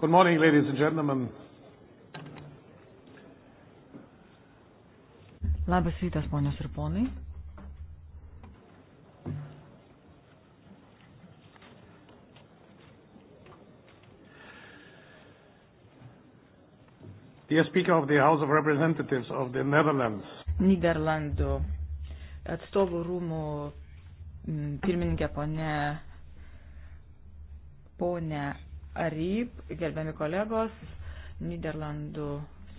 Good morning, ladies and gentlemen. Labas rytas, ponios ir ponai. Dear Speaker of the House of Representatives of the Netherlands. Niderlandų atstovų rūmų mm, pirmininkė ponė, ponė Aryp, gerbiami kolegos, Niderlandų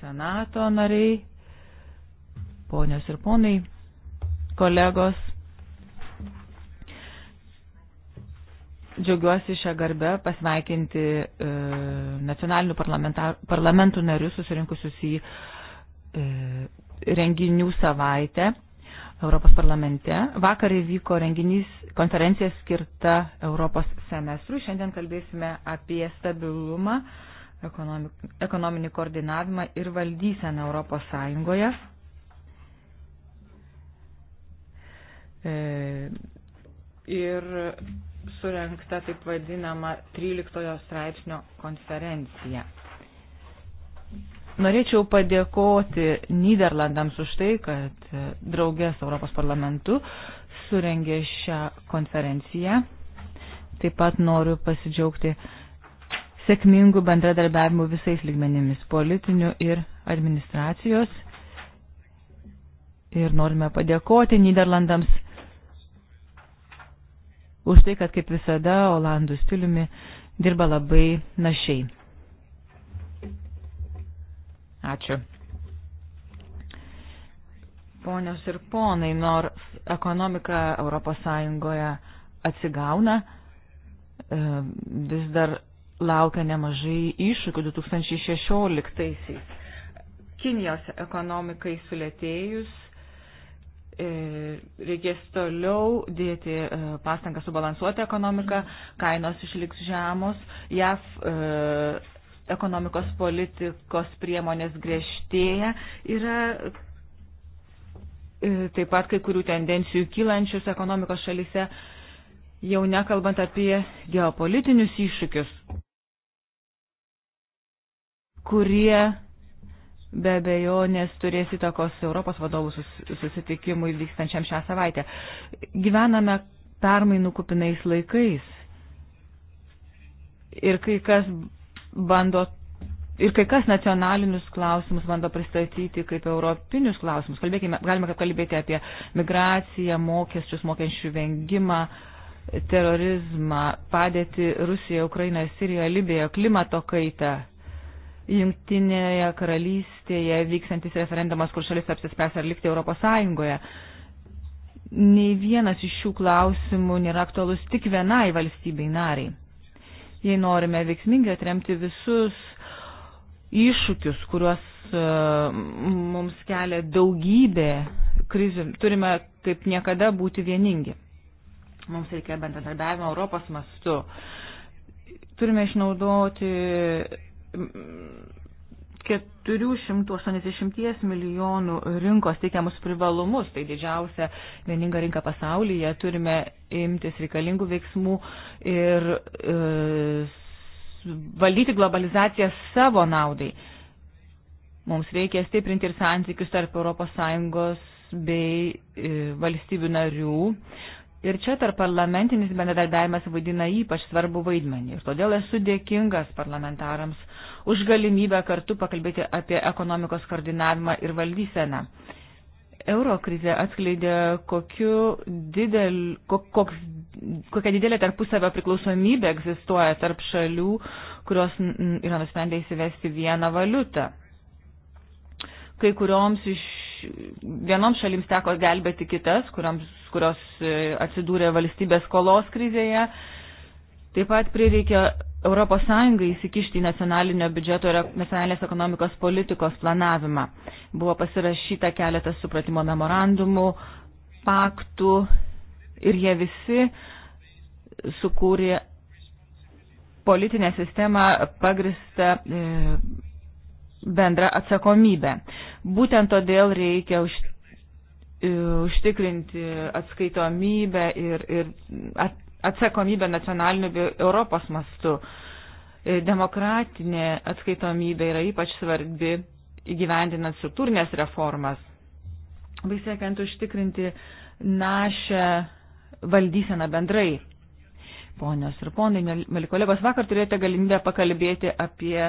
senato nariai, ponios ir ponai, kolegos. Džiaugiuosi šią garbę pasveikinti e, nacionalinių parlamentų narius susirinkusius į e, renginių savaitę. Europos parlamente. Vakar įvyko renginys, konferencija skirta Europos semestrui. Šiandien kalbėsime apie stabilumą, ekonominį koordinavimą ir valdyseną Europos Sąjungoje. E, ir surenkta taip vadinama 13 straipsnio konferencija. Norėčiau padėkoti Niderlandams už tai, kad draugės Europos parlamentu surengė šią konferenciją. Taip pat noriu pasidžiaugti sėkmingų bendradarbiavimų visais lygmenimis - politinių ir administracijos. Ir norime padėkoti Niderlandams už tai, kad kaip visada Olandų stiliumi dirba labai našiai. Ačiū. Ponios ir ponai, nors ekonomika ES atsigauna, e, vis dar laukia nemažai iššūkių 2016-aisiais. Kinijos ekonomikai sulėtėjus e, reikės toliau dėti e, pastangą subalansuoti ekonomiką, kainos išliks žemos, JAF ekonomikos politikos priemonės griežtėja, yra e, taip pat kai kurių tendencijų kylančius ekonomikos šalise, jau nekalbant apie geopolitinius iššūkius, kurie be abejonės turės įtakos Europos vadovų susitikimui vykstančiam šią savaitę. Gyvename permainų kupinais laikais. Ir kai kas bando ir kai kas nacionalinius klausimus bando pristatyti kaip europinius klausimus. Kalbėkime, galime kalbėti apie migraciją, mokesčius, mokesčių vengimą, terorizmą, padėti Rusijoje, Ukrainoje, Sirijoje, Libijoje, klimato kaitą. Jungtinėje karalystėje vyksantis referendumas, kur šalis apsispręs ar likti Europos Sąjungoje nei vienas iš šių klausimų nėra aktualus tik vienai valstybei nariai jei norime veiksmingai atremti visus iššūkius, kuriuos e, mums kelia daugybė krizių, turime kaip niekada būti vieningi. Mums reikia bendradarbiavimo Europos mastu. Turime išnaudoti 480 milijonų rinkos teikiamus privalumus, tai didžiausia vieninga rinka pasaulyje, turime imtis reikalingų veiksmų ir e, valdyti globalizaciją savo naudai. Mums reikia stiprinti ir santykius tarp ES bei e, valstybių narių. Ir čia tarp parlamentinis bendradarbiavimas vaidina ypač svarbu vaidmenį. Ir todėl esu dėkingas parlamentarams už galimybę kartu pakalbėti apie ekonomikos koordinavimą ir valdyseną. Euro krizė atskleidė, didel, koks, kokia didelė tarpusavio priklausomybė egzistuoja tarp šalių, kurios yra nusprendę įsivesti vieną valiutą. Kai kurioms iš vienoms šalims teko gelbėti kitas, kurioms, kurios e, atsidūrė valstybės kolos krizėje Taip pat prireikia ES įsikišti į nacionalinio biudžeto ir nacionalinės ekonomikos politikos planavimą. Buvo pasirašyta keletas supratimo memorandumų, paktų ir jie visi sukūrė politinę sistemą pagristą e, bendrą atsakomybę. Būtent todėl reikia e, užtikrinti atskaitomybę ir, ir at, atsakomybę nacionaliniu Europos mastu. E, demokratinė atskaitomybė yra ypač svarbi įgyvendinant struktūrinės reformas, bei siekiant užtikrinti našę valdyseną bendrai. Ponios ir ponai, mėly kolegos, vakar turėjote galimybę pakalbėti apie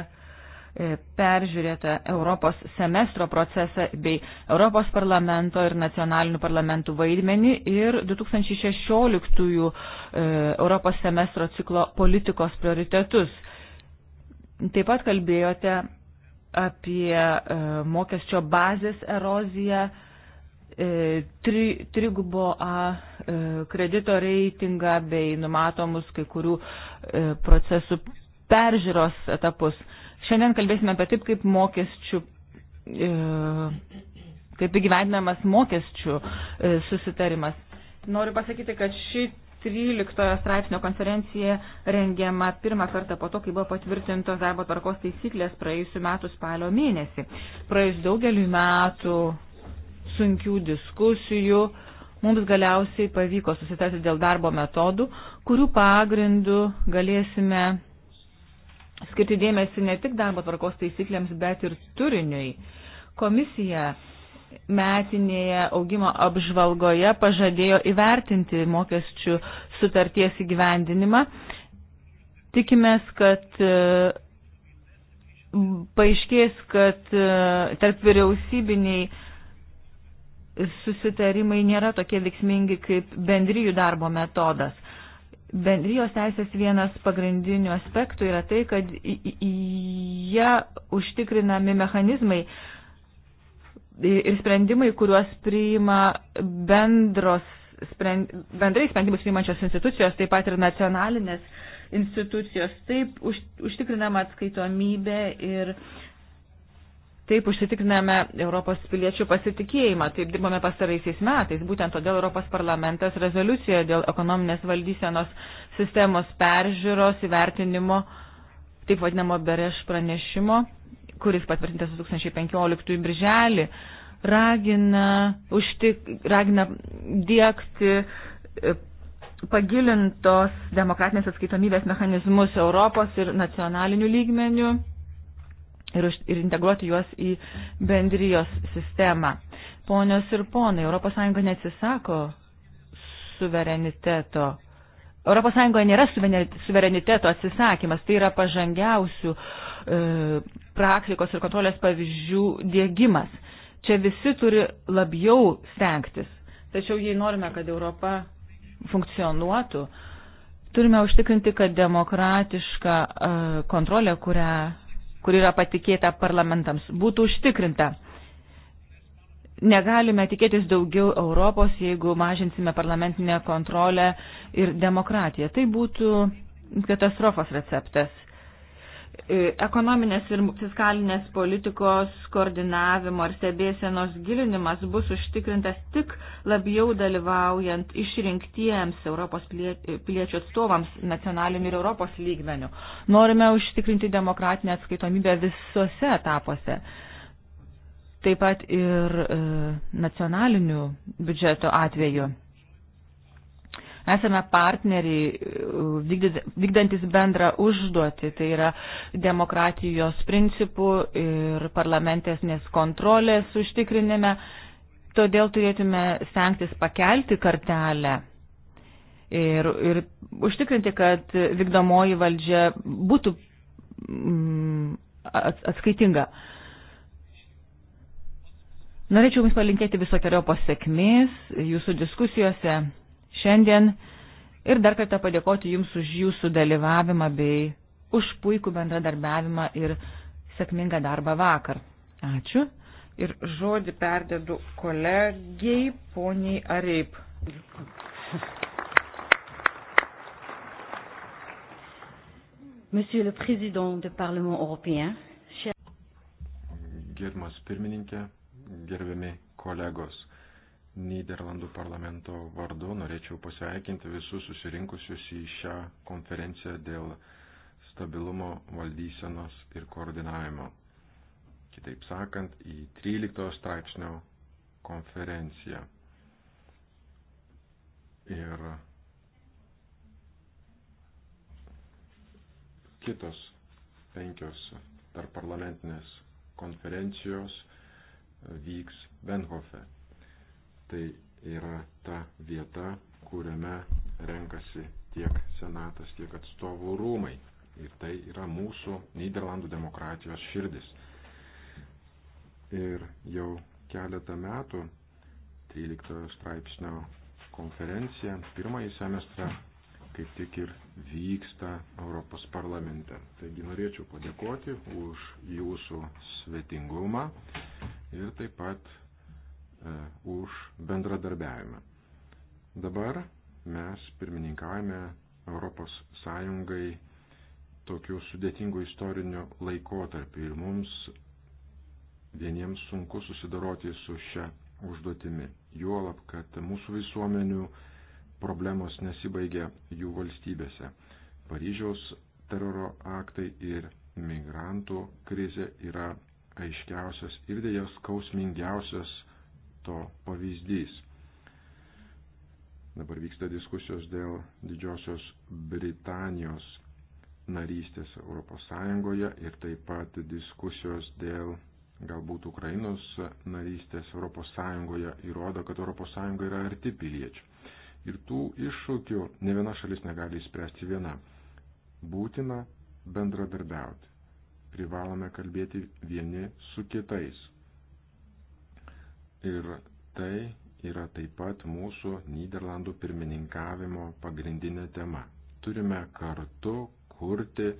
E, peržiūrėtą Europos semestro procesą bei Europos parlamento ir nacionalinių parlamentų vaidmenį ir 2016 e, Europos semestro ciklo politikos prioritetus. Taip pat kalbėjote apie e, mokesčio bazės eroziją, tri, trigubo A kredito reitingą bei numatomus kai kurių procesų peržiūros etapus. Šiandien kalbėsime apie taip, kaip mokesčių. E, kaip įgyvendinamas mokesčių e, susitarimas. Noriu pasakyti, kad ši 13 straipsnio konferencija rengiama pirmą kartą po to, kai buvo patvirtintos darbo tvarkos taisyklės praėjusiu metu spalio mėnesį. Praėjus daugeliu metų sunkių diskusijų, mums galiausiai pavyko susitarti dėl darbo metodų, kurių pagrindų galėsime skirti dėmesį ne tik darbo tvarkos taisyklėms, bet ir turiniui. Komisija metinėje augimo apžvalgoje pažadėjo įvertinti mokesčių sutarties įgyvendinimą. Tikimės, kad e, paaiškės, kad e, tarp vyriausybiniai susitarimai nėra tokie veiksmingi kaip bendryjų darbo metodas bendrijos teisės vienas pagrindinių aspektų yra tai, kad jie užtikrinami mechanizmai ir sprendimai, kuriuos priima bendros, sprend, bendrai sprendimus priimančios institucijos, taip pat ir nacionalinės institucijos. Taip už, užtikrinama atskaitomybė ir Taip užsitikriname Europos piliečių pasitikėjimą, taip dirbame pastaraisiais metais. Būtent todėl Europos parlamentas rezoliucijoje dėl ekonominės valdysenos sistemos peržiūros įvertinimo, taip vadinamo bereš pranešimo, kuris patvirtintas 2015 birželį, ragina, užtik, ragina dėkti e, pagilintos demokratinės atskaitomybės mechanizmus Europos ir nacionalinių lygmenių ir, ir integruoti juos į bendrijos sistemą. Ponios ir ponai, ES neatsisako suvereniteto. ES nėra suvereniteto atsisakymas, tai yra pažangiausių e, praktikos ir kontrolės pavyzdžių dėgymas. Čia visi turi labiau stengtis. Tačiau jei norime, kad Europa funkcionuotų, turime užtikrinti, kad demokratiška e, kontrolė, kurią kuri yra patikėta parlamentams, būtų užtikrinta. Negalime tikėtis daugiau Europos, jeigu mažinsime parlamentinę kontrolę ir demokratiją. Tai būtų katastrofos receptas. E, ekonominės ir fiskalinės politikos koordinavimo ir stebėsenos gilinimas bus užtikrintas tik labiau dalyvaujant išrinktiems Europos piliečių atstovams nacionaliniu ir Europos lygmeniu. Norime užtikrinti demokratinę atskaitomybę visose etapuose. Taip pat ir e, nacionalinių biudžeto atveju. Esame partneriai uh, vykdantis bendrą užduotį, tai yra demokratijos principų ir parlamentesnės kontrolės užtikrinime. Todėl turėtume stengtis pakelti kartelę ir, ir užtikrinti, kad vykdomoji valdžia būtų mm, atskaitinga. Norėčiau Jums palinkėti visokiojo pasiekmės Jūsų diskusijose šiandien ir dar kartą padėkoti Jums už Jūsų dalyvavimą bei už puikų bendradarbiavimą ir sėkmingą darbą vakar. Ačiū. Ir žodį perdedu kolegiai poniai Areip. Monsieur le Président du Parlement européen, chers... Gerbiamas pirmininkė, gerbiami kolegos. Niderlandų parlamento vardu norėčiau pasveikinti visus susirinkusius į šią konferenciją dėl stabilumo valdysenos ir koordinavimo. Kitaip sakant, į 13 straipsnio konferenciją. Ir kitos penkios tarp parlamentinės konferencijos vyks Benhofe tai yra ta vieta, kuriame renkasi tiek senatas, tiek atstovų rūmai. Ir tai yra mūsų Niderlandų demokratijos širdis. Ir jau keletą metų 13 straipsnio konferencija pirmąjį semestrą kaip tik ir vyksta Europos parlamente. Taigi norėčiau padėkoti už jūsų svetingumą ir taip pat E, už bendradarbiavimą. Dabar mes pirmininkavime Europos Sąjungai tokiu sudėtingu istoriniu laikotarpiu ir mums vieniems sunku susidoroti su šia užduotimi. Juolab, kad mūsų visuomenių problemos nesibaigia jų valstybėse. Paryžiaus teroro aktai ir migrantų krizė yra aiškiausias ir dėja skausmingiausias to pavyzdys. Dabar vyksta diskusijos dėl Didžiosios Britanijos narystės Europos Sąjungoje ir taip pat diskusijos dėl galbūt Ukrainos narystės Europos Sąjungoje įrodo, kad Europos Sąjunga yra arti piliečių. Ir tų iššūkių ne viena šalis negali išspręsti viena. Būtina bendradarbiauti. Privalome kalbėti vieni su kitais. Ir tai yra taip pat mūsų Niderlandų pirmininkavimo pagrindinė tema. Turime kartu kurti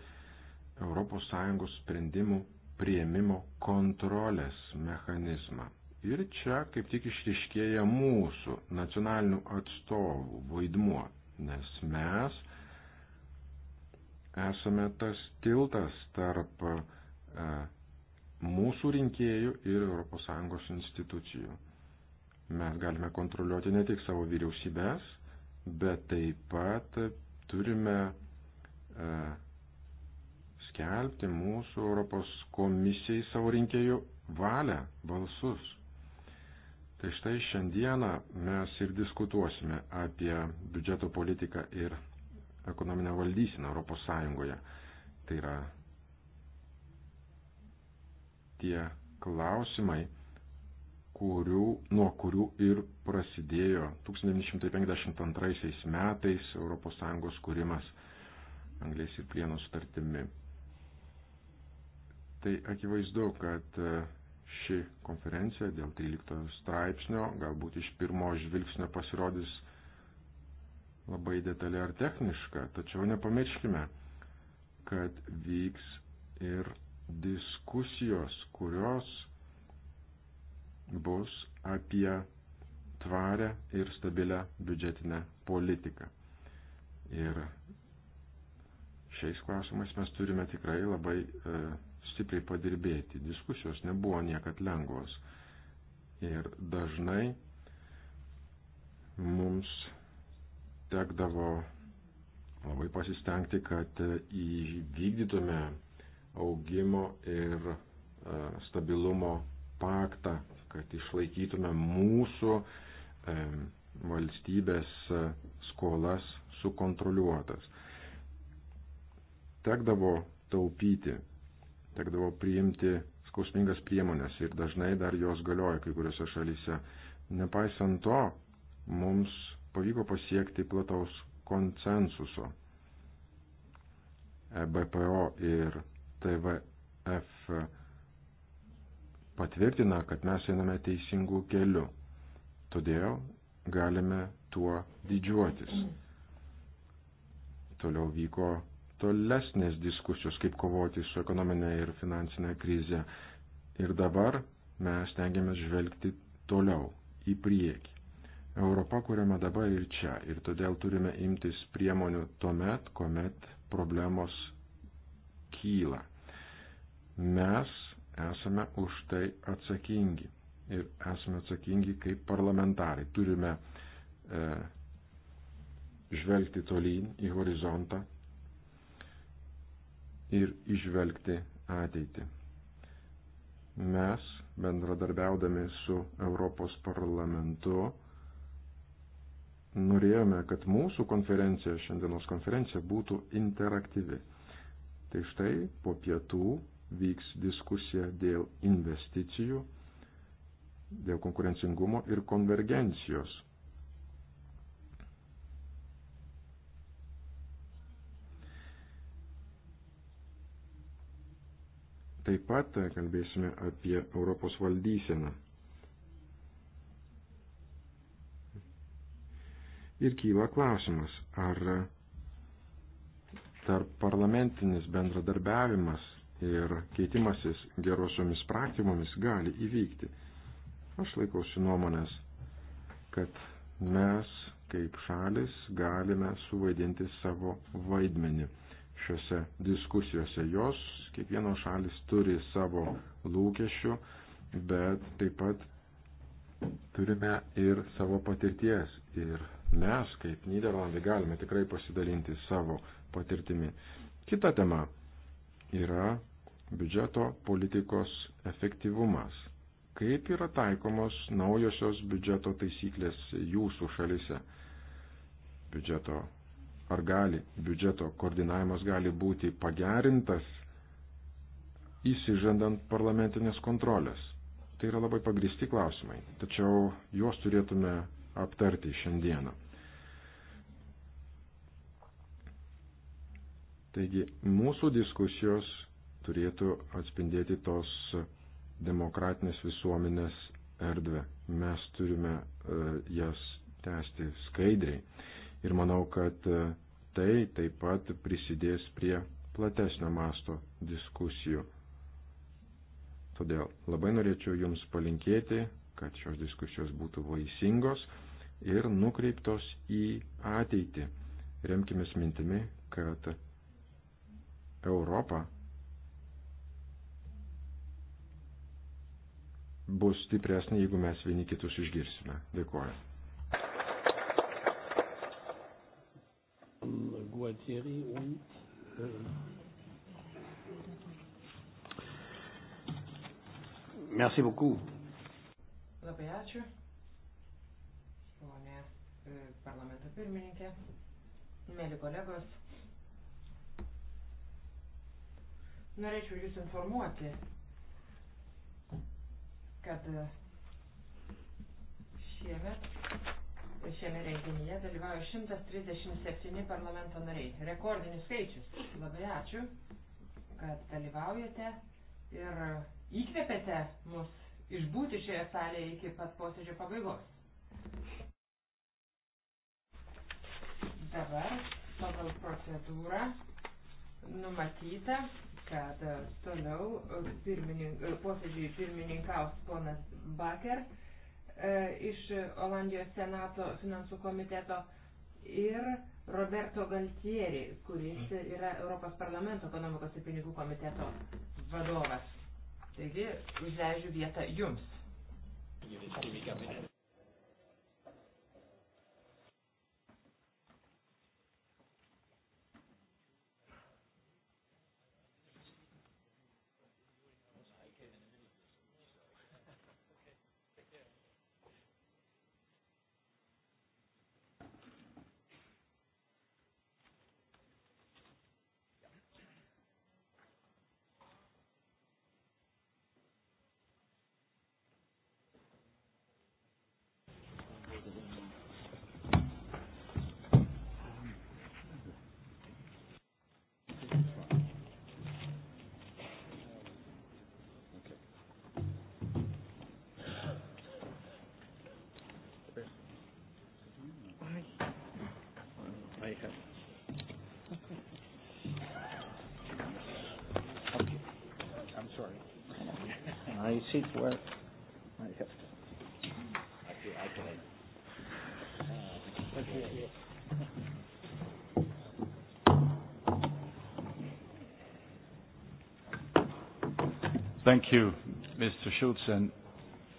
ES sprendimų prieimimo kontrolės mechanizmą. Ir čia kaip tik išriškėja mūsų nacionalinių atstovų vaidmuo, nes mes esame tas tiltas tarp e, mūsų rinkėjų ir ES institucijų. Mes galime kontroliuoti ne tik savo vyriausybės, bet taip pat turime e, skelbti mūsų Europos komisijai savo rinkėjų valią, balsus. Tai štai šiandieną mes ir diskutuosime apie biudžeto politiką ir ekonominę valdysiną Europos Sąjungoje. Tai yra tie klausimai, kurių, nuo kurių ir prasidėjo 1952 metais ES kūrimas anglės ir plieno sutartimi. Tai akivaizdu, kad e, ši konferencija dėl 13 straipsnio galbūt iš pirmo žvilgsnio pasirodys labai detaliai ar techniška, tačiau nepamirškime, kad vyks ir diskusijos, kurios bus apie tvarę ir stabilę biudžetinę politiką. Ir šiais klausimais mes turime tikrai labai e, stipriai padirbėti. Diskusijos nebuvo niekad lengvos. Ir dažnai mums tekdavo labai pasistengti, kad e, įvykdytume augimo ir e, stabilumo paktą, kad išlaikytume mūsų e, valstybės e, skolas sukontroliuotas. Tekdavo taupyti, tekdavo priimti skausmingas priemonės ir dažnai dar jos galioja kai kuriuose šalyse. Nepaisant to, mums pavyko pasiekti plataus konsensuso. EBPO ir TVF patvirtina, kad mes einame teisingų kelių. Todėl galime tuo didžiuotis. Toliau vyko tolesnės diskusijos, kaip kovoti su ekonominė ir finansinė krize. Ir dabar mes tengiamės žvelgti toliau, į priekį. Europa kuriame dabar ir čia, ir todėl turime imtis priemonių tuomet, kuomet problemos kyla mes esame už tai atsakingi. Ir esame atsakingi kaip parlamentarai. Turime e, žvelgti tolyn į horizontą ir išvelgti ateitį. Mes, bendradarbiaudami su Europos parlamentu, norėjome, kad mūsų konferencija, šiandienos konferencija būtų interaktyvi. Tai štai po pietų vyks diskusija dėl investicijų, dėl konkurencingumo ir konvergencijos. Taip pat kalbėsime apie Europos valdyseną. Ir kyla klausimas, ar tarp parlamentinis bendradarbiavimas ir keitimasis gerosiomis praktikomis gali įvykti. Aš laikausi nuomonės, kad mes kaip šalis galime suvaidinti savo vaidmenį šiuose diskusijose. Jos, kiekvienos šalis turi savo lūkesčių, bet taip pat turime ir savo patirties. Ir mes, kaip Niderlandai, galime tikrai pasidalinti savo patirtimi. Kita tema yra biudžeto politikos efektyvumas. Kaip yra taikomos naujosios biudžeto taisyklės jūsų šalise? Biudžeto, ar gali biudžeto koordinavimas gali būti pagerintas, įsižandant parlamentinės kontrolės? Tai yra labai pagristi klausimai, tačiau juos turėtume aptarti šiandieną. Taigi mūsų diskusijos turėtų atspindėti tos demokratinės visuomenės erdvę. Mes turime e, jas tęsti skaidriai. Ir manau, kad e, tai taip pat prisidės prie platesnio masto diskusijų. Todėl labai norėčiau Jums palinkėti, kad šios diskusijos būtų vaisingos ir nukreiptos į ateitį. Remkime mintimi, kad Europa bus stipresnė, jeigu mes vieni kitus išgirsime. Dėkuoju. Euh. Merci beaucoup. Labai ačiū, ponė e, parlamento pirmininkė, mėly kolegos. Norėčiau Jūs informuoti, kad e, šiemet šiame renginyje dalyvauja 137 parlamento nariai. Rekordinis skaičius. Labai ačiū, kad dalyvaujate ir įkvėpėte mus išbūti šioje salėje iki pat posėdžio pabaigos. Dabar pagal procedūrą numatyta kad e, toliau e, pirminink, e, posėdžiai pirmininkaus ponas Baker iš Olandijos Senato finansų komiteto ir Roberto Galtieri, kuris yra Europos parlamento ekonomikos ir pinigų komiteto vadovas. Taigi, užleidžiu vietą jums. sheet work. Thank you, Mr. Schulz and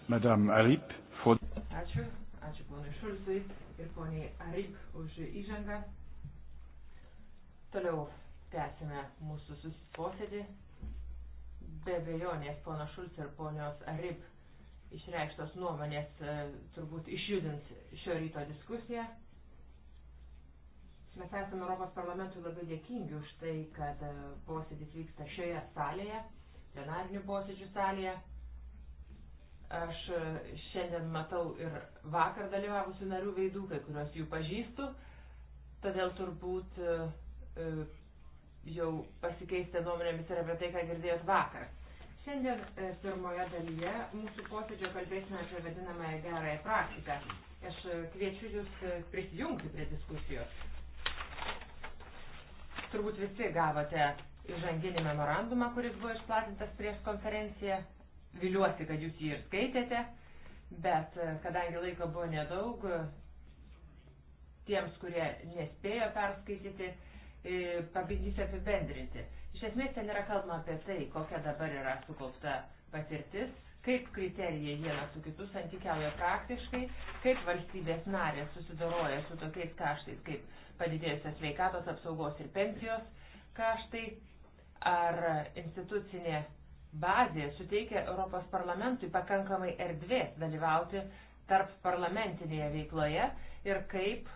Madame Arip for. Ačiū, ačiū ponui Šulcui ir poniai Arip už įžangą. Toliau tęsime mūsų posėdį. Be bejonės, pono Šulc ir ponios Rip išreikštos nuomonės e, turbūt išjudins šio ryto diskusiją. Mes esame Europos parlamentui labai dėkingi už tai, kad e, posėdis vyksta šioje salėje, plenarinių posėdžių salėje. Aš e, šiandien matau ir vakar dalyvavusių narių veidų, kai kurios jų pažįstu, todėl turbūt jau pasikeisite nuomonėmis ir apie tai, ką girdėjot vakar. Šiandien e, pirmoje dalyje mūsų posėdžio kalbėsime apie vadinamąją gerąją praktiką. Aš e, kviečiu Jūs e, prisijungti prie diskusijos. Turbūt visi gavote įžanginį memorandumą, kuris buvo išplatintas prieš konferenciją. Viliuosi, kad Jūs jį ir skaitėte, bet kadangi laiko buvo nedaug, tiems, kurie nespėjo perskaityti, E, pabandysiu apibendrinti. Iš esmės ten yra kalbama apie tai, kokia dabar yra sukaupta patirtis, kaip kriterijai vienas su kitu santykiauja praktiškai, kaip valstybės narės susidoroja su tokiais kaštais, kaip padidėjusios sveikatos apsaugos ir pensijos kaštai, ar institucinė bazė suteikia Europos parlamentui pakankamai erdvės dalyvauti tarp parlamentinėje veikloje ir kaip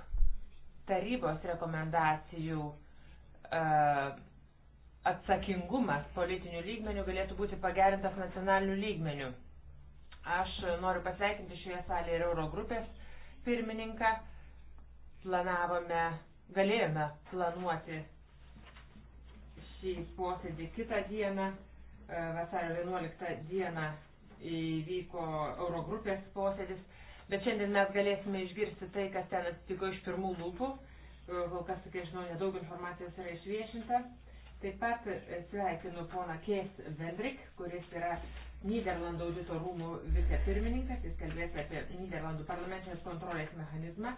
tarybos rekomendacijų E, atsakingumas politinių lygmenių galėtų būti pagerintas nacionalinių lygmenių. Aš noriu pasveikinti šioje salėje ir Eurogrupės pirmininką. Planavome, galėjome planuoti šį posėdį kitą dieną. E, vasario 11 dieną įvyko Eurogrupės posėdis, bet šiandien mes galėsime išgirsti tai, kas ten atsitiko iš pirmų lūpų kol kas, kiek žinau, nedaug informacijos yra išviešinta. Taip pat e, sveikinu poną Kės Vendrik, kuris yra Niderlandų audito rūmų vicepirmininkas, jis kalbės apie Niderlandų parlamentinės kontrolės mechanizmą,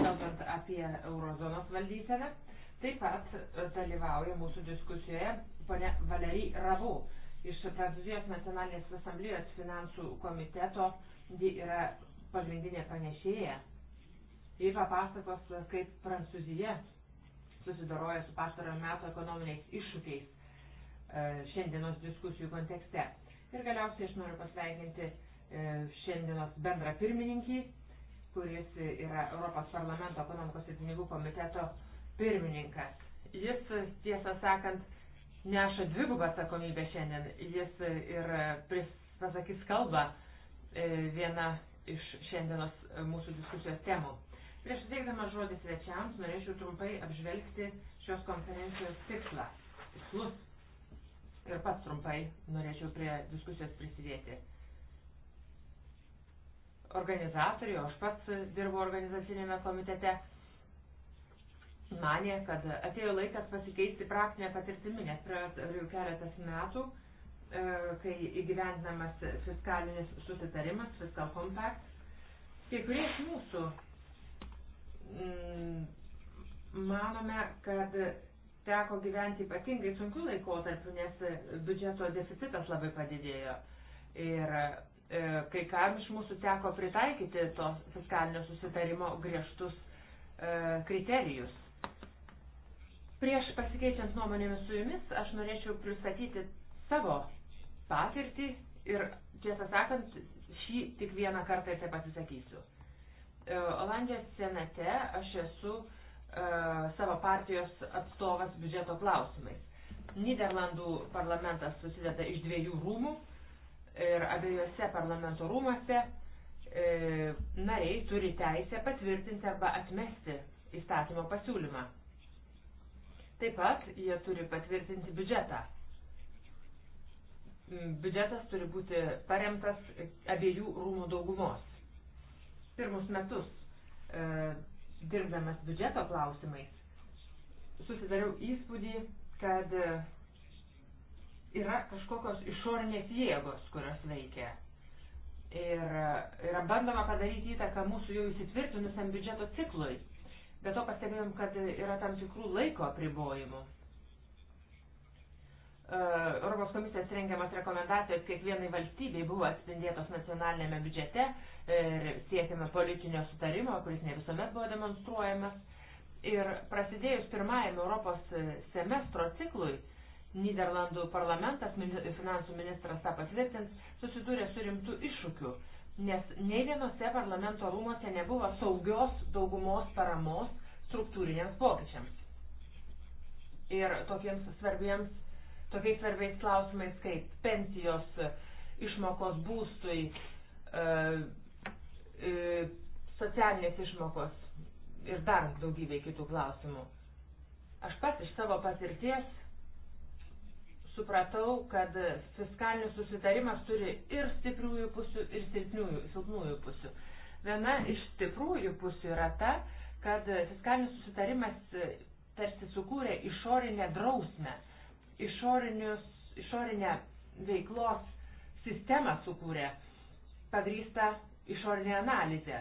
kalbant apie eurozonos valdyseną. Taip pat e, dalyvauja mūsų diskusijoje ponia Valery Ravu iš Prancūzijos nacionalinės asamblėjos finansų komiteto, ji yra pagrindinė pranešėja Ji papasakos, kaip Prancūzija susidaroja su pastarojo metų ekonominiais iššūkiais e, šiandienos diskusijų kontekste. Ir galiausiai aš noriu pasveikinti e, šiandienos bendrą pirmininkį, kuris yra Europos parlamento ekonomikos ir pinigų komiteto pirmininkas. Jis, tiesą sakant, neša dvigubą atsakomybę šiandien. Jis ir pris, pasakys kalbą e, vieną iš šiandienos mūsų diskusijos temų. Prieš teikdamas žodį svečiams norėčiau trumpai apžvelgti šios konferencijos tikslą, tikslus. Ir pats trumpai norėčiau prie diskusijos prisidėti. Organizatoriai, o aš pats dirbu organizacinėme komitete, manė, kad atėjo laikas pasikeisti praktinę patirtimį, nes praėjo jau keletas metų, e, kai įgyvendinamas fiskalinis susitarimas, Fiscal Compact, kai kurie iš mūsų Mm, manome, kad teko gyventi ypatingai sunkių laikotarpių, nes biudžeto deficitas labai padidėjo. Ir e, kai kam iš mūsų teko pritaikyti to fiskalinio susitarimo griežtus e, kriterijus. Prieš pasikeičiant nuomonėmis su jumis, aš norėčiau pristatyti savo patirtį ir, tiesą sakant, šį tik vieną kartą ir taip pasisakysiu. E, Olandijos senate aš esu e, savo partijos atstovas biudžeto klausimais. Niderlandų parlamentas susideda iš dviejų rūmų ir abiejose parlamento rūmose e, nariai turi teisę patvirtinti arba atmesti įstatymo pasiūlymą. Taip pat jie turi patvirtinti biudžetą. Biudžetas turi būti paremtas abiejų rūmų daugumos pirmus metus e, dirbdamas biudžeto klausimais susidariau įspūdį, kad e, yra kažkokios išorinės jėgos, kurios veikia. Ir e, yra bandoma padaryti įtaką mūsų jau įsitvirtinusiam biudžeto ciklui. Be to pastebėjom, kad yra tam tikrų laiko apribojimų. Europos komisijos rengiamas rekomendacijos kiekvienai valstybei buvo atspindėtos nacionalinėme biudžete ir siekime politinio sutarimo, kuris ne visuomet buvo demonstruojamas. Ir prasidėjus pirmajam Europos semestro ciklui, Niderlandų parlamentas, finansų ministras tą patvirtins, susidūrė su rimtu iššūkiu, nes nei vienose parlamento rūmose nebuvo saugios daugumos paramos struktūriniams pokyčiams. Ir tokiems svarbiems tokiais svarbiais klausimais kaip pensijos, e, išmokos būstui, e, e, socialinės išmokos ir dar daugybė kitų klausimų. Aš pats iš savo patirties supratau, kad fiskalinis susitarimas turi ir stipriųjų pusių, ir silpniųjų, silpnųjų pusių. Viena iš stipriųjų pusių yra ta, kad fiskalinis susitarimas tarsi sukūrė išorinę drausmę išorinę veiklos sistemą sukūrė, pagrįsta išorinė analizė.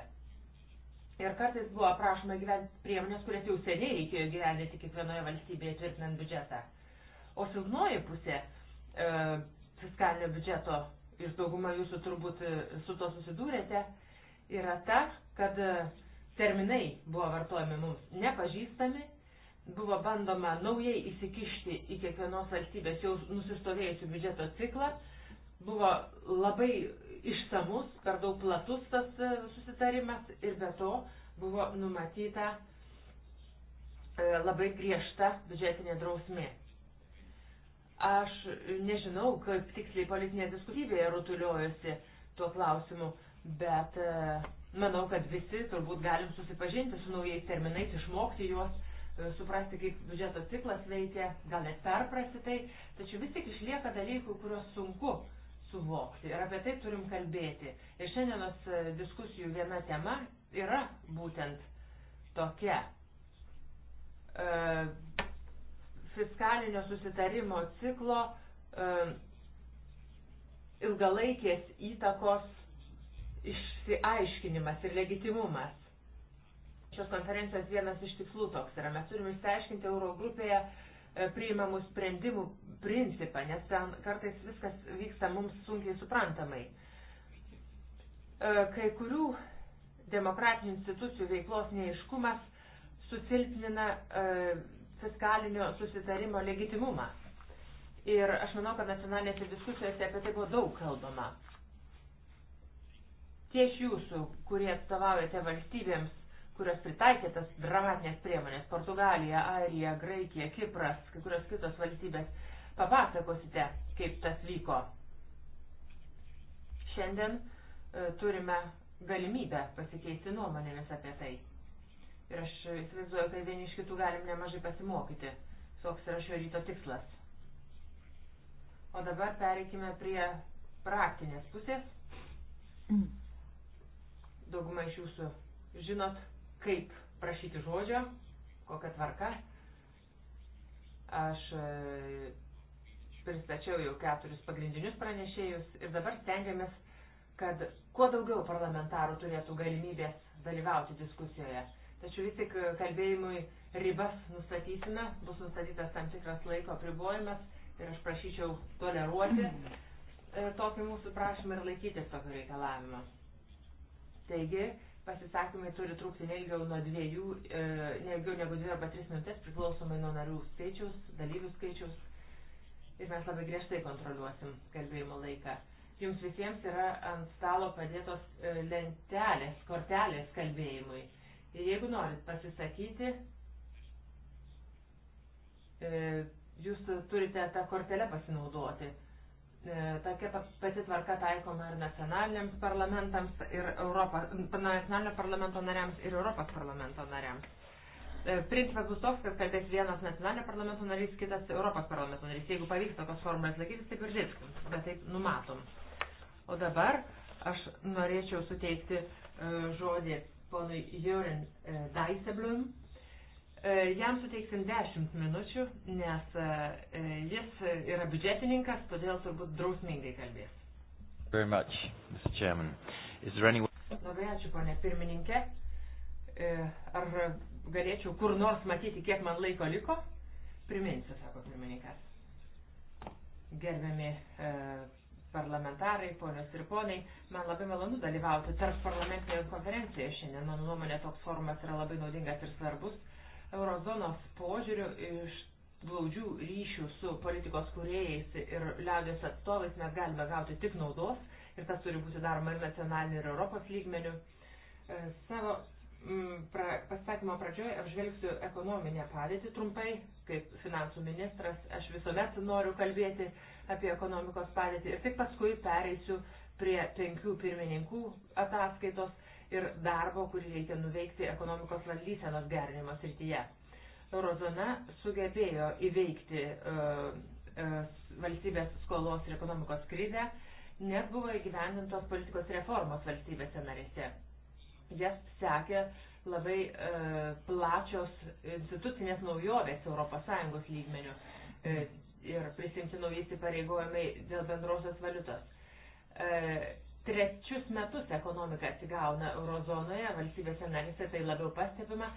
Ir kartais buvo aprašoma gyventi priemonės, kurias jau seniai reikėjo gyventi kiekvienoje valstybėje tvirtinant biudžetą. O silpnoji pusė e, fiskalinio biudžeto, ir dauguma jūsų turbūt e, su to susidūrėte, yra ta, kad e, terminai buvo vartojami mums nepažįstami buvo bandoma naujai įsikišti į kiekvienos valstybės jau nusistovėjusių biudžeto ciklą. Buvo labai išsamus, per daug platus tas e, susitarimas ir be to buvo numatyta e, labai griežta biudžetinė drausmė. Aš nežinau, kaip tiksliai politinė diskusija rutuliojosi tuo klausimu, bet e, manau, kad visi turbūt galim susipažinti su naujais terminais, išmokti juos E, suprasti, kaip biudžeto ciklas veikia, gal net perprasti tai, tačiau vis tik išlieka dalykų, kuriuos sunku suvokti ir apie tai turim kalbėti. Ir šiandienos e, diskusijų viena tema yra būtent tokia. E, fiskalinio susitarimo ciklo e, ilgalaikės įtakos išsiaiškinimas ir legitimumas. Šios konferencijos vienas iš tikslų toks yra. Mes turime išsiaiškinti Eurogrupėje priimamų sprendimų principą, nes ten kartais viskas vyksta mums sunkiai suprantamai. E, kai kurių demokratinių institucijų veiklos neiškumas susilpnina e, fiskalinio susitarimo legitimumą. Ir aš manau, kad nacionalinėse diskusijose apie tai buvo daug kalbama. Tie iš jūsų, kurie atstovaujate valstybėms, kurios pritaikė tas dramatinės priemonės - Portugalija, Airija, Graikija, Kipras, kai kurios kitos valstybės. Papasakosite, kaip tas vyko. Šiandien e, turime galimybę pasikeisti nuomonėmis apie tai. Ir aš įsivaizduoju, kad vieni iš kitų galim nemažai pasimokyti. Toks yra šio ryto tikslas. O dabar pereikime prie praktinės pusės. Mm. Dauguma iš jūsų žinot, kaip prašyti žodžio, kokią tvarką. Aš e, pristačiau jau keturis pagrindinius pranešėjus ir dabar stengiamės, kad kuo daugiau parlamentarų turėtų galimybės dalyvauti diskusijoje. Tačiau vis tik e, kalbėjimui ribas nustatysime, bus nustatytas tam tikras laiko pribojimas ir aš prašyčiau toleruoti e, tokį mūsų prašymą ir laikytis tokio reikalavimo. Taigi, pasisakymai turi trukti neilgiau nuo dviejų, e, neilgiau negu dvi arba tris minutės, priklausomai nuo narių skaičiaus, dalyvių skaičiaus. Ir mes labai griežtai kontroliuosim kalbėjimo laiką. Jums visiems yra ant stalo padėtos e, lentelės, kortelės kalbėjimui. Ir jeigu norit pasisakyti, e, jūs turite tą kortelę pasinaudoti. E, tokia pati tvarka taikoma ir nacionaliniams parlamentams, ir Europos, nacionalinio parlamento nariams, ir Europos parlamento nariams. E, principas bus toks, kad kalbės vienas nacionalinio parlamento narys, kitas Europos parlamento narys. Jeigu pavyks tokios formulės laikytis, taip ir dirbsim, bet taip numatom. O dabar aš norėčiau suteikti e, žodį ponui Jurin Daiseblum. E, jam suteiksim 10 minučių, nes e, e, jis yra biudžetininkas, todėl turbūt drausmingai kalbės. Very much, Mr. Chairman. Is there any... Labai ačiū, ponė pirmininkė. Ar galėčiau kur nors matyti, kiek man laiko liko? Priminsiu, sako pirmininkas. Gerbiami parlamentarai, ponios ir ponai, man labai malonu dalyvauti tarp parlamentinėje konferencijoje šiandien. Mano nuomonė, toks forumas yra labai naudingas ir svarbus eurozonos požiūrių iš glaudžių ryšių su politikos kuriejais ir liaudės atstovais mes galime gauti tik naudos ir tas turi būti daroma ir nacionaliniu, ir Europos lygmeniu. E, savo mm, pra, pasakymo pradžioje apžvelgsiu ekonominę padėtį trumpai. Kaip finansų ministras aš visuomet noriu kalbėti apie ekonomikos padėtį ir tik paskui pereisiu prie penkių pirmininkų ataskaitos ir darbo, kurį reikia nuveikti ekonomikos valdysenos gerinimo srityje. Eurozona sugebėjo įveikti uh, uh, valstybės skolos ir ekonomikos krizę, nes buvo įgyvendintos politikos reformos valstybėse narėse. Jas sekė labai uh, plačios institucinės naujovės ES lygmenių ir prisimti nauji įsipareigojimai dėl bendrosios valiutos trečius metus ekonomika atsigauna eurozonoje, valstybėse narėse tai labiau pastebima,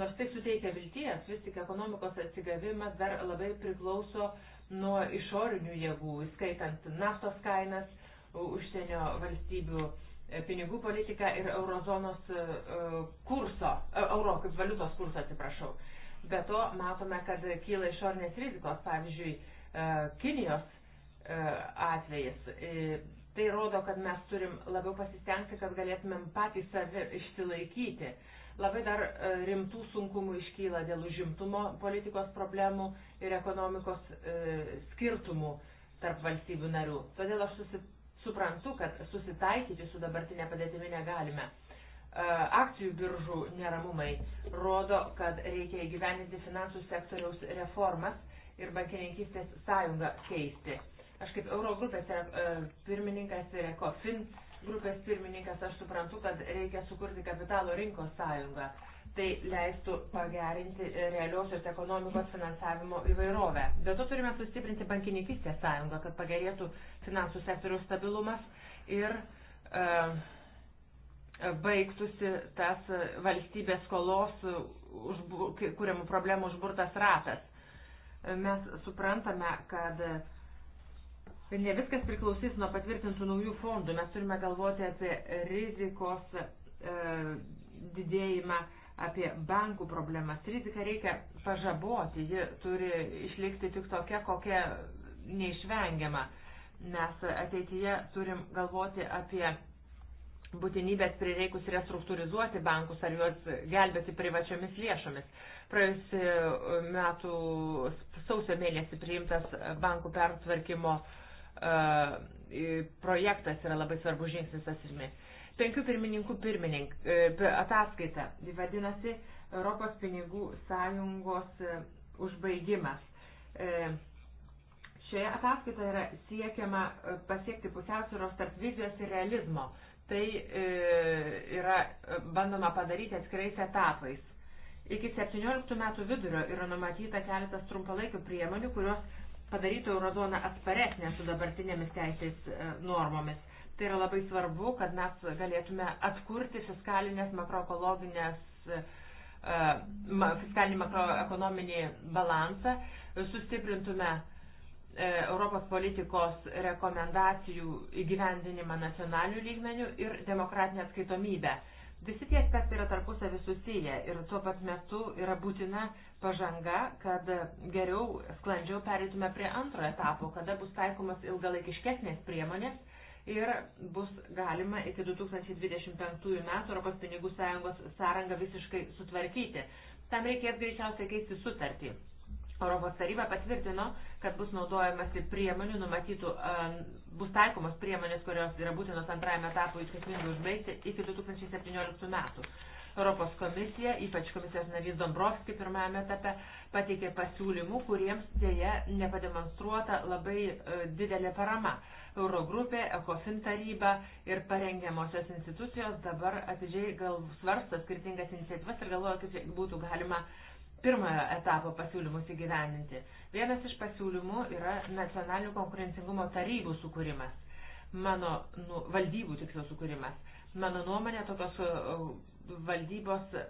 nors tai suteikia vilties, vis tik ekonomikos atsigavimas dar labai priklauso nuo išorinių jėgų, įskaitant naftos kainas, užsienio valstybių e, pinigų politiką ir eurozonos e, kurso, e, euro kaip valiutos kurso, atsiprašau. Be to matome, kad kyla išorinės rizikos, pavyzdžiui, Kinijos atvejis Tai rodo, kad mes turim labiau pasistengti, kad galėtumėm patys save išsilaikyti. Labai dar e, rimtų sunkumų iškyla dėl užimtumo politikos problemų ir ekonomikos e, skirtumų tarp valstybių narių. Todėl aš susi, suprantu, kad susitaikyti su dabartinė padėtimi negalime e, akcijų biržų neramumai rodo, kad reikia įgyveninti finansų sektoriaus reformas ir bankininkystės sąjungą keisti. Aš kaip Eurogrupės e, pirmininkas ir ECOFIN grupės pirmininkas, aš suprantu, kad reikia sukurti kapitalo rinkos sąjungą. Tai leistų pagerinti e, realiosios ekonomikos finansavimo įvairovę. Be to turime sustiprinti bankininkistės sąjungą, kad pagerėtų finansų sektoriaus stabilumas ir e, e baigtųsi tas valstybės skolos užbu, kūriamų problemų užburtas ratas. Mes suprantame, kad e, Ne viskas priklausys nuo patvirtintų naujų fondų. Mes turime galvoti apie rizikos e, didėjimą, apie bankų problemas. Riziką reikia pažaboti, ji turi išlikti tik tokia, kokia neišvengiama. Mes ateityje turim galvoti apie būtinybės prireikus restruktūrizuoti bankus ar juos gelbėti privačiomis lėšomis. Praėjusiu metu sausio mėnesį priimtas bankų pertvarkymo uh, projektas yra labai svarbus žingsnis tas irmi. Penkių pirmininkų pirminink, e, ataskaita, vadinasi Europos pinigų sąjungos e, užbaigimas. E, šioje ataskaitoje yra siekiama pasiekti pusiausvėros tarp vizijos ir realizmo. Tai yra bandoma padaryti atskirais etapais. Iki 17 metų vidurio yra numatyta keletas trumpalaikių priemonių, kurios padarytų eurozoną atsparesnę su dabartinėmis teisės e, normomis. Tai yra labai svarbu, kad mes galėtume atkurti fiskalinės makroekologinės e, fiskalinį makroekonominį balansą, sustiprintume e, Europos politikos rekomendacijų įgyvendinimą nacionalių lygmenių ir demokratinę atskaitomybę. Visi tie aspektai yra tarpusavį susiję ir tuo pat metu yra būtina pažanga, kad geriau, sklandžiau pereitume prie antro etapo, kada bus taikomas ilgalaikiškesnės priemonės ir bus galima iki 2025 metų Europos pinigų sąjungos sąrangą visiškai sutvarkyti. Tam reikės greičiausiai keisti sutartį. Europos taryba patvirtino, kad bus naudojamasi priemonių, numatytų, bus taikomos priemonės, kurios yra būtinos antrajame etapui sėkmingai užbaigti iki 2017 metų. Europos komisija, ypač komisijos narys Dombrovski pirmajame etape, pateikė pasiūlymų, kuriems dėje nepademonstruota labai e, didelė parama. Eurogrupė, ECOFIN taryba ir parengiamosios institucijos dabar atidžiai gal svarsto skirtingas iniciatyvas ir galvoja, kaip būtų galima uh, pirmojo etapo pasiūlymus įgyveninti. Vienas iš pasiūlymų yra nacionalinių konkurencingumo tarybų sukūrimas, mano nu, valdybų tiksliau sukūrimas. Mano nuomonė, tokios e, valdybos e,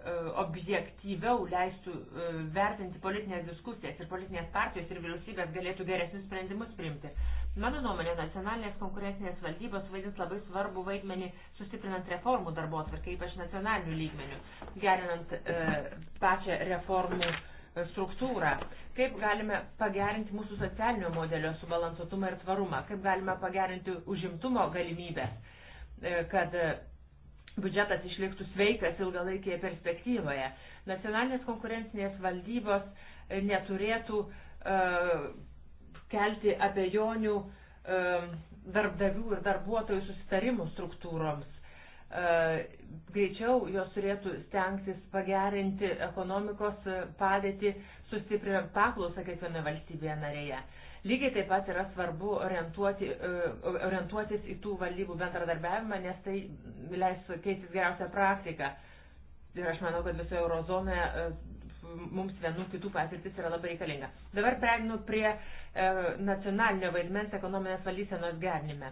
objektyviau leistų e, vertinti politinės diskusijas ir politinės partijos ir vyriausybės galėtų geresnius sprendimus priimti. Mano nuomonė, nacionalinės konkurencinės valdybos vaidins labai svarbu vaidmenį sustiprinant reformų darbo atvarkai, ypač nacionalinių lygmenių, gerinant e, pačią reformų e, struktūrą, kaip galime pagerinti mūsų socialinio modelio subalansuotumą ir tvarumą, kaip galime pagerinti užimtumo galimybės, e, kad e, biudžetas išliktų sveikas ilgalaikėje perspektyvoje. Nacionalinės konkurencinės valdybos neturėtų kelti abejonių darbdavių ir darbuotojų susitarimų struktūroms. E, greičiau jos turėtų stengtis pagerinti ekonomikos padėtį, sustiprinant paklausą kiekvienoje valstybėje narėje. Lygiai taip pat yra svarbu orientuoti, e, orientuotis į tų valdybų bendradarbiavimą, nes tai leis keistis geriausią praktiką. Ir aš manau, kad visoje eurozonoje e, mums vienų kitų patirtis yra labai reikalinga. Dabar perinu prie uh, E, nacionalinio vaidmens ekonominės valdysenos gernime.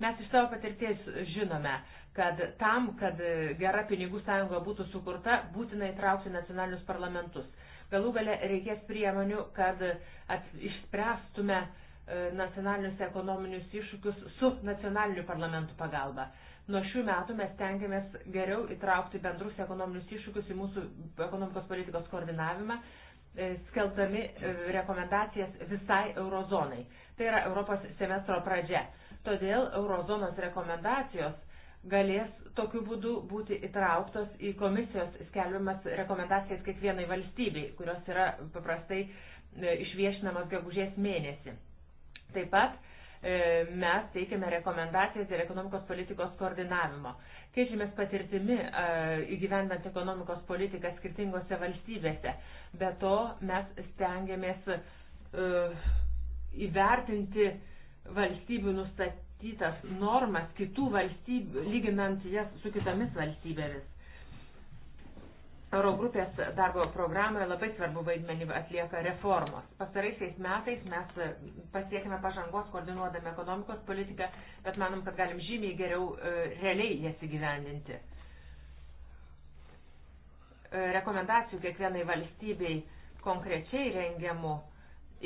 Mes iš savo patirties žinome, kad tam, kad gera pinigų sąjunga būtų sukurta, būtina įtraukti nacionalinius parlamentus. Galų gale reikės priemonių, kad išspręstume e, nacionalinius ekonominius iššūkius su nacionaliniu parlamentu pagalba. Nuo šių metų mes tengiamės geriau įtraukti bendrus ekonominius iššūkius į mūsų ekonomikos politikos koordinavimą, E, skelbdami e, rekomendacijas visai eurozonai. Tai yra Europos semestro pradžia. Todėl eurozonos rekomendacijos galės tokiu būdu būti įtrauktos į komisijos skelbiamas rekomendacijas kiekvienai valstybei, kurios yra paprastai e, išviešinamas gegužės mėnesį. Taip pat E, mes teikiame rekomendacijas dėl ekonomikos politikos koordinavimo. Keičiamės patirtimi e, įgyvendant ekonomikos politiką skirtingose valstybėse. Be to mes stengiamės e, įvertinti valstybių nustatytas normas kitų valstybių, lyginant jas su kitomis valstybėmis. Eurogrupės darbo programoje labai svarbu vaidmenį atlieka reformos. Pastaraisiais metais mes pasiekime pažangos koordinuodami ekonomikos politiką, bet manom, kad galim žymiai geriau e, realiai jas įgyvendinti. E, rekomendacijų kiekvienai valstybei konkrečiai rengiamų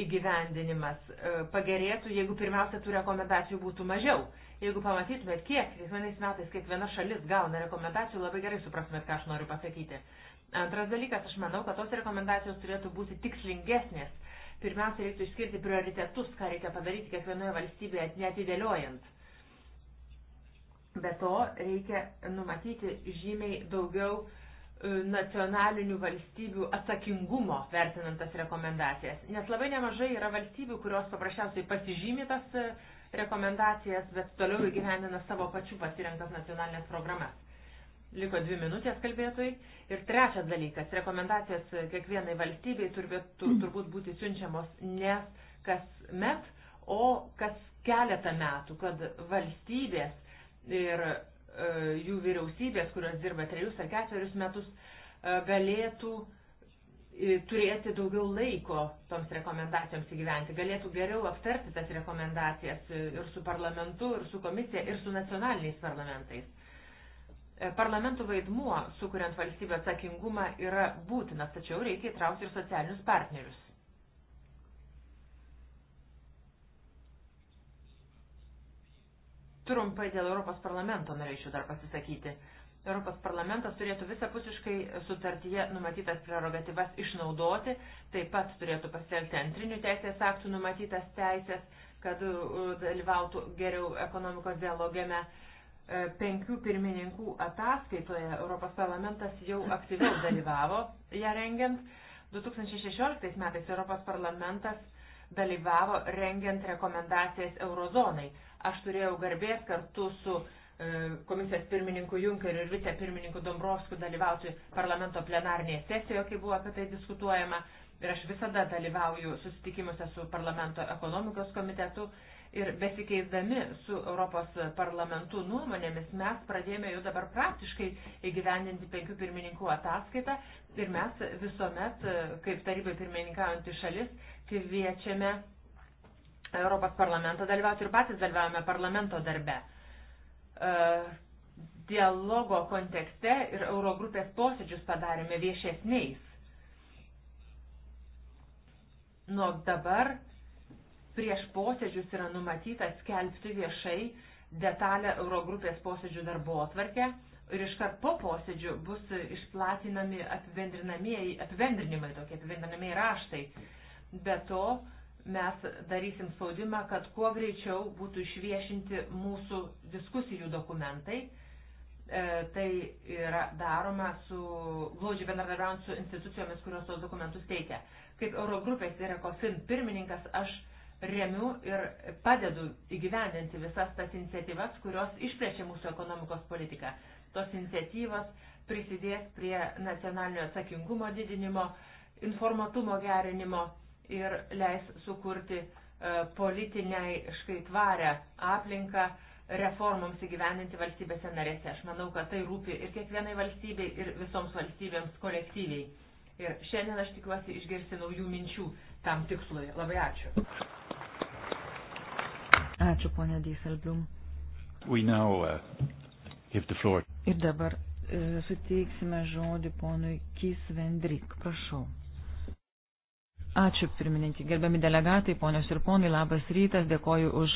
įgyvendinimas e, pagerėtų, jeigu pirmiausia tų rekomendacijų būtų mažiau. Jeigu pamatytumėt, kiek kiekvienais metais kiekviena šalis gauna rekomendacijų, labai gerai suprastumėt, ką aš noriu pasakyti. Antras dalykas, aš manau, kad tos rekomendacijos turėtų būti tikslingesnės. Pirmiausia, reiktų išskirti prioritetus, ką reikia padaryti kiekvienoje valstybėje, netidėliojant. Be to, reikia numatyti žymiai daugiau e, nacionalinių valstybių atsakingumo vertinant tas rekomendacijas. Nes labai nemažai yra valstybių, kurios paprasčiausiai pasižymi tas e, rekomendacijas, bet toliau įgyvendina savo pačių pasirinktas nacionalinės programas. Liko dvi minutės kalbėtojai. Ir trečias dalykas, rekomendacijos kiekvienai valstybei turbėt, tur, mm. turbūt būti siunčiamos ne kas met, o kas keletą metų, kad valstybės ir e, jų vyriausybės, kurios dirba trejus ar ketverius metus, e, galėtų e, turėti daugiau laiko toms rekomendacijoms įgyventi, galėtų geriau aptarti tas rekomendacijas e, ir su parlamentu, ir su komisija, ir su nacionaliniais parlamentais E, Parlamentų vaidmuo, sukuriant valstybę atsakingumą, yra būtinas, tačiau reikia įtraukti ir socialinius partnerius. Trumpai dėl Europos parlamento norėčiau dar pasisakyti. Europos parlamentas turėtų visapusiškai sutartyje numatytas prerogatyvas išnaudoti, taip pat turėtų pasitelkti antrinių teisės aktų numatytas teisės, kad dalyvautų geriau ekonomikos dialogėme. Uh, E, penkių pirmininkų ataskaitoje Europos parlamentas jau aktyviau dalyvavo ją rengiant. 2016 metais Europos parlamentas dalyvavo rengiant rekomendacijas eurozonai. Aš turėjau garbės kartu su e, komisijos pirmininku Junkeriu ir vicepirmininku Dombrovskiu dalyvauti parlamento plenarnėje sesijoje, kai buvo apie tai diskutuojama. Ir aš visada dalyvauju susitikimuose su parlamento ekonomikos komitetu Ir besikeisdami su Europos parlamentu nuomonėmis mes pradėjome jau dabar praktiškai įgyvendinti penkių pirmininkų ataskaitą ir mes visuomet, kaip tarybai pirmininkaujantį šalis, kviečiame Europos parlamentą dalyvauti ir patys dalyvavome parlamento darbe. E, dialogo kontekste ir Eurogrupės posėdžius padarėme viešesniais. Nuo dabar prieš posėdžius yra numatyta skelbti viešai detalę Eurogrupės posėdžių darbo atvarkę ir iškart po posėdžių bus išplatinami apibendrinimai, tokie apibendrinamieji raštai. Be to, mes darysim spaudimą, kad kuo greičiau būtų išviešinti mūsų diskusijų dokumentai. E, tai yra daroma su glaudžiai bendradarbiaujant su institucijomis, kurios tos dokumentus teikia. Kaip Eurogrupės ir Ekofin pirmininkas, aš remiu ir padedu įgyvendinti visas tas iniciatyvas, kurios išplečia mūsų ekonomikos politiką. Tos iniciatyvos prisidės prie nacionalinio atsakingumo didinimo, informatumo gerinimo ir leis sukurti e, politiniai škaitvarę aplinką reformoms įgyvendinti valstybėse narėse. Aš manau, kad tai rūpi ir kiekvienai valstybei, ir visoms valstybėms kolektyviai. Ir šiandien aš tikiuosi išgirsti naujų minčių tam tikslui. Labai ačiū. Ačiū, ponė Dyselblum. Now, uh, Ir dabar uh, suteiksime žodį ponui Kis Vendrik. Prašau. Ačiū, pirmininkė. Gerbiami delegatai, ponios ir ponai, labas rytas. Dėkoju už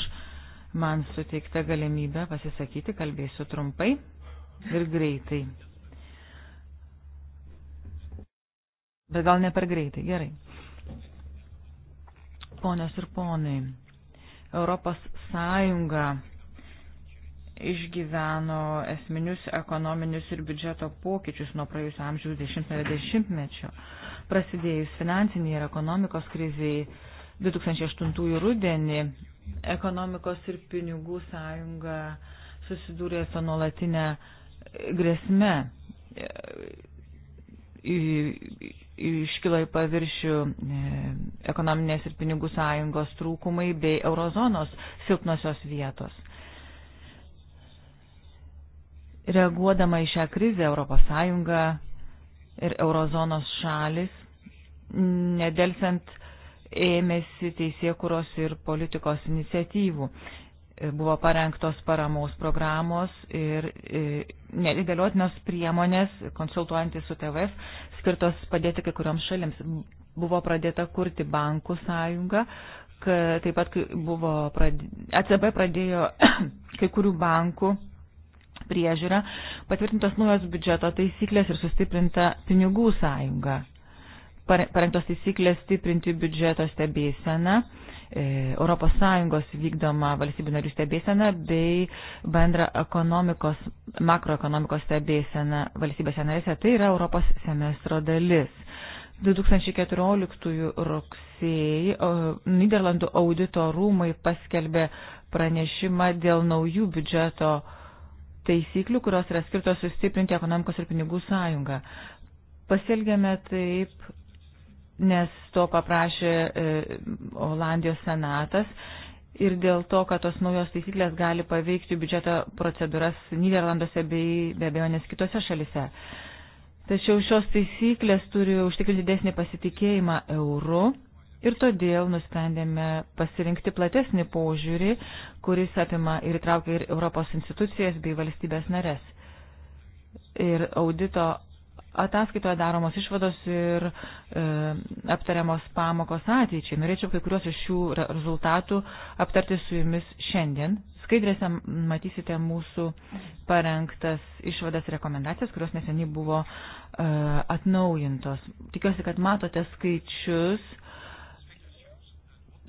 man suteiktą galimybę pasisakyti. Kalbėsiu trumpai ir greitai. Bet gal ne per greitai. Gerai ponios ir ponai. Europos Sąjunga išgyveno esminius ekonominius ir biudžeto pokyčius nuo praėjusio amžiaus dešimtmečio. Prasidėjus finansiniai ir ekonomikos kriziai 2008 rudenį, ekonomikos ir pinigų sąjunga susidūrė su nuolatinė grėsme iškilo į paviršių e, ekonominės ir pinigų sąjungos trūkumai bei eurozonos silpnosios vietos. Reaguodama į šią krizę Europos Sąjunga ir eurozonos šalis nedelsiant ėmėsi teisėkuros ir politikos iniciatyvų buvo parengtos paramos programos ir e, nedėliotinos priemonės, konsultuojantis su TVS, skirtos padėti kai kurioms šalims. Buvo pradėta kurti bankų sąjungą, taip pat buvo pradė... ACB pradėjo kai kurių bankų priežiūrą, patvirtintos naujos biudžeto taisyklės ir sustiprinta pinigų sąjunga. Parengtos taisyklės stiprinti biudžeto stebėseną ES vykdomą valstybių narių stebėseną bei bendrą ekonomikos, makroekonomikos stebėseną valstybėse narėse. Tai yra Europos semestro dalis. 2014 rugsėjai Niderlandų audito rūmai paskelbė pranešimą dėl naujų biudžeto taisyklių, kurios yra skirtos sustiprinti ekonomikos ir pinigų sąjungą. Pasielgėme taip nes to paprašė e, Olandijos senatas. Ir dėl to, kad tos naujos taisyklės gali paveikti biudžeto procedūras Niderlanduose bei be abejo nes kitose šalise. Tačiau šios taisyklės turi užtikrinti didesnį pasitikėjimą eurų ir todėl nusprendėme pasirinkti platesnį požiūrį, kuris apima ir įtraukia ir Europos institucijas bei valstybės nares. Ir audito ataskaitoje daromos išvados ir e, aptariamos pamokos ateičiai. Norėčiau kai kuriuos iš šių rezultatų aptarti su jumis šiandien. Skaidrėse matysite mūsų parengtas išvadas ir rekomendacijas, kurios neseniai buvo e, atnaujintos. Tikiuosi, kad matote skaičius,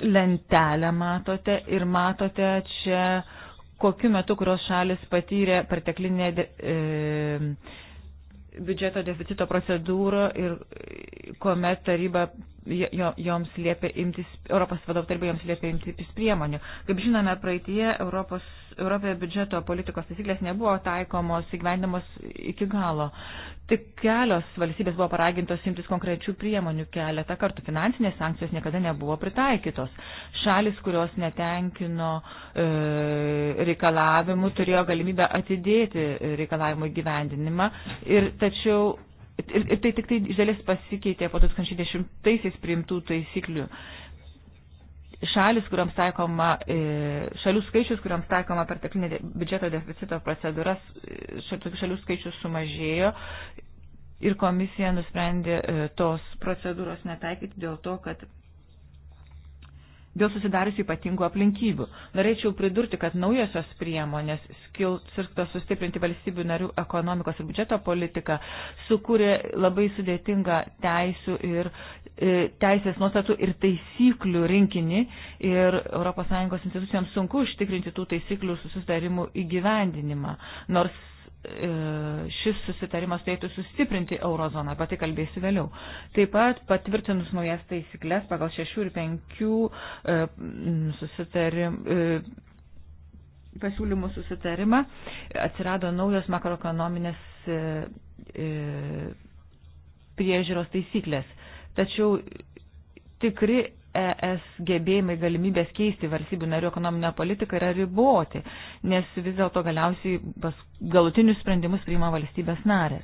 lentelę matote ir matote čia, kokiu metu kurios šalis patyrė perteklinę. E, biudžeto deficito procedūrų ir kuomet taryba joms liepia imtis, Europos vadovų taryba joms liepia imtis priemonių. Kaip žinome, praeitie Europos, Europoje biudžeto politikos taisyklės nebuvo taikomos, įgyvendamos iki galo. Tik kelios valstybės buvo paragintos imtis konkrečių priemonių keletą kartų. Finansinės sankcijos niekada nebuvo pritaikytos. Šalis, kurios netenkino e, reikalavimų, turėjo galimybę atidėti reikalavimų įgyvendinimą. Ir tačiau ir, ir tai tik tai iš dalies pasikeitė po 2010-aisiais priimtų taisyklių. E, šalis, kuriams taikoma, e, šalių skaičius, kuriams taikoma perteklinė biudžeto deficito procedūras, tokių šalių skaičius sumažėjo ir komisija nusprendė e, tos procedūros netaikyti dėl to, kad dėl susidariusių ypatingų aplinkybių. Norėčiau pridurti, kad naujosios priemonės, skirtos sustiprinti valstybių narių ekonomikos ir biudžeto politiką, sukūrė labai sudėtingą teisų ir e, teisės nuostatų ir taisyklių rinkinį ir ES institucijoms sunku užtikrinti tų taisyklių susitarimų įgyvendinimą, nors E, šis susitarimas turėtų sustiprinti eurozoną, apie tai kalbėsiu vėliau. Taip pat patvirtinus naujas taisyklės pagal 6 ir 5 e, susitarim, e, pasiūlymų susitarimą atsirado naujos makroekonominės priežiūros taisyklės. Tačiau tikri ES gebėjimai galimybės keisti valstybių narių ekonominę politiką yra riboti, nes vis dėlto galiausiai galutinius sprendimus priima valstybės narės.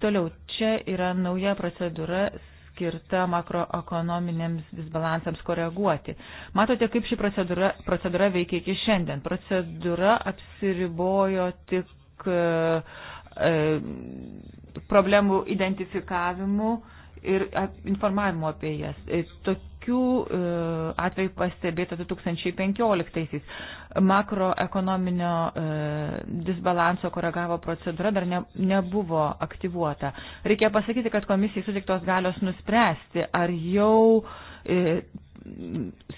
Toliau, čia yra nauja procedūra skirta makroekonominėms disbalansams koreguoti. Matote, kaip ši procedūra, procedūra veikia iki šiandien. Procedūra apsiribojo tik e, e problemų identifikavimu ir informavimu apie jas. E, to, tokių e, atvejų pastebėta 2015-aisiais. Makroekonominio e, disbalanso koregavo procedūra dar ne, nebuvo aktyvuota. Reikia pasakyti, kad komisijai sutiktos galios nuspręsti, ar jau e,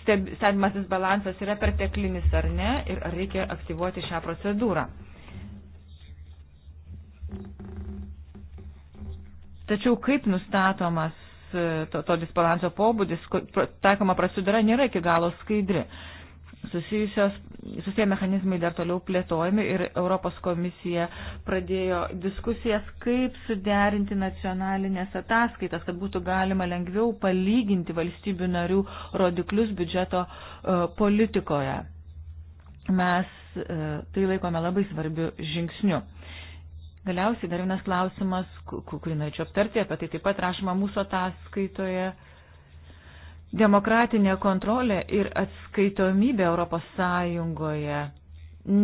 stebimas disbalansas yra perteklinis ar ne ir ar reikia aktyvuoti šią procedūrą. Tačiau kaip nustatomas E, to, to disbalanso pobūdis, taikoma prasidara, nėra iki galo skaidri. Susijusios, susiję mechanizmai dar toliau plėtojami ir Europos komisija pradėjo diskusijas, kaip suderinti nacionalinės ataskaitas, kad būtų galima lengviau palyginti valstybių narių rodiklius biudžeto uh, politikoje. Mes uh, tai laikome labai svarbiu žingsniu. Galiausiai dar vienas klausimas, kurį norėčiau aptarti, apie tai taip pat rašoma mūsų ataskaitoje. Demokratinė kontrolė ir atskaitomybė Europos Sąjungoje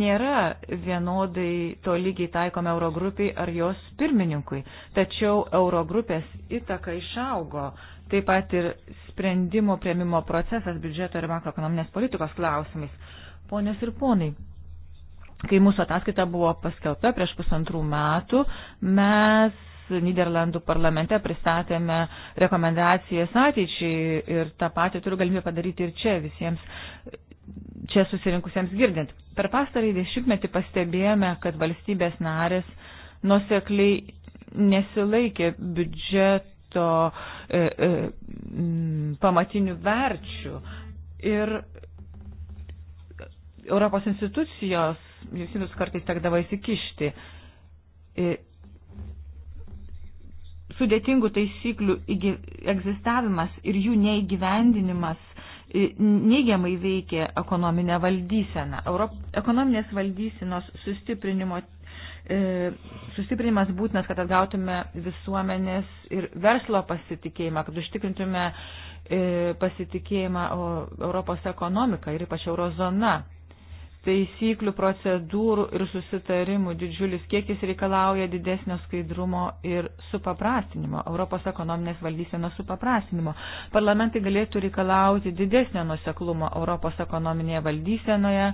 nėra vienodai to lygiai taikoma Eurogrupiai ar jos pirmininkui, tačiau Eurogrupės įtaka išaugo, taip pat ir sprendimo prieimimo procesas biudžeto ir makroekonominės politikos klausimais. Ponios ir ponai, Kai mūsų ataskaita buvo paskelbta prieš pusantrų metų, mes Niderlandų parlamente pristatėme rekomendacijas ateičiai ir tą patį turiu galimybę padaryti ir čia visiems čia susirinkusiems girdint. Per pastarąjį dešimtmetį pastebėjome, kad valstybės narės nusekliai nesilaikė biudžeto e, e, pamatinių verčių ir Europos institucijos medicinus kartais tekdavo įsikišti. E, sudėtingų taisyklių egzistavimas ir jų neįgyvendinimas e, neigiamai veikia ekonominę valdyseną. Europ, ekonominės valdysenos sustiprinimo, e, sustiprinimas būtinas, kad atgautume visuomenės ir verslo pasitikėjimą, kad užtikrintume e, pasitikėjimą Europos ekonomiką ir ypač eurozona taisyklių, procedūrų ir susitarimų didžiulis kiekis reikalauja didesnio skaidrumo ir supaprastinimo, Europos ekonominės valdysenos supaprastinimo. Parlamentai galėtų reikalauti didesnio nuseklumo Europos ekonominėje valdysenoje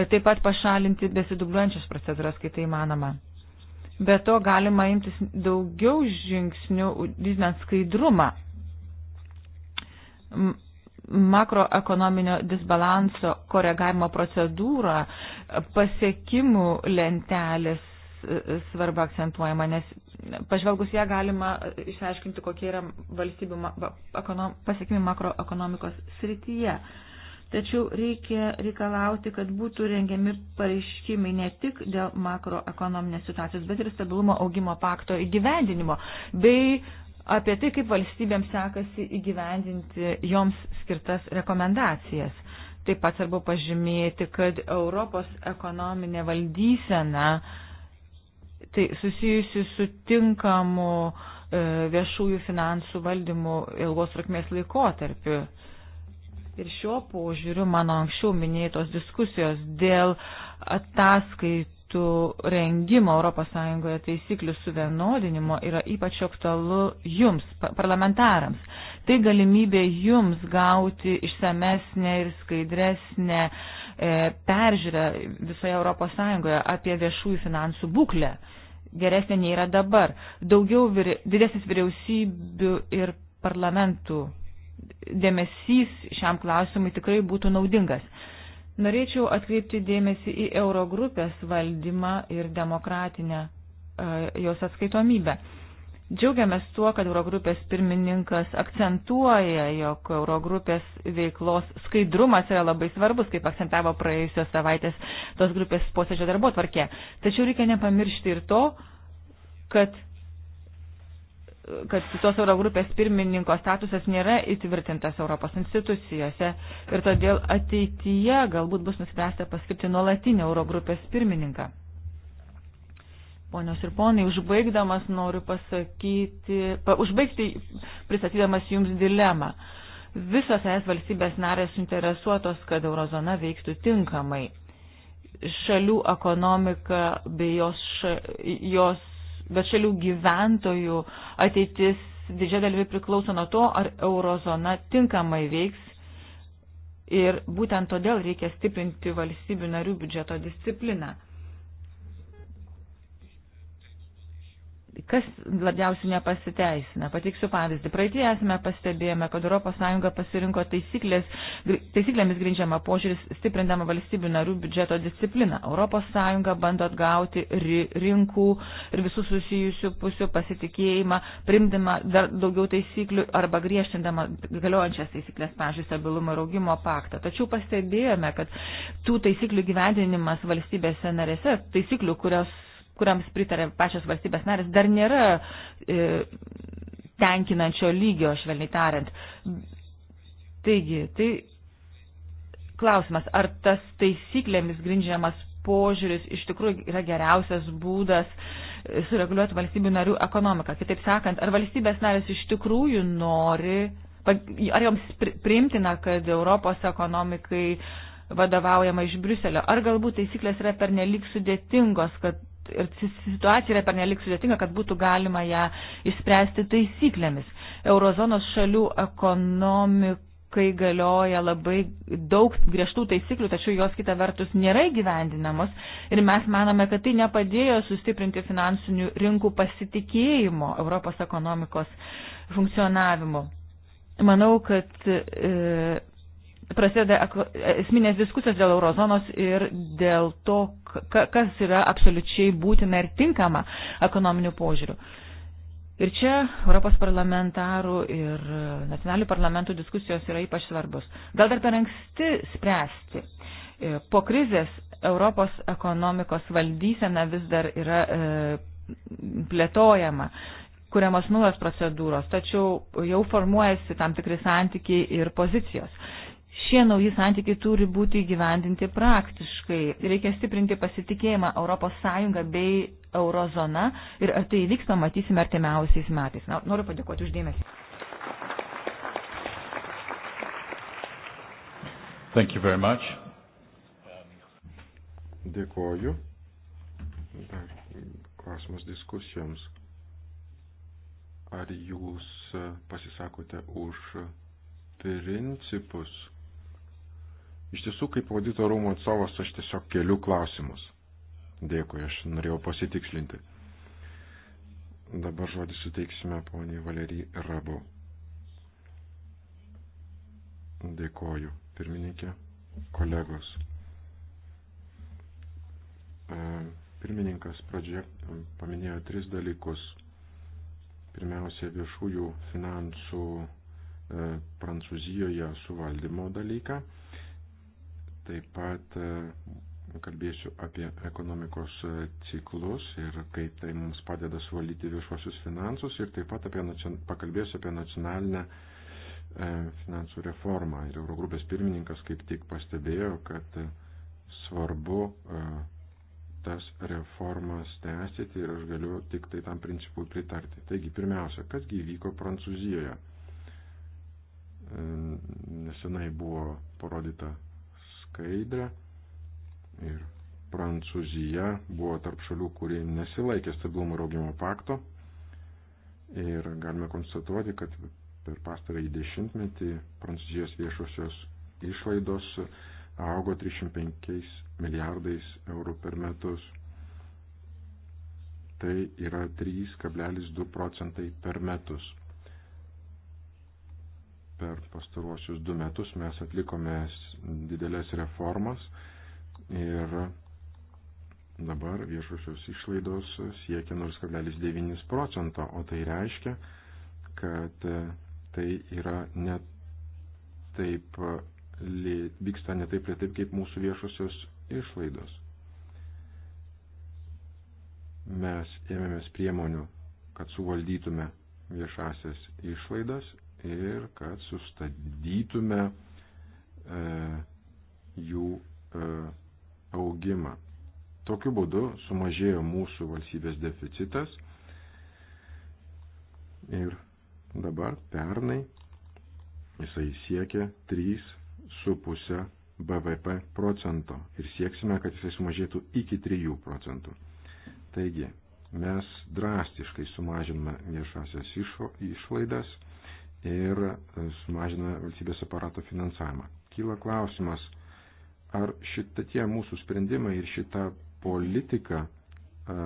ir taip pat pašalinti besidubliuojančias procedūras, kai tai manoma. Be to galima imtis daugiau žingsnių, didinant skaidrumą makroekonominio disbalanso koregavimo procedūrą pasiekimų lentelės e, e, svarba akcentuojama, nes pažvelgus ją galima išsiaiškinti, kokie yra valstybių pasiekimai makroekonomikos srityje. Tačiau reikia reikalauti, kad būtų rengiami pareiškimai ne tik dėl makroekonominės situacijos, bet ir stabilumo augimo pakto įgyvendinimo bei apie tai, kaip valstybėms sekasi įgyvendinti joms skirtas rekomendacijas. Taip pat svarbu pažymėti, kad Europos ekonominė valdysena tai susijusi su tinkamu e, viešųjų finansų valdymu ilgos trukmės laikotarpiu. Ir šiuo požiūriu mano anksčiau minėtos diskusijos dėl ataskaitų aktų rengimo ES taisyklių suvienodinimo yra ypač aktualu jums, parlamentarams. Tai galimybė jums gauti išsamesnę ir skaidresnę e, peržiūrą visoje ES apie viešųjų finansų būklę. Geresnė nei yra dabar. Daugiau vir, didesnis vyriausybių ir parlamentų dėmesys šiam klausimui tikrai būtų naudingas Norėčiau atkreipti dėmesį į Eurogrupės valdymą ir demokratinę e, jos atskaitomybę. Džiaugiamės tuo, kad Eurogrupės pirmininkas akcentuoja, jog Eurogrupės veiklos skaidrumas yra labai svarbus, kaip akcentavo praėjusios savaitės tos grupės posėdžio darbo tvarkė. Tačiau reikia nepamiršti ir to, kad kad tos Eurogrupės pirmininko statusas nėra įtvirtintas Europos institucijose ir todėl ateityje galbūt bus nuspręsta paskirti nuolatinį Eurogrupės pirmininką. Ponios ir ponai, užbaigdamas noriu pasakyti, pa, užbaigti pristatydamas jums dilemą. Visos es valstybės narės suinteresuotos, kad eurozona veiktų tinkamai. Šalių ekonomika bei jos, ša, jos bet šalių gyventojų ateitis didžia dalimi priklauso nuo to, ar eurozona tinkamai veiks. Ir būtent todėl reikia stiprinti valstybių narių biudžeto discipliną. Kas labiausiai nepasiteisina? Pateiksiu pavyzdį. Praeitie esame pastebėjome, kad ES pasirinko taisyklėmis grindžiamą požiūris, stiprindama valstybių narių biudžeto discipliną. ES bando atgauti rinkų ir visų susijusių pusių pasitikėjimą, primdama dar daugiau taisyklių arba griežtindama galiojančias taisyklės, pavyzdžiui, stabilumo ir augimo paktą. Tačiau pastebėjome, kad tų taisyklių gyvendinimas valstybėse narėse, taisyklių, kurios kuriams pritarė pačios valstybės narės, dar nėra e, tenkinančio lygio, švelniai tariant. Taigi, tai klausimas, ar tas taisyklėmis grindžiamas požiūris iš tikrųjų yra geriausias būdas e, sureguliuoti valstybių narių ekonomiką. Kitaip sakant, ar valstybės narės iš tikrųjų nori, ar joms priimtina, kad Europos ekonomikai vadovaujama iš Briuselio, ar galbūt taisyklės yra pernelik sudėtingos, kad ir situacija yra pernelik sudėtinga, kad būtų galima ją išspręsti taisyklėmis. Eurozonos šalių ekonomikai galioja labai daug griežtų taisyklių, tačiau jos kita vertus nėra įgyvendinamos ir mes manome, kad tai nepadėjo sustiprinti finansinių rinkų pasitikėjimo Europos ekonomikos funkcionavimu. Manau, kad e, prasideda esminės diskusijos dėl eurozonos ir dėl to, kas yra absoliučiai būtina ir tinkama ekonominių požiūrių. Ir čia Europos parlamentarų ir nacionalių parlamentų diskusijos yra ypač svarbus. Gal dar per anksti spręsti. E, po krizės Europos ekonomikos valdysena vis dar yra e, plėtojama, kuriamas nuolas procedūros, tačiau jau formuojasi tam tikri santykiai ir pozicijos šie nauji santykiai turi būti įgyvendinti praktiškai. Reikia stiprinti pasitikėjimą ES bei eurozona ir ar tai įvyks, pamatysime artimiausiais metais. Na, noriu padėkoti uždėmesį. Thank you very much. Dėkuoju. Dar klausimas diskusijoms. Ar jūs pasisakote už principus Iš tiesų, kaip audito rūmų atstovas, aš tiesiog keliu klausimus. Dėkui, aš norėjau pasitikslinti. Dabar žodį suteiksime poniai Valerijai Rabo. Dėkoju, pirmininkė, kolegos. E, pirmininkas pradžioje paminėjo tris dalykus. Pirmiausia, viešųjų finansų e, Prancūzijoje suvaldymo dalyką Taip pat e, kalbėsiu apie ekonomikos e, ciklus ir kaip tai mums padeda suvaldyti viešuosius finansus ir taip pat apie, pakalbėsiu apie nacionalinę e, finansų reformą. Ir Eurogrupės pirmininkas kaip tik pastebėjo, kad svarbu tas reformas tęsyti ir aš galiu tik tai tam principui pritarti. Taigi, pirmiausia, kasgi įvyko Prancūzijoje? Nesenai buvo parodyta skaidrę ir Prancūzija buvo tarp šalių, kurie nesilaikė stabilumo ir augimo pakto ir galime konstatuoti, kad per pastarąjį dešimtmetį Prancūzijos viešosios išlaidos augo 305 milijardais eurų per metus. Tai yra 3,2 procentai per metus per pastaruosius du metus mes atlikome didelės reformas ir dabar viešosios išlaidos siekia 0,9 procento, o tai reiškia, kad e, tai yra net taip, e, vyksta ne taip lėtai kaip mūsų viešosios išlaidos. Mes ėmėmės priemonių, kad suvaldytume viešasias išlaidas ir kad sustabdytume e, jų e, augimą. Tokiu būdu sumažėjo mūsų valstybės deficitas ir dabar pernai jisai siekia 3,5 BVP procento ir sieksime, kad jisai sumažėtų iki 3 procentų. Taigi, mes drastiškai sumažiname viešasias išlaidas. Išo, ir e, sumažina valstybės aparato finansavimą. Kyla klausimas, ar šitie mūsų sprendimai ir šita politika e,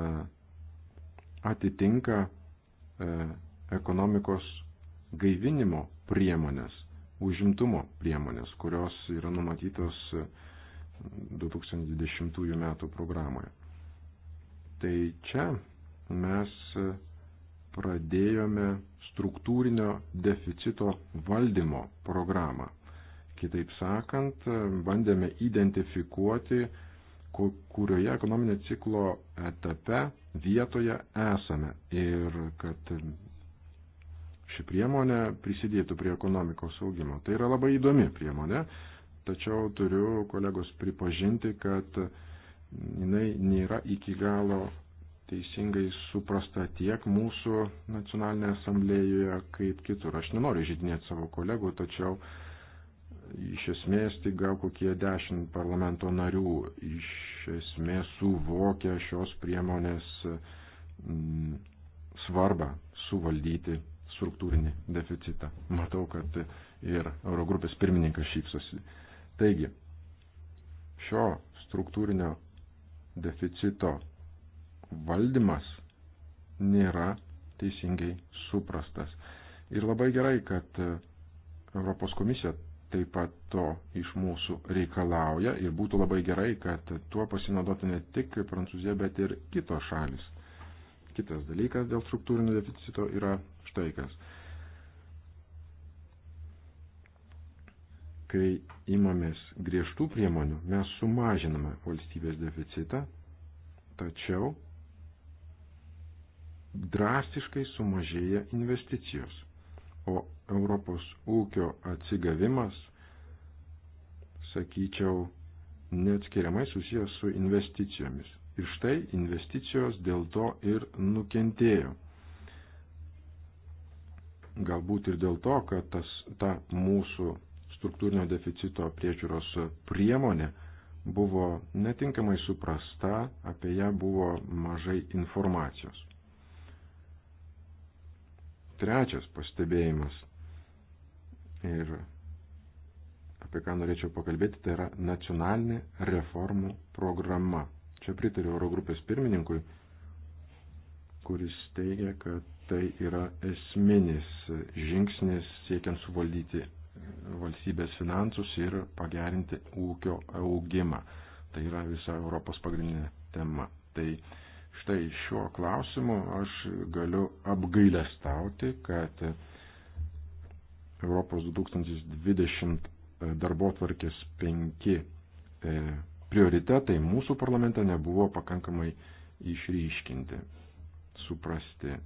atitinka e, ekonomikos gaivinimo priemonės, užimtumo priemonės, kurios yra numatytos 2020 metų programoje. Tai čia mes pradėjome struktūrinio deficito valdymo programą. Kitaip sakant, bandėme identifikuoti, kurioje ekonominio ciklo etape vietoje esame ir kad ši priemonė prisidėtų prie ekonomikos augimo. Tai yra labai įdomi priemonė, tačiau turiu kolegos pripažinti, kad jinai nėra iki galo teisingai suprasta tiek mūsų nacionalinėje asamblėjoje, kaip kitur. Aš nenoriu žydinėti savo kolegų, tačiau iš esmės tik gal kokie dešimt parlamento narių iš esmės suvokia šios priemonės m, mm, svarbą suvaldyti struktūrinį deficitą. Matau, kad ir Eurogrupės pirmininkas šypsosi. Taigi, šio struktūrinio deficito valdymas nėra teisingai suprastas. Ir labai gerai, kad e, Europos komisija taip pat to iš mūsų reikalauja ir būtų labai gerai, kad tuo pasinaudotų ne tik Prancūzija, bet ir kitos šalis. Kitas dalykas dėl struktūrinio deficito yra štai kas. Kai imamės griežtų priemonių, mes sumažiname valstybės deficitą, tačiau drastiškai sumažėja investicijos, o Europos ūkio atsigavimas, sakyčiau, neatskiriamai susijęs su investicijomis. Ir štai investicijos dėl to ir nukentėjo. Galbūt ir dėl to, kad tas, ta mūsų struktūrinio deficito priežiūros priemonė buvo netinkamai suprasta, apie ją buvo mažai informacijos trečias pastebėjimas ir apie ką norėčiau pakalbėti, tai yra nacionalinė reformų programa. Čia pritariu Eurogrupės pirmininkui, kuris teigia, kad tai yra esminis žingsnis siekiant suvaldyti valstybės finansus ir pagerinti ūkio augimą. Tai yra visa Europos pagrindinė tema. Tai Štai šiuo klausimu aš galiu apgailestauti, kad Europos 2020 darbo tvarkės penki e, prioritetai mūsų parlamente nebuvo pakankamai išryškinti, suprasti.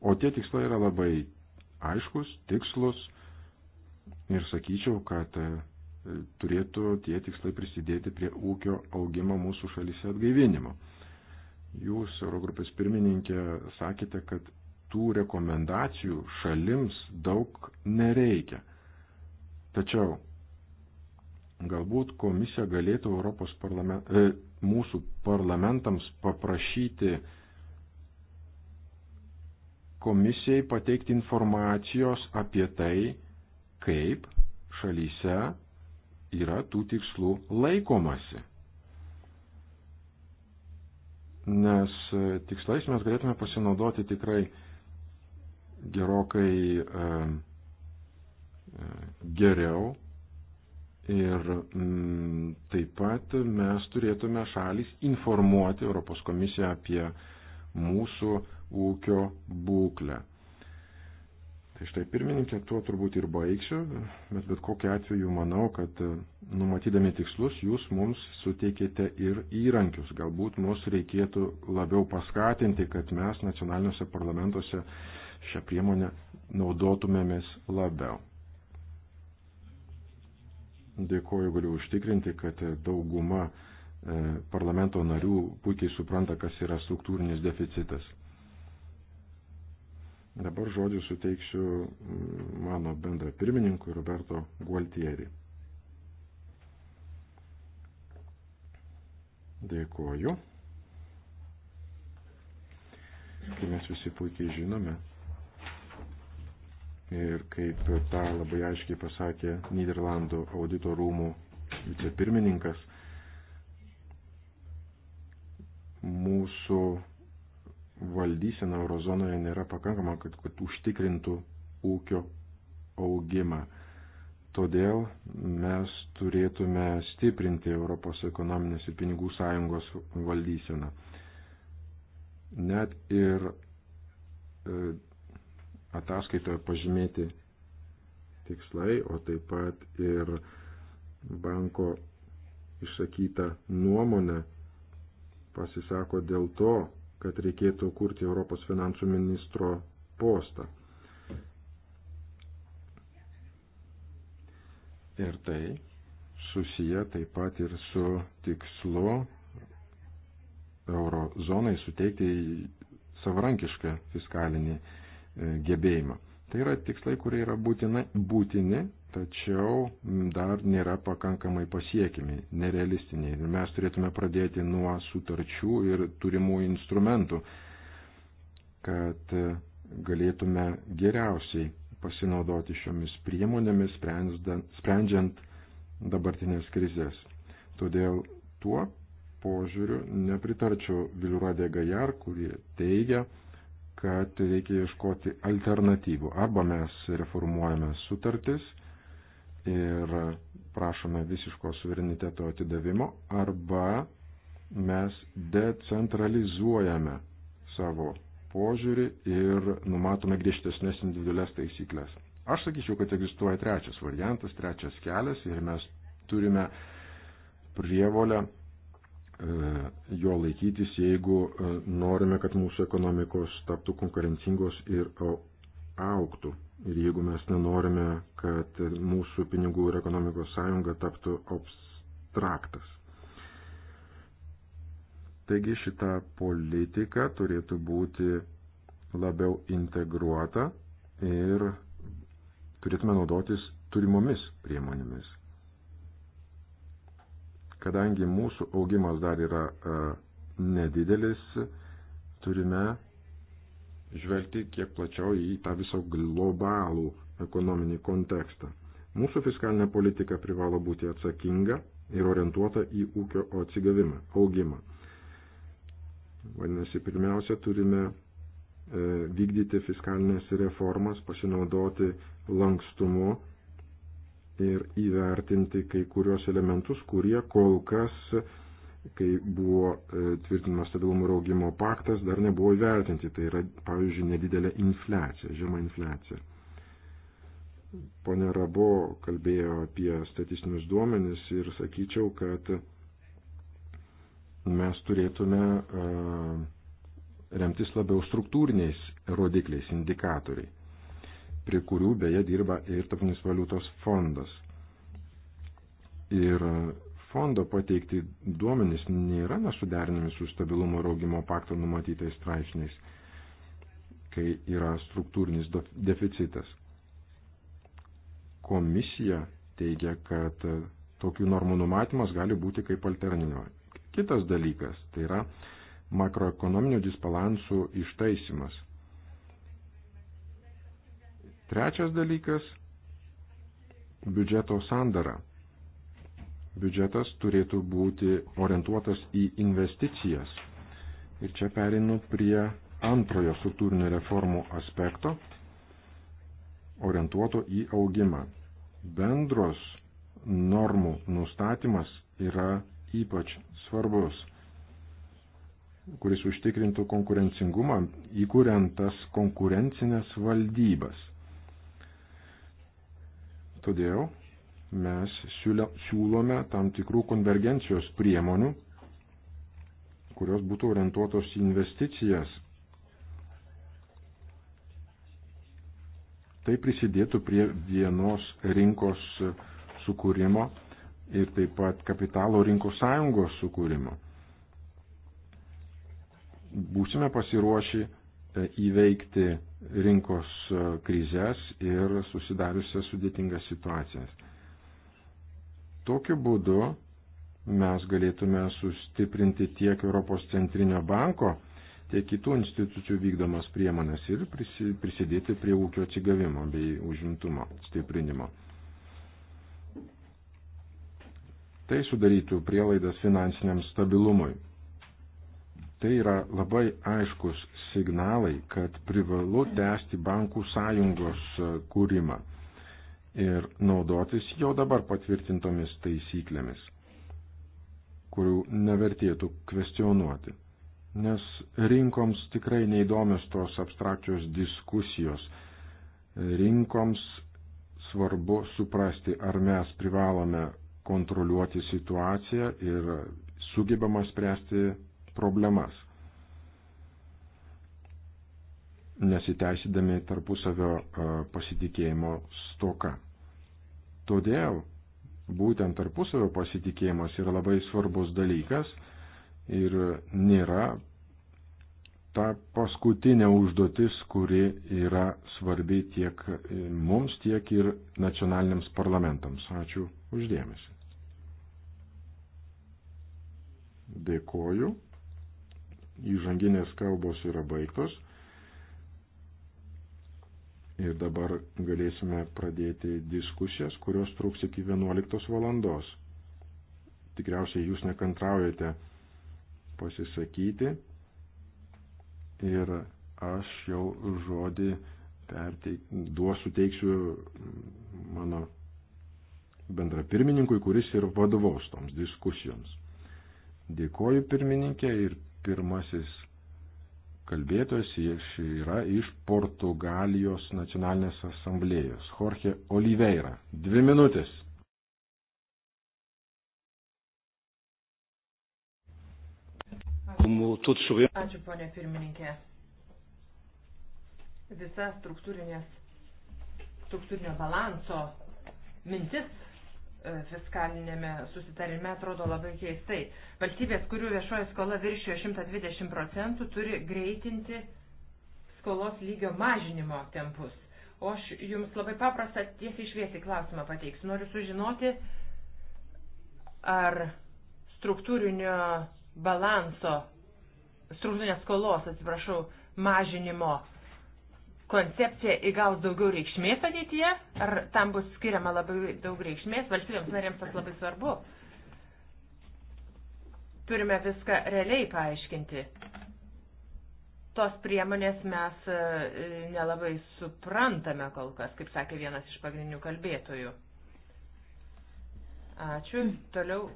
O tie tikslai yra labai aiškus, tikslus ir sakyčiau, kad e, turėtų tie tikslai prisidėti prie ūkio augimo mūsų šalyse atgaivinimo. Jūs, Eurogrupės pirmininkė, sakėte, kad tų rekomendacijų šalims daug nereikia. Tačiau galbūt komisija galėtų Europos parlament, e, mūsų parlamentams paprašyti komisijai pateikti informacijos apie tai, kaip šalyse yra tų tikslų laikomasi nes e, tikslais mes galėtume pasinaudoti tikrai gerokai e, e, geriau ir mm, taip pat mes turėtume šalis informuoti Europos komisiją apie mūsų ūkio būklę. Tai štai pirmininkė, tuo turbūt ir baigsiu, bet bet kokiu atveju manau, kad e, numatydami tikslus jūs mums suteikėte ir įrankius. Galbūt mus reikėtų labiau paskatinti, kad mes nacionaliniuose parlamentuose šią priemonę naudotumėmės labiau. Dėkoju, galiu užtikrinti, kad e, dauguma e, parlamento narių puikiai supranta, kas yra struktūrinis deficitas. Dabar žodį suteiksiu mm, mano bendra pirmininkui Roberto Gualtieri. Dėkuoju. Kaip mes visi puikiai žinome ir kaip tą labai aiškiai pasakė Niderlandų audito rūmų vicepirmininkas, mūsų valdysena eurozonoje nėra pakankama, kad, kad užtikrintų ūkio augimą. Todėl mes turėtume stiprinti Europos ekonominės ir pinigų sąjungos valdyseną. Net ir e, ataskaitoje pažymėti tikslai, o taip pat ir banko išsakyta nuomonė pasisako dėl to, kad reikėtų kurti Europos finansų ministro postą. Ir tai susiję taip pat ir su tikslu eurozonai suteikti savarankišką fiskalinį e, gebėjimą. Tai yra tikslai, kurie yra būtina, būtini, tačiau dar nėra pakankamai pasiekimi, nerealistiniai. Mes turėtume pradėti nuo sutarčių ir turimų instrumentų, kad galėtume geriausiai pasinaudoti šiomis priemonėmis, sprendžiant dabartinės krizės. Todėl tuo požiūriu nepritarčiau Vilradė Gajar, kurie teigia, kad reikia ieškoti alternatyvų. Arba mes reformuojame sutartis ir prašome visiško suvereniteto atidavimo, arba mes decentralizuojame savo požiūrį ir numatome griežtesnės individualias taisyklės. Aš sakyčiau, kad egzistuoja trečias variantas, trečias kelias ir mes turime prievolę E, jo laikytis, jeigu e, norime, kad mūsų ekonomikos taptų konkurencingos ir auktų. Ir jeigu mes nenorime, kad mūsų pinigų ir ekonomikos sąjunga taptų abstraktas. Taigi šita politika turėtų būti labiau integruota ir turėtume naudotis turimomis priemonėmis. Kadangi mūsų augimas dar yra e, nedidelis, turime žvelgti kiek plačiau į tą viso globalų ekonominį kontekstą. Mūsų fiskalinė politika privalo būti atsakinga ir orientuota į ūkio atsigavimą, augimą. Vadinasi, pirmiausia, turime e, vykdyti fiskalinės reformas, pasinaudoti lankstumu ir įvertinti kai kurios elementus, kurie kol kas, kai buvo e, tvirtinamas stabilumo ir augimo paktas, dar nebuvo įvertinti. Tai yra, pavyzdžiui, nedidelė infliacija, žema infliacija. Pone Rabo kalbėjo apie statistinius duomenis ir sakyčiau, kad mes turėtume e, remtis labiau struktūriniais rodikliais, indikatoriai prie kurių beje dirba ir Tarptautinis valiutos fondas. Ir fondo pateikti duomenys nėra nesuderinami su stabilumo ir augimo pakto numatytais straipsniais, kai yra struktūrinis deficitas. Komisija teigia, kad tokių normų numatymas gali būti kaip alternatyva. Kitas dalykas tai yra makroekonominių disbalansų ištaisimas. Trečias dalykas - biudžeto sandara. Biudžetas turėtų būti orientuotas į investicijas. Ir čia perinu prie antrojo struktūrinio reformų aspekto - orientuoto į augimą. Bendros normų nustatymas yra ypač svarbus, kuris užtikrintų konkurencingumą, įkuriant tas konkurencinės valdybas. Todėl mes siūlome tam tikrų konvergencijos priemonių, kurios būtų orientuotos į investicijas. Tai prisidėtų prie vienos rinkos sukūrimo ir taip pat kapitalo rinkos sąjungos sukūrimo. Būsime pasiruošę E, įveikti rinkos e, krizės ir susidariusias sudėtingas situacijas. Tokiu būdu mes galėtume sustiprinti tiek Europos centrinio banko, tiek kitų institucijų vykdomas priemonės ir prisidėti prie ūkio atsigavimo bei užimtumo stiprinimo. Tai sudarytų prielaidas finansiniam stabilumui. Tai yra labai aiškus signalai, kad privalu tęsti bankų sąjungos e, kūrimą ir naudotis jau dabar patvirtintomis taisyklėmis, kurių nevertėtų kvestionuoti. Nes rinkoms tikrai neįdomios tos abstrakčios diskusijos. Rinkoms svarbu suprasti, ar mes privalome kontroliuoti situaciją ir sugebama spręsti problemas, nesiteisydami tarpusavio pasitikėjimo stoka. Todėl būtent tarpusavio pasitikėjimas yra labai svarbus dalykas ir nėra ta paskutinė užduotis, kuri yra svarbi tiek e, mums, tiek ir nacionaliniams parlamentams. Ačiū uždėmesi. Dėkoju įžanginės kalbos yra baigtos. Ir dabar galėsime pradėti diskusijas, kurios truks iki 11 valandos. Tikriausiai jūs nekantraujate pasisakyti ir aš jau žodį perteik, duos suteiksiu mano bendra pirmininkui, kuris ir vadovaus toms diskusijoms. Dėkoju pirmininkė ir pirmasis kalbėtojas yra iš Portugalijos nacionalinės asamblėjos. Jorge Oliveira. Dvi minutės. Ačiū, ponė pirmininkė. Visa struktūrinės, struktūrinio balanso mintis fiskalinėme susitarime atrodo labai keistai. Valstybės, kurių viešoji skola viršijo 120 procentų, turi greitinti skolos lygio mažinimo tempus. O aš jums labai paprastą tiesiai šviesiai klausimą pateiksiu. Noriu sužinoti, ar struktūrinio balanso, struktūrinės skolos, atsiprašau, mažinimo koncepcija įgaus daugiau reikšmės ateityje, ar tam bus skiriama labai daug reikšmės, valstybėms narėms tas labai svarbu. Turime viską realiai paaiškinti. Tos priemonės mes e, nelabai suprantame kol kas, kaip sakė vienas iš pagrindinių kalbėtojų. Ačiū. Toliau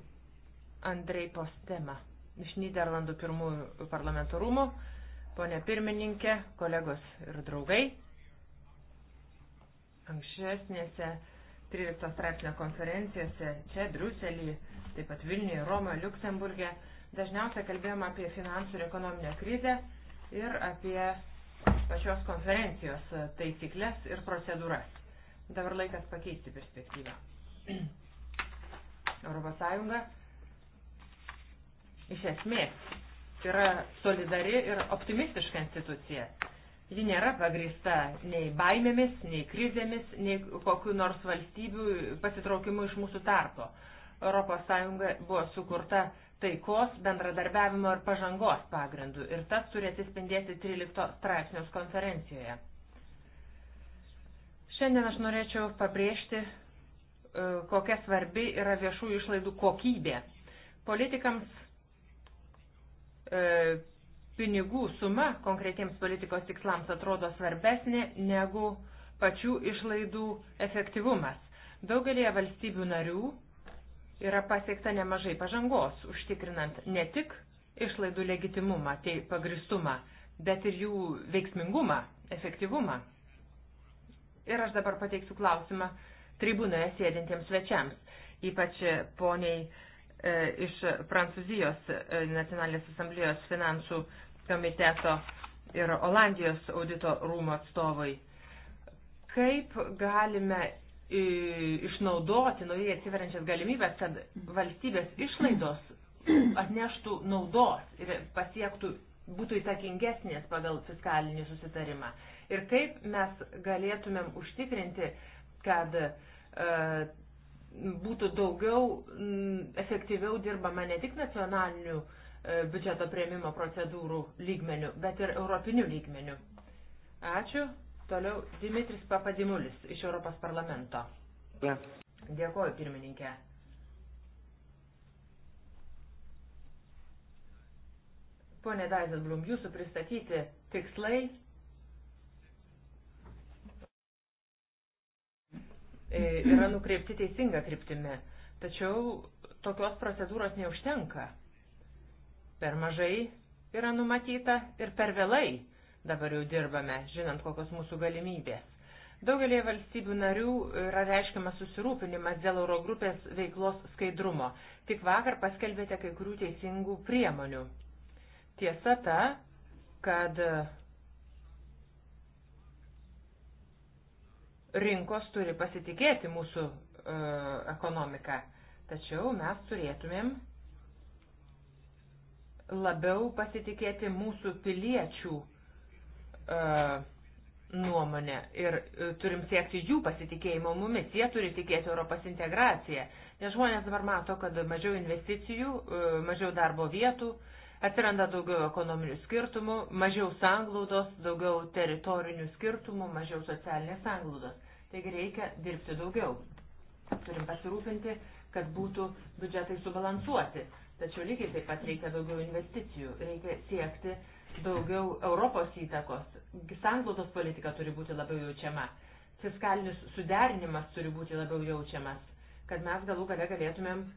Andrei Postema iš Niderlandų pirmųjų parlamento rūmų. Pone pirmininkė, kolegos ir draugai, anksčesnėse 13 straipsnio konferencijose čia, Briuselį, taip pat Vilniuje, Romoje, Luksemburgė, dažniausiai kalbėjom apie finansų ir ekonominę krizę ir apie pačios konferencijos taisyklės ir procedūras. Dabar laikas pakeisti perspektyvą. Europos Sąjunga iš esmės yra solidari ir optimistiška institucija. Ji nėra pagrįsta nei baimėmis, nei krizėmis, nei kokiu nors valstybių pasitraukimu iš mūsų tarpo. ES buvo sukurta taikos, bendradarbiavimo ir pažangos pagrindų ir tas turi atsispindėti 13 straipsnios konferencijoje. Šiandien aš norėčiau pabrėžti, e, kokia svarbi yra viešų išlaidų kokybė. Politikams E, pinigų suma konkretiems politikos tikslams atrodo svarbesnė negu pačių išlaidų efektyvumas. Daugelie valstybių narių yra pasiekta nemažai pažangos, užtikrinant ne tik išlaidų legitimumą, tai pagristumą, bet ir jų veiksmingumą, efektyvumą. Ir aš dabar pateiksiu klausimą tribūnoje sėdintiems svečiams, ypač poniai E, iš Prancūzijos e, nacionalinės asamblėjos finansų komiteto ir Olandijos audito rūmo atstovai. Kaip galime e, išnaudoti naujai atsiveriančias galimybės, kad valstybės išlaidos atneštų naudos ir pasiektų, būtų įtakingesnės pagal fiskalinį susitarimą. Ir kaip mes galėtumėm užtikrinti, kad e, būtų daugiau m, mm, efektyviau dirbama ne tik nacionalinių e, biudžeto prieimimo procedūrų lygmenių, bet ir europinių lygmenių. Ačiū. Toliau Dimitris Papadimulis iš Europos parlamento. Ne. Dėkuoju, pirmininkė. Pone Daizelblum, jūsų pristatyti tikslai E, yra nukreipti teisinga kryptimi. Tačiau tokios procedūros neužtenka. Per mažai yra numatyta ir per vėlai dabar jau dirbame, žinant, kokios mūsų galimybės. Daugelie valstybių narių yra reiškiamas susirūpinimas dėl Eurogrupės veiklos skaidrumo. Tik vakar paskelbėte kai kurių teisingų priemonių. Tiesa ta, kad rinkos turi pasitikėti mūsų e, ekonomiką. Tačiau mes turėtumėm labiau pasitikėti mūsų piliečių e, nuomonę ir e, turim siekti jų pasitikėjimo mumis. Jie turi tikėti Europos integraciją. Nes žmonės dabar mato, kad mažiau investicijų, e, mažiau darbo vietų, e, Atsiranda daugiau ekonominių skirtumų, mažiau sanglaudos, daugiau teritorinių skirtumų, mažiau socialinės sanglaudos. Taigi reikia dirbti daugiau. Turim pasirūpinti, kad būtų biudžetai subalansuoti. Tačiau lygiai taip pat reikia daugiau investicijų, reikia siekti daugiau Europos įtakos. Sanglaudos politika turi būti labiau jaučiama. Fiskalinis suderinimas turi būti labiau jaučiamas, kad mes galų gale galėtumėm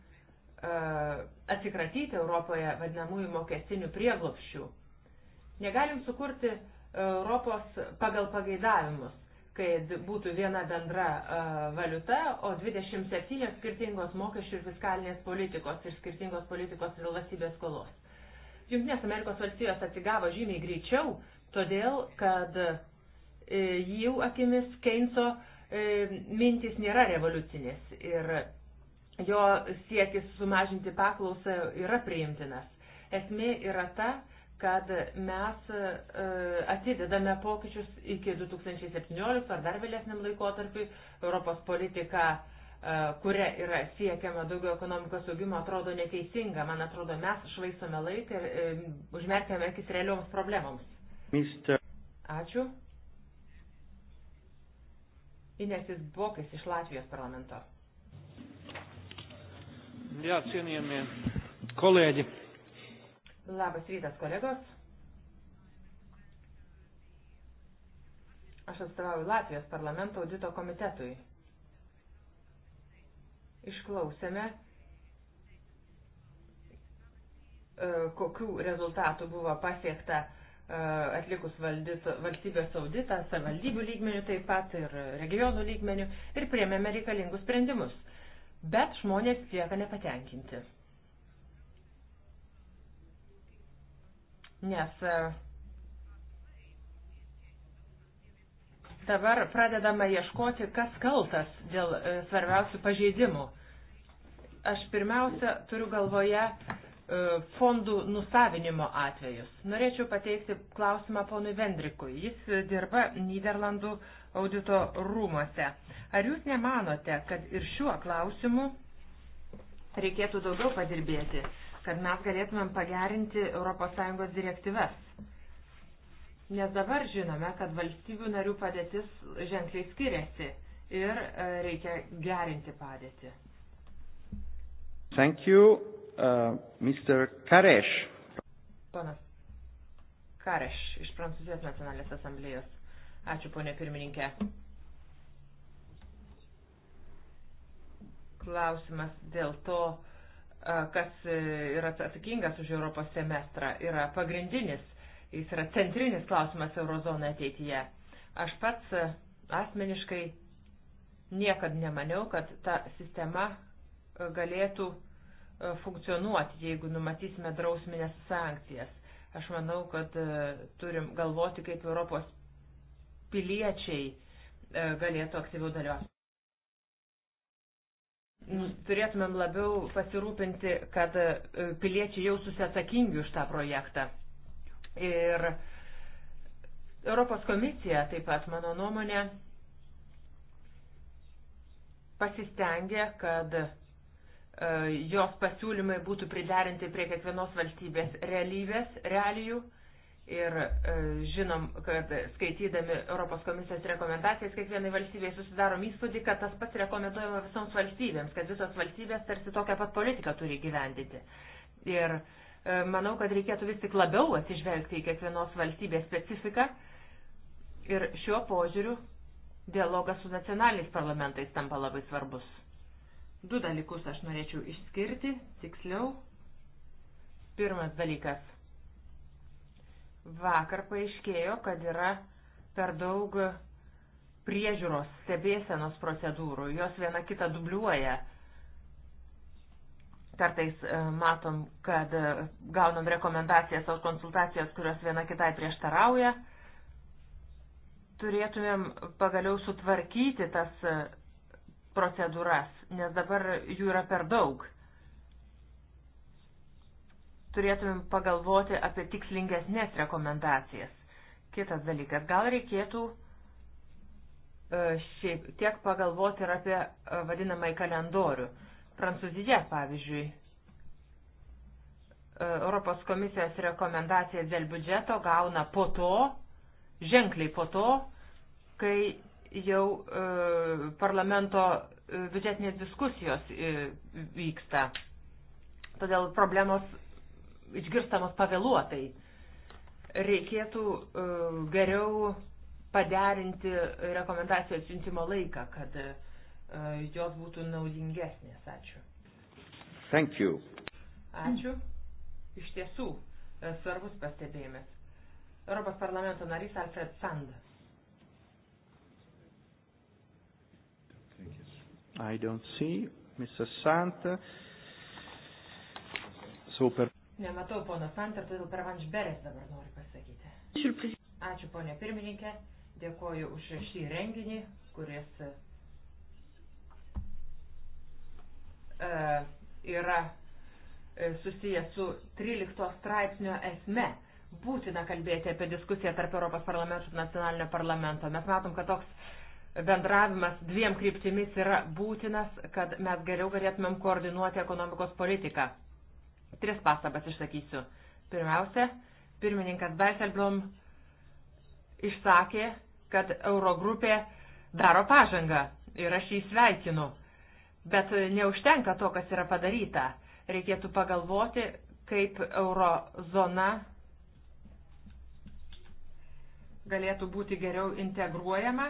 E, atsikratyti Europoje vadinamųjų mokestinių prieglopščių. Negalim sukurti Europos pagal pageidavimus, kad būtų viena bendra e, valiuta, o 27 skirtingos mokesčių ir fiskalinės politikos ir skirtingos politikos ir valstybės skolos. Junktinės Amerikos valstijos atsigavo žymiai greičiau, todėl kad e, jų akimis Keinso mintys nėra revoliucinės ir jo siekis sumažinti paklausą yra priimtinas. Esmė yra ta, kad mes e, atidedame pokyčius iki 2017 ar dar vėlesniam laikotarpiui. Europos politika, e, kuria yra siekiama daugiau ekonomikos augimo, atrodo neteisinga. Man atrodo, mes švaistome laiką ir e, užmerkiame akis realioms problemoms. Mister. Ačiū. Inesis Bokis iš Latvijos parlamento. Jā, cienījamie kolēģi. Labas rytas, kolegos. Aš atstovauju Latvijos parlamento audito komitetui. Išklausėme, e, kokių rezultatų buvo pasiekta e, atlikus valdyt, valstybės auditą, savivaldybių lygmenių taip pat ir regionų lygmenių ir priemėme reikalingus sprendimus bet žmonės lieka nepatenkinti. Nes e, dabar pradedama ieškoti, kas kaltas dėl e, svarbiausių pažeidimų. Aš pirmiausia turiu galvoje E, fondų nusavinimo atvejus. Norėčiau pateikti klausimą ponui Vendrikui. Jis dirba Niderlandų audito rūmose. Ar jūs nemanote, kad ir šiuo klausimu reikėtų daugiau padirbėti, kad mes galėtumėm pagerinti ES direktyves? Nes dabar žinome, kad valstybių narių padėtis ženkliai skiriasi ir e, reikia gerinti padėtį. Thank you uh, Mr. Kareš. Ponas Kareš iš Prancūzijos nacionalinės asamblėjos. Ačiū, ponė pirmininkė. Klausimas dėl to, uh, kas uh, yra atsakingas už Europos semestrą, yra pagrindinis, jis yra centrinis klausimas eurozono ateityje. Aš pats uh, asmeniškai niekad nemaniau, kad ta sistema galėtų uh, E, funkcionuoti, jeigu numatysime drausminės sankcijas. Aš manau, kad e, turim galvoti, kaip Europos piliečiai e, galėtų aktyviau dalyvauti. Turėtumėm labiau pasirūpinti, kad piliečiai jaustųsi atsakingi už tą projektą. Ir Europos komisija taip pat, mano nuomonė, pasistengė, kad E, jos pasiūlymai būtų priderinti prie kiekvienos valstybės realybės, realijų. Ir e, žinom, kad skaitydami Europos komisijos rekomendacijas kiekvienai valstybei susidarom įspūdį, kad tas pats rekomenduojama visoms valstybėms, kad visos valstybės tarsi tokią pat politiką turi gyvendyti. Ir e, manau, kad reikėtų vis tik labiau atsižvelgti į kiekvienos valstybės specifiką ir šiuo požiūriu dialogas su nacionaliniais parlamentais tampa labai svarbus. Du dalykus aš norėčiau išskirti, tiksliau. Pirmas dalykas. Vakar paaiškėjo, kad yra per daug priežiūros stebėsenos procedūrų, jos viena kitą dubliuoja. Kartais e, matom, kad e, gaunam rekomendacijas ar konsultacijas, kurios viena kitai prieštarauja. Turėtumėm pagaliau sutvarkyti tas e, procedūras, nes dabar jų yra per daug. Turėtumėm pagalvoti apie tikslingesnės rekomendacijas. Kitas dalykas, gal reikėtų e, šiaip tiek pagalvoti ir apie e, vadinamąjį kalendorių. Prancūzija, pavyzdžiui, e, Europos komisijos rekomendacijas dėl biudžeto gauna po to, ženkliai po to, kai jau e, parlamento e, biudžetinės diskusijos e, vyksta. Todėl problemos išgirstamos pavėluotai. Reikėtų geriau paderinti rekomendacijos siuntimo laiką, kad jos būtų naudingesnės. Ačiū. Thank you. Ačiū. Iš tiesų, svarbus pastebėjimas. Europos parlamento narys Alfred Sand. I don't see. Mrs. Sant. Super. Nematau pono Sant ir todėl per Vanšberės dabar noriu pasakyti. Ačiū ponė pirmininkė, dėkoju už šį renginį, kuris uh, yra e, susijęs su 13 straipsnio esme būtina kalbėti apie diskusiją tarp Europos parlamento ir nacionalinio parlamento. Mes matom, kad toks bendravimas dviem kryptimis yra būtinas, kad mes geriau galėtumėm koordinuoti ekonomikos politiką. Tris pastabas išsakysiu. Pirmiausia, pirmininkas Daiselblom išsakė, kad Eurogrupė daro pažangą ir aš jį sveikinu. Bet neužtenka to, kas yra padaryta. Reikėtų pagalvoti, kaip eurozona galėtų būti geriau integruojama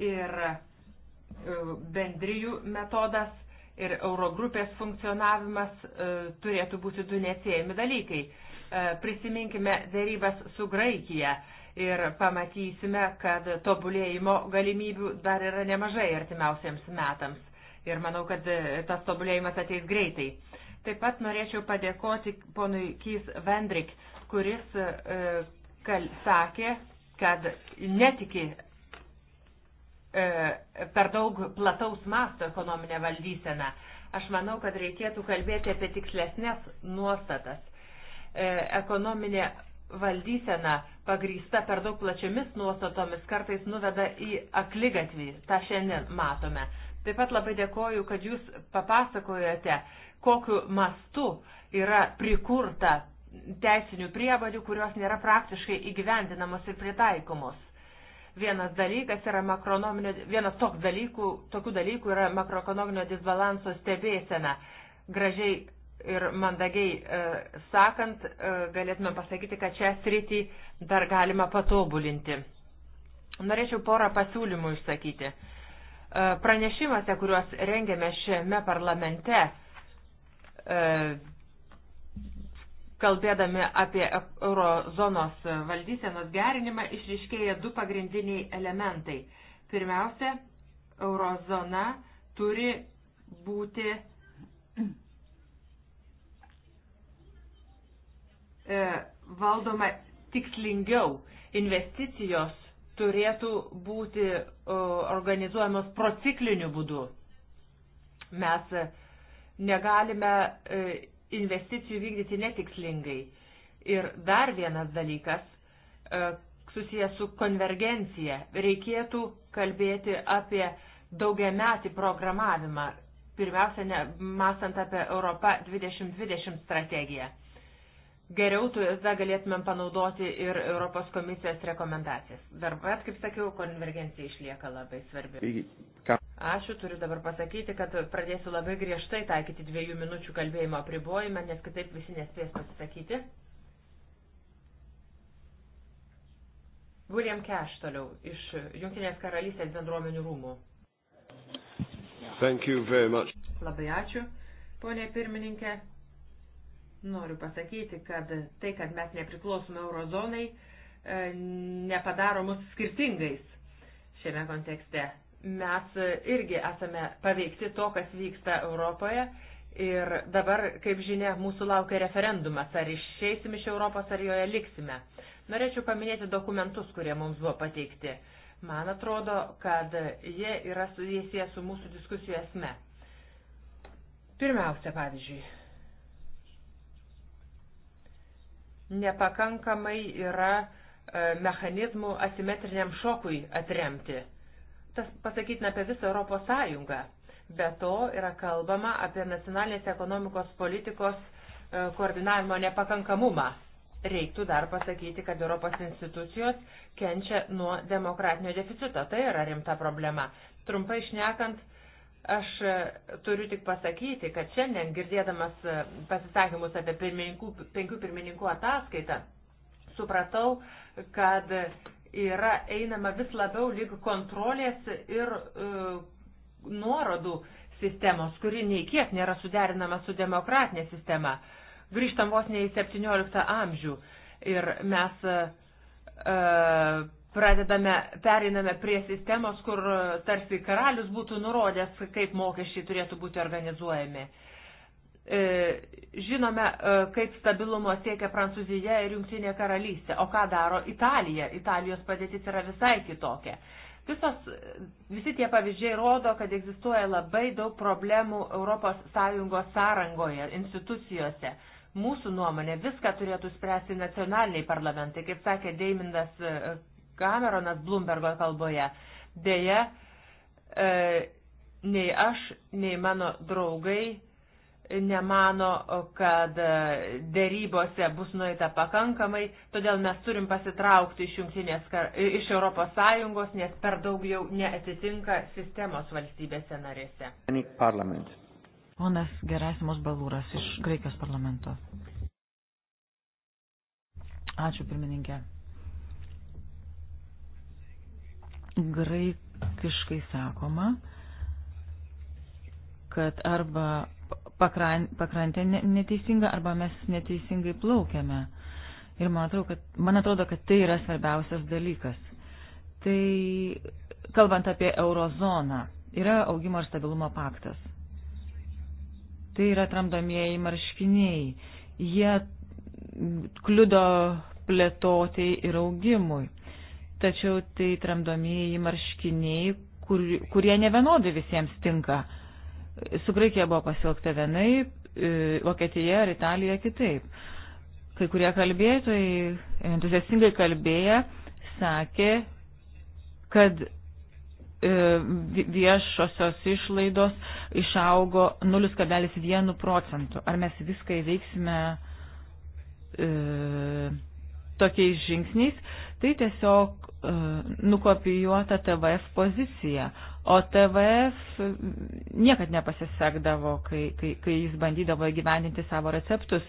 ir e, bendrijų metodas ir Eurogrupės funkcionavimas e, turėtų būti du neatsiejami dalykai. E, prisiminkime dėrybas su Graikija ir pamatysime, kad tobulėjimo galimybių dar yra nemažai artimiausiems metams. Ir manau, kad tas tobulėjimas ateis greitai. Taip pat norėčiau padėkoti ponui Kys Vendrik, kuris kal, sakė, kad netiki E, per daug plataus masto ekonominę valdyseną. Aš manau, kad reikėtų kalbėti apie tikslesnės nuostatas. E, ekonominė valdysena pagrįsta per daug plačiomis nuostatomis kartais nuveda į akligatvį. Ta šiandien matome. Taip pat labai dėkoju, kad jūs papasakojate, kokiu mastu yra prikurta teisinių prievalių, kurios nėra praktiškai įgyvendinamos ir pritaikomos. Vienas dalykas yra makronominio, vienas toks dalykų, tokių dalykų yra makroekonominio disbalanso stebėsena. Gražiai ir mandagiai e, sakant, e, galėtume pasakyti, kad čia sritį dar galima patobulinti. Norėčiau porą pasiūlymų išsakyti. E, pranešimuose, kuriuos rengėme šiame parlamente, e, kalbėdami apie eurozonos valdysenos gerinimą, išriškėja du pagrindiniai elementai. Pirmiausia, eurozona turi būti e, valdoma tikslingiau. Investicijos turėtų būti organizuojamos procikliniu būdu. Mes negalime e, investicijų vykdyti netikslingai. Ir dar vienas dalykas e, susijęs su konvergencija. Reikėtų kalbėti apie daugiametį programavimą, pirmiausia, ne, mąstant apie Europą 2020 strategiją geriau tada galėtumėm panaudoti ir Europos komisijos rekomendacijas. Darbat, kaip sakiau, konvergencija išlieka labai svarbi. Ačiū, turiu dabar pasakyti, kad pradėsiu labai griežtai taikyti dviejų minučių kalbėjimo apribojimą, nes kitaip visi nespės pasisakyti. William Cash toliau iš Junktinės karalystės bendruomenių rūmų. Labai ačiū, ponė pirmininkė. Noriu pasakyti, kad tai, kad mes nepriklausome eurozonai, e, nepadaro mus skirtingais šiame kontekste. Mes e, irgi esame paveikti to, kas vyksta Europoje ir dabar, kaip žinia, mūsų laukia referendumas, ar išeisim iš Europos, ar joje liksime. Norėčiau paminėti dokumentus, kurie mums buvo pateikti. Man atrodo, kad jie yra susiję su mūsų diskusijų esme. Pirmiausia, pavyzdžiui, nepakankamai yra e, mechanizmų asimetriniam šokui atremti. Tas pasakytina apie visą Europos Sąjungą. Be to yra kalbama apie nacionalinės ekonomikos politikos e, koordinavimo nepakankamumą. Reiktų dar pasakyti, kad Europos institucijos kenčia nuo demokratinio deficito. Tai yra rimta problema. Trumpai išnekant, Aš e, turiu tik pasakyti, kad šiandien girdėdamas e, pasisakymus apie pirmininkų, penkių pirmininkų ataskaitą, supratau, kad yra einama vis labiau lyg kontrolės ir e, nuorodų sistemos, kuri nei kiek nėra suderinama su demokratinė sistema. Grįžtam vos ne į 17 amžių ir mes e, e pradedame, periname prie sistemos, kur e, tarsi karalius būtų nurodęs, kaip mokesčiai turėtų būti organizuojami. E, žinome, e, kaip stabilumo siekia Prancūzija ir Junktinė karalystė, o ką daro Italija. Italijos padėtis yra visai kitokia. Visos, visi tie pavyzdžiai rodo, kad egzistuoja labai daug problemų ES sąrangoje, institucijose, mūsų nuomonė viską turėtų spręsti nacionaliniai parlamentai, kaip sakė Deimindas Cameronas Bloombergo kalboje. Deja, e, nei aš, nei mano draugai nemano, kad dėrybose bus nueita pakankamai, todėl mes turim pasitraukti iš, iš Europos Sąjungos, nes per daug jau neatitinka sistemos valstybėse narėse. Ponas Gerasimos Balūras iš Graikijos parlamento. Ačiū pirmininkė. graikiškai sakoma, kad arba pakrantė neteisinga, arba mes neteisingai plaukiame. Ir man atrodo, kad, man atrodo, kad tai yra svarbiausias dalykas. Tai kalbant apie eurozoną, yra augimo ir stabilumo paktas. Tai yra tramdomieji marškiniai. Jie kliudo plėtoti ir augimui tačiau tai tramdomieji marškiniai, kur, kurie nevenodai visiems tinka. Su Graikija buvo pasilgta vienai, e, Vokietija ir Italija kitaip. Kai kurie kalbėtojai, entuziastingai kalbėję, sakė, kad e, viešosios išlaidos išaugo 0,1 procentų. Ar mes viską įveiksime e, tokiais žingsniais? Tai tiesiog nukopijuota TVF pozicija, o TVF niekad nepasisekdavo, kai, kai, kai jis bandydavo įgyvendinti savo receptus.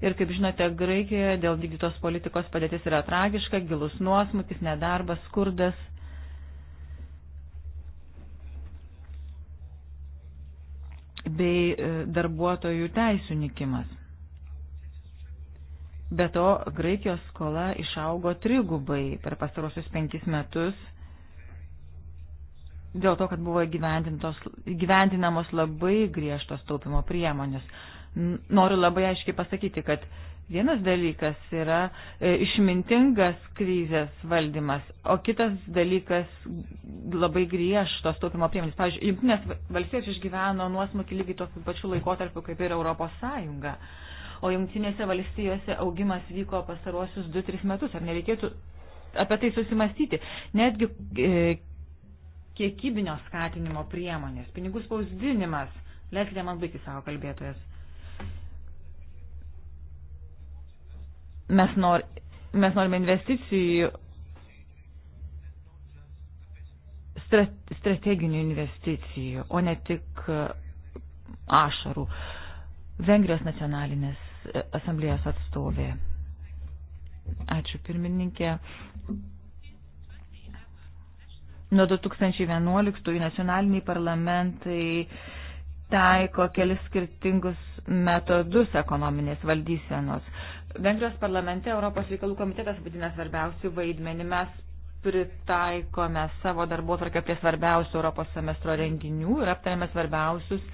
Ir kaip žinote, Graikijoje dėl vykdytos politikos padėtis yra tragiška, gilus nuosmukis, nedarbas, skurdas. bei e, darbuotojų teisų nikimas. Be to, Graikijos skola išaugo trigubai per pastarosius penkis metus dėl to, kad buvo gyvendinamos labai griežtos taupimo priemonės. Noriu labai aiškiai pasakyti, kad vienas dalykas yra e, išmintingas krizės valdymas, o kitas dalykas labai griežtos taupimo priemonės. Pavyzdžiui, Junktinės valstijos išgyveno nuosmukį lygiai tokiu pačiu laikotarpiu kaip ir Europos Sąjunga o jungtinėse valstijose augimas vyko pastaruosius 2-3 metus. Ar nereikėtų apie tai susimastyti? Netgi e, kiekybinio skatinimo priemonės, pinigų spausdinimas. Leiskite man baigti savo kalbėtojas. Mes, nor, mes norime investicijų strateginių investicijų, o ne tik e, ašarų. Vengrijos nacionalinės asamblėjos atstovė. Ačiū pirmininkė. Nuo 2011 nacionaliniai parlamentai taiko kelis skirtingus metodus ekonominės valdysenos. Vengrijos parlamente Europos reikalų komitetas vadina svarbiausių vaidmenį. Mes pritaikome savo darbo tvarkę prie svarbiausių Europos semestro renginių ir aptarėme svarbiausius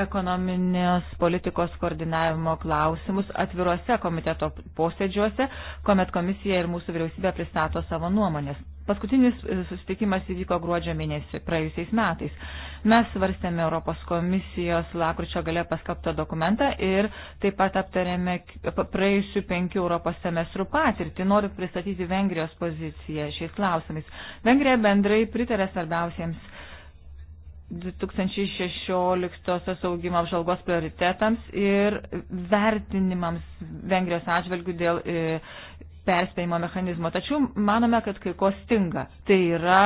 ekonominės politikos koordinavimo klausimus atviruose komiteto posėdžiuose, kuomet komisija ir mūsų vyriausybė pristato savo nuomonės. Paskutinis e, susitikimas įvyko gruodžio mėnesį praėjusiais metais. Mes svarstėme Europos komisijos lakručio gale paskaptą dokumentą ir taip pat aptarėme praėjusių penkių Europos semestrų patirtį. Noriu pristatyti Vengrijos poziciją šiais klausimais. Vengrija bendrai pritarė svarbiausiems 2016 augimo apžalgos prioritetams ir vertinimams Vengrijos atžvelgių dėl e, perspėjimo mechanizmo. Tačiau manome, kad kai ko stinga. Tai yra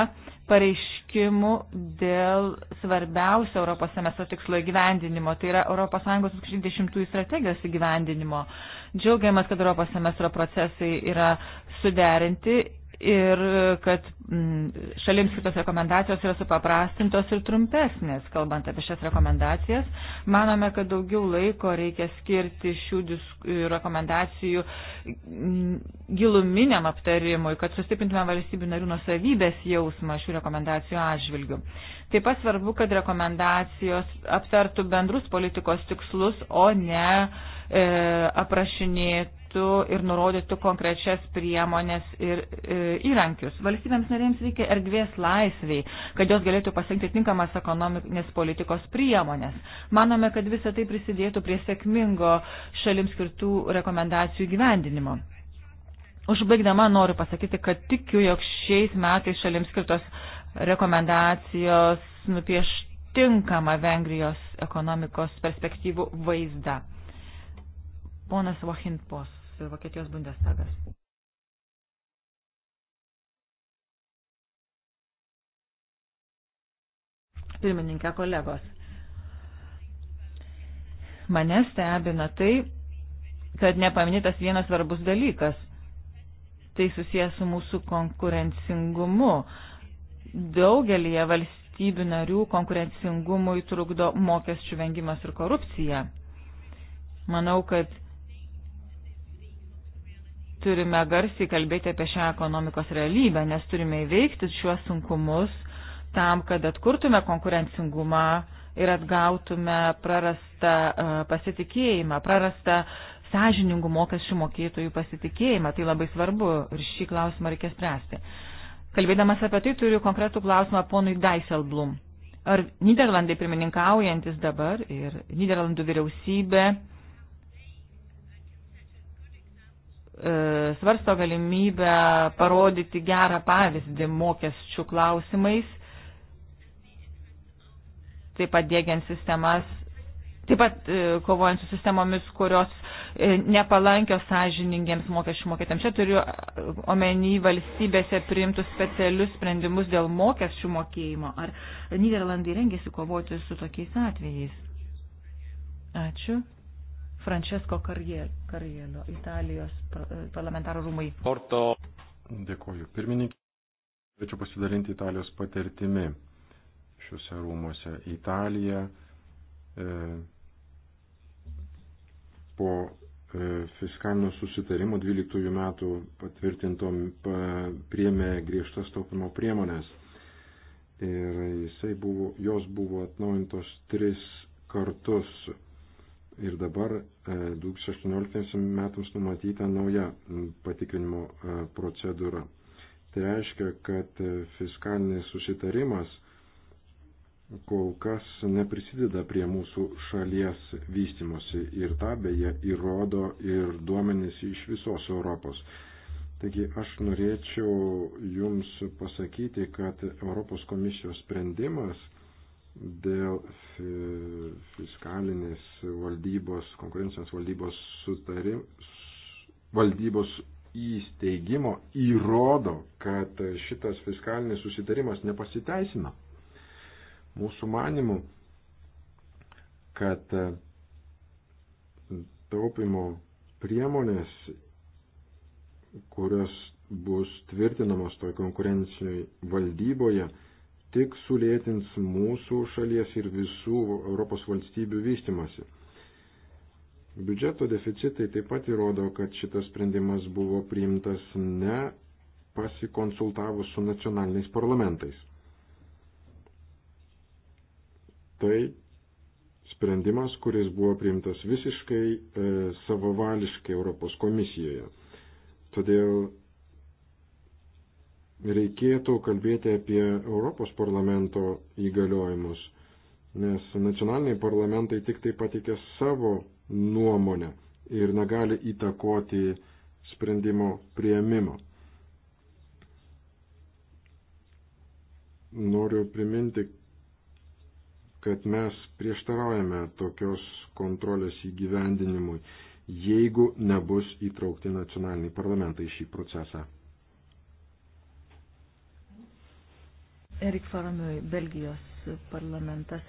pareiškimų dėl svarbiausio Europos semestro tikslo įgyvendinimo, tai yra ES 2010 strategijos įgyvendinimo. Džiaugiamės, kad Europos semestro procesai yra suderinti ir kad mm, šalims kitos rekomendacijos yra supaprastintos ir trumpesnės, kalbant apie šias rekomendacijas. Manome, kad daugiau laiko reikia skirti šių rekomendacijų mm, giluminiam aptarimui, kad sustiprintume valstybių narių nusavybės jausmą šių rekomendacijų atžvilgių. Taip pat svarbu, kad rekomendacijos aptartų bendrus politikos tikslus, o ne e, aprašinėtų metu ir nurodytų konkrečias priemonės ir e, įrankius. Valstybėms narėms reikia erdvės laisviai, kad jos galėtų pasirinkti tinkamas ekonominės politikos priemonės. Manome, kad visa tai prisidėtų prie sėkmingo šalims skirtų rekomendacijų gyvendinimo. Užbaigdama noriu pasakyti, kad tikiu, jog šiais metais šalims skirtos rekomendacijos nupieš tinkamą Vengrijos ekonomikos perspektyvų vaizdą. Ponas Vahinpos, Vokietijos Bundestagas. Pirmininkė kolegos. Mane stebina tai, kad nepaminėtas vienas svarbus dalykas. Tai susijęs su mūsų konkurencingumu. Daugelie valstybių narių konkurencingumui trukdo mokesčių vengimas ir korupcija. Manau, kad turime garsiai kalbėti apie šią ekonomikos realybę, nes turime įveikti šiuos sunkumus tam, kad atkurtume konkurencingumą ir atgautume prarastą e, pasitikėjimą, prarastą sąžiningų mokesčių mokėtojų pasitikėjimą. Tai labai svarbu ir šį klausimą reikia spręsti. Kalbėdamas apie tai turiu konkretų klausimą ponui Daiselblum. Ar Niderlandai pirmininkaujantis dabar ir Niderlandų vyriausybė E, svarsto galimybę parodyti gerą pavyzdį mokesčių klausimais, taip pat dėgiant sistemas, taip pat e, kovojant su sistemomis, kurios e, nepalankios sąžiningiems mokesčių mokėtams. Čia turiu omeny valstybėse priimtus specialius sprendimus dėl mokesčių mokėjimo. Ar Niderlandai rengėsi kovoti su tokiais atvejais? Ačiū. Francesco Karjelo, Italijos e, parlamentarų rūmai. Porto. Dėkuoju. Pirmininkė, norėčiau pasidalinti Italijos patirtimi šiuose rūmose. Italija e, po e, fiskalinio susitarimo 12 metų patvirtintom priemė griežtas taupimo priemonės. Ir jisai buvo, jos buvo atnaujintos tris kartus ir dabar 2018 e, metams numatyta nauja patikrinimo e, procedūra. Tai reiškia, kad e, fiskalinis susitarimas kol kas neprisideda prie mūsų šalies vystimosi ir tą beje įrodo ir duomenys iš visos Europos. Taigi aš norėčiau Jums pasakyti, kad Europos komisijos sprendimas dėl fiskalinės valdybos, konkurencijos valdybos sutarim, valdybos įsteigimo įrodo, kad šitas fiskalinis susitarimas nepasiteisino. Mūsų manimu, kad taupimo priemonės, kurios bus tvirtinamos toje konkurencijoje valdyboje, tik sulėtins mūsų šalies ir visų Europos valstybių vystimasi. Biudžeto deficitai taip pat įrodo, kad šitas sprendimas buvo priimtas ne pasikonsultavus su nacionaliniais parlamentais. Tai sprendimas, kuris buvo priimtas visiškai e, savavališkai Europos komisijoje. Todėl reikėtų kalbėti apie Europos parlamento įgaliojimus, nes nacionaliniai parlamentai tik tai patikė savo nuomonę ir negali įtakoti sprendimo prieimimo. Noriu priminti, kad mes prieštaraujame tokios kontrolės įgyvendinimui, jeigu nebus įtraukti nacionaliniai parlamentai į šį procesą. Erik Faramiui, Belgijos parlamentas.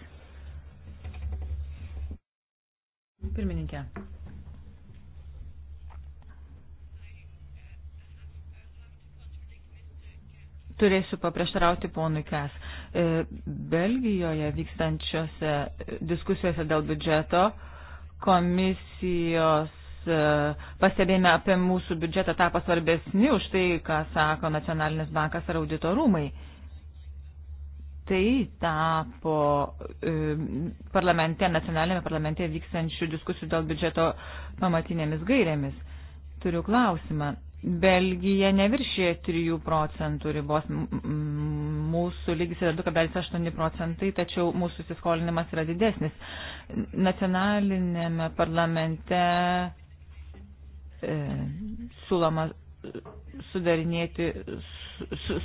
Pirmininkė. Turėsiu paprieštarauti ponui Kes. E, Belgijoje vykstančiose diskusijose dėl biudžeto komisijos e, pastebėjome apie mūsų biudžetą tapo svarbesni už tai, ką sako Nacionalinis bankas ar auditorumai. rūmai tai tapo parlamente, nacionalinėme parlamente vykstančių diskusijų dėl biudžeto pamatinėmis gairėmis. Turiu klausimą. Belgija neviršė 3 procentų ribos, mūsų lygis yra 2,8 procentai, tačiau mūsų įsiskolinimas yra didesnis. Nacionalinėme parlamente e, siūloma sudarinėti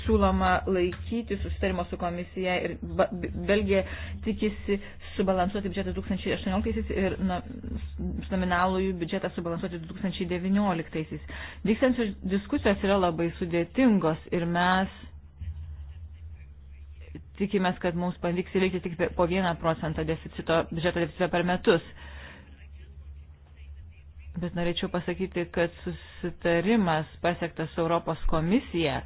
siūloma laikyti susitarimo su komisija ir ba, Belgija tikisi subalansuoti biudžetą 2018 ir na, nominalųjų biudžetą subalansuoti 2019. Vykstančios diskusijos yra labai sudėtingos ir mes tikimės, kad mums pavyks įveikti tik po vieną procentą deficito, biudžeto deficito per metus. Bet norėčiau pasakyti, kad susitarimas pasiektas Europos komisija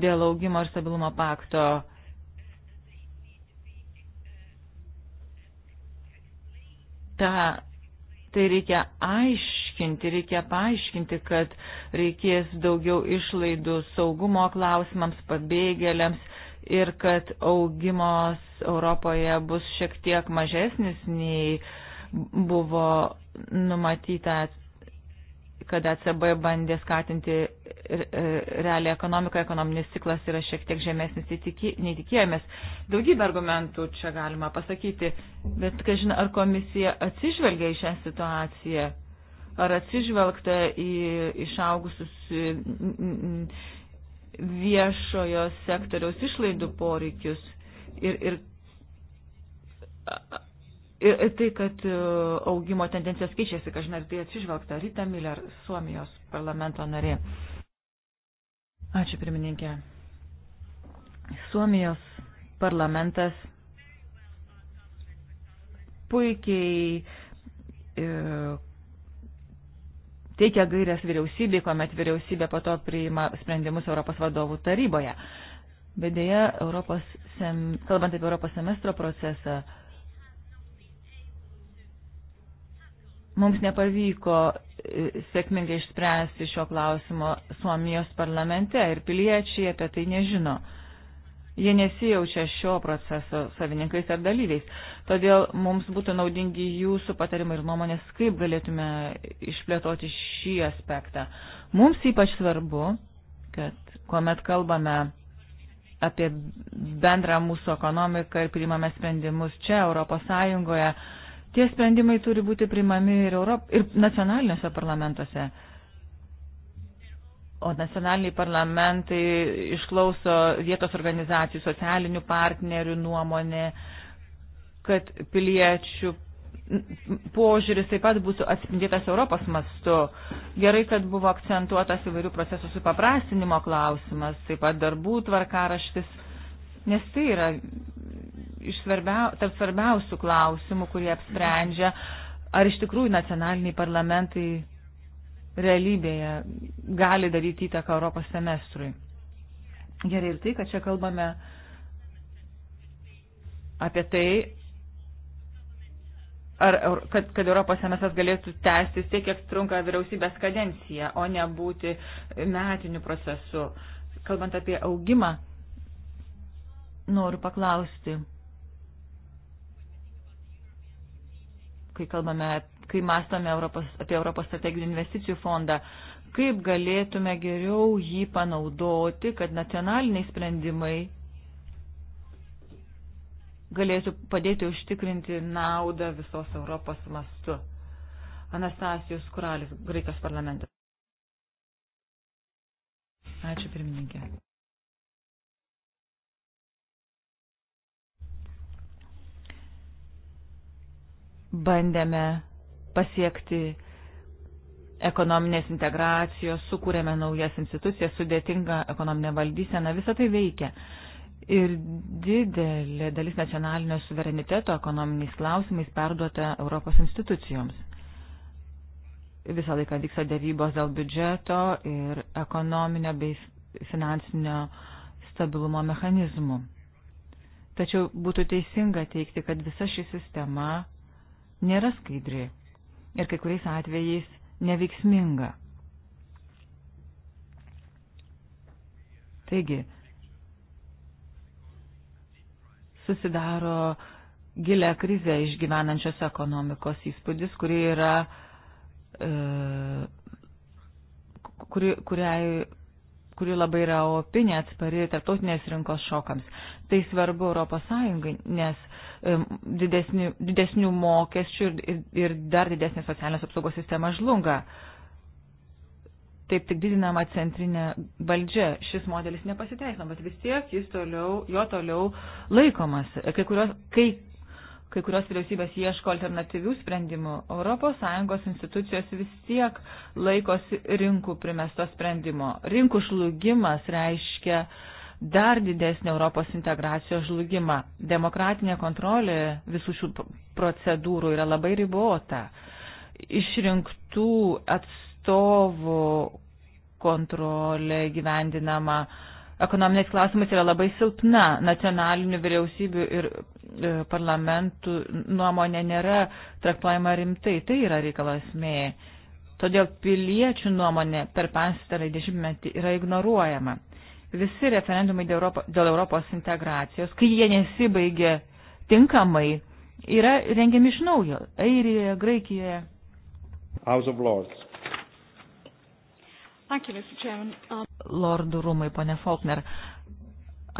dėl augimo ir stabilumo pakto. Ta, tai reikia aiškinti, reikia paaiškinti, kad reikės daugiau išlaidų saugumo klausimams, pabėgėliams ir kad augimos Europoje bus šiek tiek mažesnis nei buvo numatyta kad ECB bandė skatinti e, realią ekonomiką, ekonominis ciklas yra šiek tiek žemesnis nei tikėjomės. Daugybę argumentų čia galima pasakyti, bet kažin, ar komisija atsižvelgia į šią situaciją, ar atsižvelgta į išaugusius viešojo sektoriaus išlaidų poreikius ir, ir Ir, e, ir e, tai, kad e, augimo tendencijos keičiasi, kažin ar tai atsižvelgta. Rita Miller, Suomijos parlamento narė. Ačiū, pirmininkė. Suomijos parlamentas puikiai e, teikia gairias vyriausybei, kuomet vyriausybė po to priima sprendimus Europos vadovų taryboje. Bet dėja, Europos sem, kalbant apie Europos semestro procesą, Mums nepavyko e, sėkmingai išspręsti šio klausimo Suomijos parlamente ir piliečiai apie tai nežino. Jie nesijaučia šio proceso savininkais ar dalyviais. Todėl mums būtų naudingi jūsų patarimai ir nuomonės, kaip galėtume išplėtoti šį aspektą. Mums ypač svarbu, kad kuomet kalbame apie bendrą mūsų ekonomiką ir priimame sprendimus čia, Europos Sąjungoje, Tie sprendimai turi būti primami ir, Europ... ir nacionaliniuose parlamentuose. O nacionaliniai parlamentai išklauso vietos organizacijų, socialinių partnerių nuomonė, kad piliečių požiūris taip pat būtų atspindėtas Europos mastu. Gerai, kad buvo akcentuotas įvairių procesų supaprastinimo klausimas, taip pat darbų tvarkaraštis, nes tai yra svarbia, tarp svarbiausių klausimų, kurie apsprendžia, ar iš tikrųjų nacionaliniai parlamentai realybėje gali daryti įtaką Europos semestrui. Gerai ir tai, kad čia kalbame apie tai, ar, kad, kad Europos semestras galėtų tęstis tiek, kiek trunka vyriausybės kadencija, o ne būti metiniu procesu. Kalbant apie augimą, noriu paklausti, kai kalbame, kai mąstame Europos, apie Europos strateginių investicijų fondą, kaip galėtume geriau jį panaudoti, kad nacionaliniai sprendimai galėtų padėti užtikrinti naudą visos Europos mastu. Anastasijos Kuralis, Graikijos parlamentas. Ačiū pirmininkė. bandėme pasiekti ekonominės integracijos, sukūrėme naujas institucijas, sudėtingą ekonominę valdyseną, visą tai veikia. Ir didelė dalis nacionalinio suvereniteto ekonominiais klausimais perduota Europos institucijoms. Visą laiką vyksta dėrybos dėl biudžeto ir ekonominio bei finansinio stabilumo mechanizmų. Tačiau būtų teisinga teikti, kad visa ši sistema nėra skaidri ir kai kuriais atvejais neveiksminga. Taigi, susidaro gilę krizę išgyvenančios ekonomikos įspūdis, kuri yra, e, kuri, kuriai kuri labai yra opinė, atspari tarptautinės rinkos šokams. Tai svarbu Europos Sąjungai, nes didesnių, didesnių mokesčių ir, ir dar didesnė socialinės apsaugos sistema žlunga. Taip tik didinama centrinė valdžia. Šis modelis nepasiteisino, bet vis tiek jis toliau, jo toliau laikomas. Kai, kurios, kai kai kurios vyriausybės ieško alternatyvių sprendimų, ES institucijos vis tiek laikosi rinkų primesto sprendimo. Rinkų žlugimas reiškia dar didesnį Europos integracijos žlugimą. Demokratinė kontrolė visų šių procedūrų yra labai ribota. Išrinktų atstovų kontrolė gyvendinama uh, ekonominiais klausimais yra labai silpna. Nacionalinių vyriausybių ir e, parlamentų nuomonė nėra traktuojama rimtai. Tai yra reikalas mėje. Todėl piliečių nuomonė per pastarąjį dešimtmetį yra ignoruojama. Visi referendumai dėl Europos, dėl Europos integracijos, kai jie nesibaigė tinkamai, yra rengiami iš naujo Airijoje, Graikijoje. House of Lords Um, Lordų rūmai, ponė Faulkner.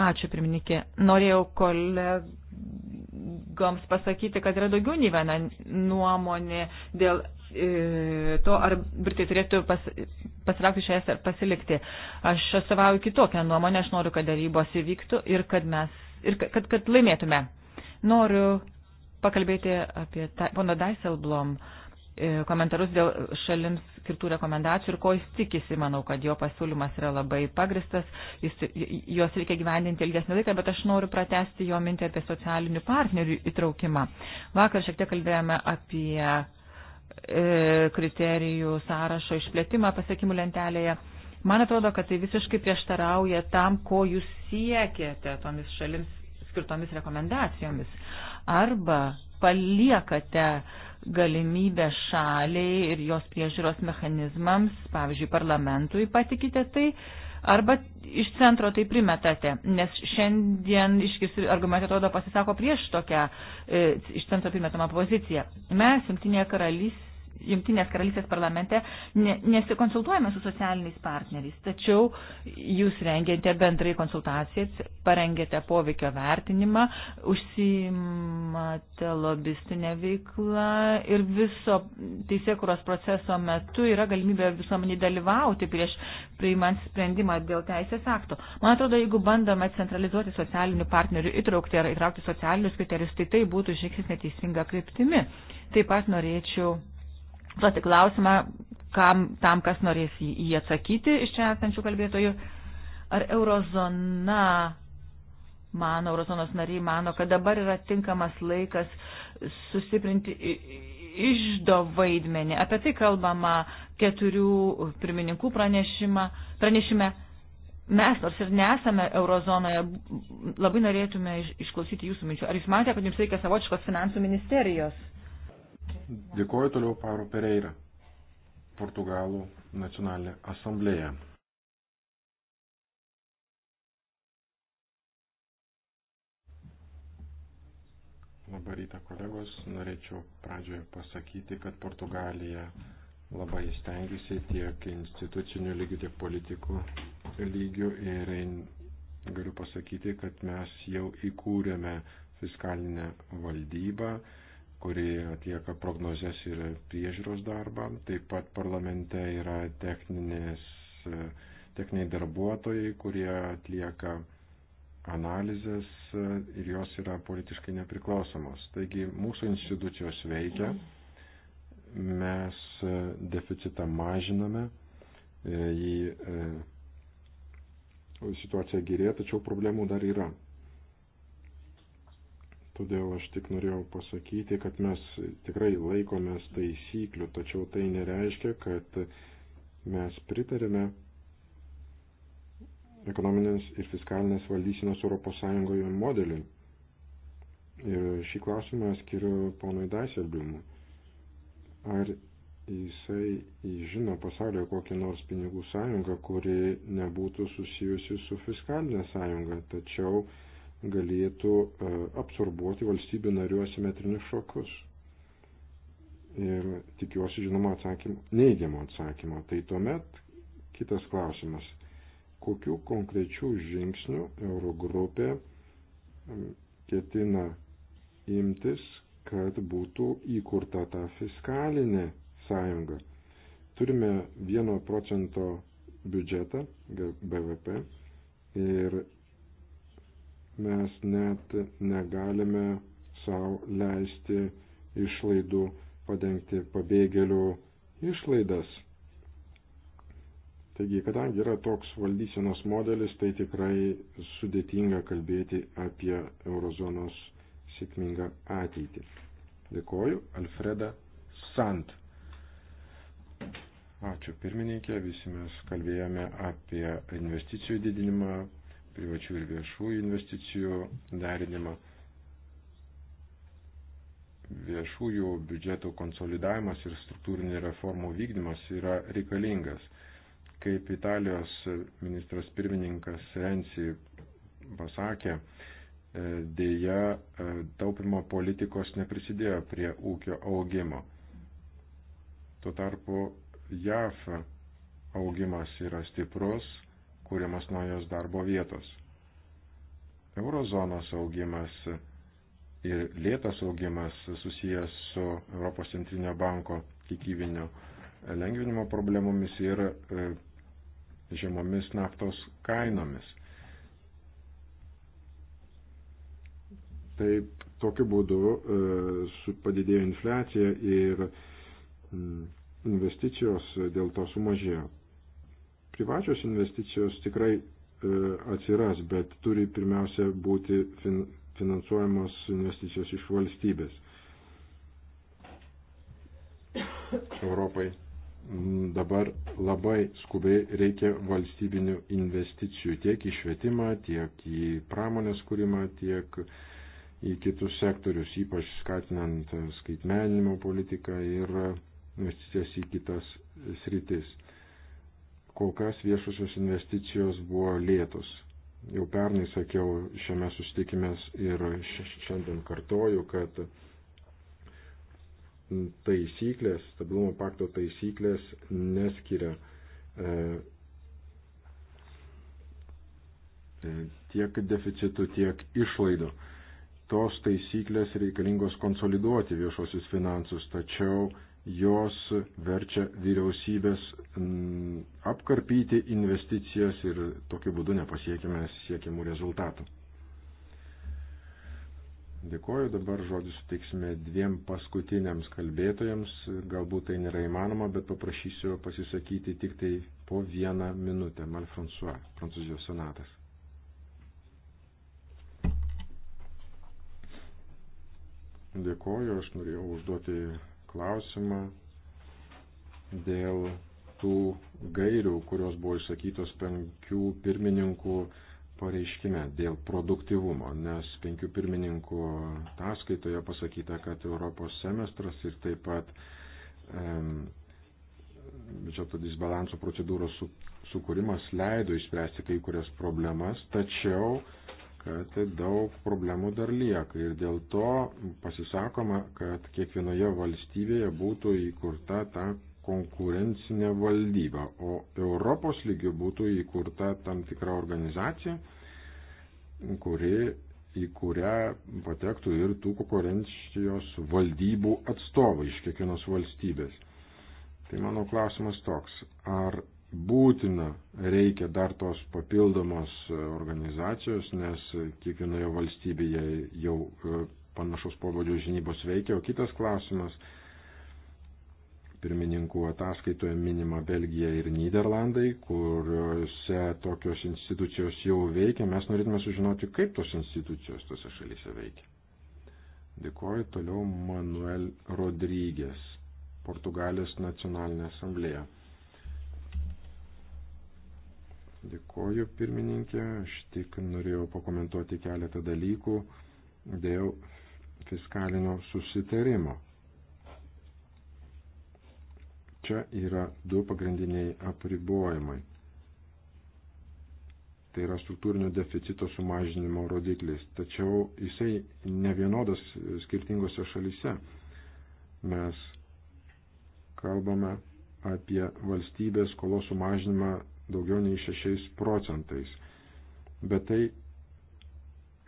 Ačiū, pirmininkė. Norėjau kolegoms pasakyti, kad yra daugiau nei viena nuomonė dėl e, to, ar Britai turėtų pas, pasirakti šią ar pasilikti. Aš atstovauju kitokią nuomonę, aš noriu, kad darybos įvyktų ir kad mes, ir kad, kad, kad laimėtume. Noriu pakalbėti apie ta, pono Daiselblom. E, E, komentarus dėl šalims skirtų rekomendacijų ir ko jis tikisi. Manau, kad jo pasiūlymas yra labai pagristas, jis, juos reikia gyvendinti ilgesnį laiką, bet aš noriu pratesti jo mintį apie socialinių partnerių įtraukimą. Vakar šiek tiek kalbėjome apie e, kriterijų sąrašo išplėtimą pasiekimų lentelėje. Man atrodo, kad tai visiškai prieštarauja tam, ko jūs siekėte tomis šalims skirtomis rekomendacijomis. Arba paliekate uh, galimybę šaliai ir jos priežiūros mechanizmams, pavyzdžiui, parlamentui patikite tai, arba iš centro tai primetate, nes šiandien iškirsti argumentai atrodo pasisako prieš tokią e, iš centro primetamą poziciją. Mes, Junktinėje karalystėje, Junktinės karalystės parlamente ne, nesikonsultuojame su socialiniais partneriais, tačiau jūs rengiate bendrai konsultacijas, parengėte poveikio vertinimą, užsimate lobistinę veiklą ir viso teisėkuros proceso metu yra galimybė visuomenį dalyvauti prieš priimant sprendimą dėl teisės akto. Man atrodo, jeigu bandome centralizuoti socialinių partnerių įtraukti ar įtraukti socialinius kriterijus, tai tai būtų žingsnis neteisinga kryptimi. Taip pat norėčiau duoti klausimą kam, tam, kas norės į jį atsakyti iš čia esančių kalbėtojų. Ar eurozona mano, eurozonos nariai mano, kad dabar yra tinkamas laikas sustiprinti išdo vaidmenį. Apie tai kalbama keturių pirmininkų pranešime. Mes, nors ir nesame eurozonoje, labai norėtume išklausyti jūsų minčių. Ar jūs matėte, kad jums reikia savočios finansų ministerijos? Dėkoju toliau Pauro Pereira, Portugalų nacionalinė asamblėja. Labą rytą, kolegos. Norėčiau pradžioje pasakyti, kad Portugalija labai stengiasi tiek institucinių lygių, tiek politikų lygių ir galiu pasakyti, kad mes jau įkūrėme fiskalinę valdybą kuri atlieka prognozes ir priežiūros darbą. Taip pat parlamente yra techninės, techniniai darbuotojai, kurie atlieka analizės ir jos yra politiškai nepriklausomos. Taigi mūsų institucijos veikia, mes deficitą mažiname, e, jį e, situacija gerėja, tačiau problemų dar yra. Todėl aš tik norėjau pasakyti, kad mes tikrai laikomės taisyklių, tačiau tai nereiškia, kad mes pritarėme ekonominės ir fiskalinės valdysinos ES modeliui. Ir šį klausimą skiriu ponui Daiselblimui. Ar jisai žino pasaulio kokią nors pinigų sąjungą, kuri nebūtų susijusi su fiskalinė sąjunga, tačiau galėtų e, absorbuoti valstybių narių asimetrinius šokus. Ir tikiuosi, žinoma, atsakymo, neigiamo atsakymo. Tai tuomet kitas klausimas. Kokiu konkrečiu žingsniu Eurogrupė ketina imtis, kad būtų įkurta ta fiskalinė sąjunga? Turime 1 procento biudžetą BVP ir mes net negalime savo leisti išlaidų padengti pabėgėlių išlaidas. Taigi, kadangi yra toks valdysenos modelis, tai tikrai sudėtinga kalbėti apie eurozonos sėkmingą ateitį. Dėkoju, Alfreda Sant. Ačiū pirmininkė, visi mes kalbėjome apie investicijų didinimą, privačių ir viešųjų investicijų derinimą, viešųjų biudžetų konsolidavimas ir struktūrinių reformų vykdymas yra reikalingas. Kaip Italijos ministras pirmininkas Renzi pasakė, e, dėja e, taupimo politikos neprisidėjo prie ūkio augimo. Tuo tarpu JAF augimas yra stiprus, kūriamas naujos darbo vietos. Eurozonos augimas ir lėtas augimas susijęs su Europos centrinio banko kiekybinio lengvinimo problemomis ir e, žemomis naftos kainomis. Taip, tokiu būdu e, padidėjo infliacija ir investicijos dėl to sumažėjo. Privačios investicijos tikrai e, atsiras, bet turi pirmiausia būti fin, finansuojamos investicijos iš valstybės. Europai dabar labai skubiai reikia valstybinių investicijų tiek į švietimą, tiek į pramonės kūrimą, tiek į kitus sektorius, ypač skatinant skaitmeninimo politiką ir investicijas į kitas sritis kol kas viešosios investicijos buvo lėtos. Jau pernai sakiau šiame sustikimės ir šiandien kartoju, kad taisyklės, stabilumo pakto taisyklės neskiria e, e, tiek deficitų, tiek išlaidų. Tos taisyklės reikalingos konsoliduoti viešosius finansus, tačiau jos verčia vyriausybės mm, apkarpyti investicijas ir tokiu būdu nepasiekime siekiamų rezultatų. Dėkoju, dabar žodį suteiksime dviem paskutiniams kalbėtojams, galbūt tai nėra įmanoma, bet paprašysiu pasisakyti tik tai po vieną minutę. Malfrancois, Prancūzijos senatas. Dėkoju, aš norėjau užduoti klausimą dėl tų gairių, kurios buvo išsakytos penkių pirmininkų pareiškime dėl produktivumo, nes penkių pirmininkų ataskaitoje pasakyta, kad Europos semestras ir taip pat um, biudžeto disbalanso procedūros sukūrimas leido išspręsti kai kurias problemas, tačiau uh, kad daug problemų dar lieka ir dėl to pasisakoma, kad kiekvienoje valstybėje būtų įkurta ta konkurencinė valdyba, o Europos lygių būtų įkurta tam tikra organizacija, kuri, į kurią patektų ir tų konkurencijos valdybų atstovai iš kiekvienos valstybės. Tai mano klausimas toks, ar būtina, reikia dar tos papildomos e, organizacijos, nes e, kiekvienoje valstybėje jau e, panašus pobūdžio žinybos veikia. O kitas klausimas, pirmininkų ataskaitoje minima Belgija ir Niderlandai, kuriuose tokios institucijos jau veikia. Mes norėtume sužinoti, kaip tos institucijos tose šalyse veikia. Dėkoju toliau Manuel Rodrygės, Portugalijos nacionalinė asamblėja. Dėkoju pirmininkė, aš tik norėjau pakomentuoti keletą dalykų dėl fiskalinio susitarimo. Čia yra du pagrindiniai apribojimai. Tai yra struktūrinio deficito sumažinimo rodiklis, tačiau jisai nevienodas skirtingose šalyse. Mes kalbame apie valstybės skolos sumažinimą daugiau nei 6 procentais. Bet tai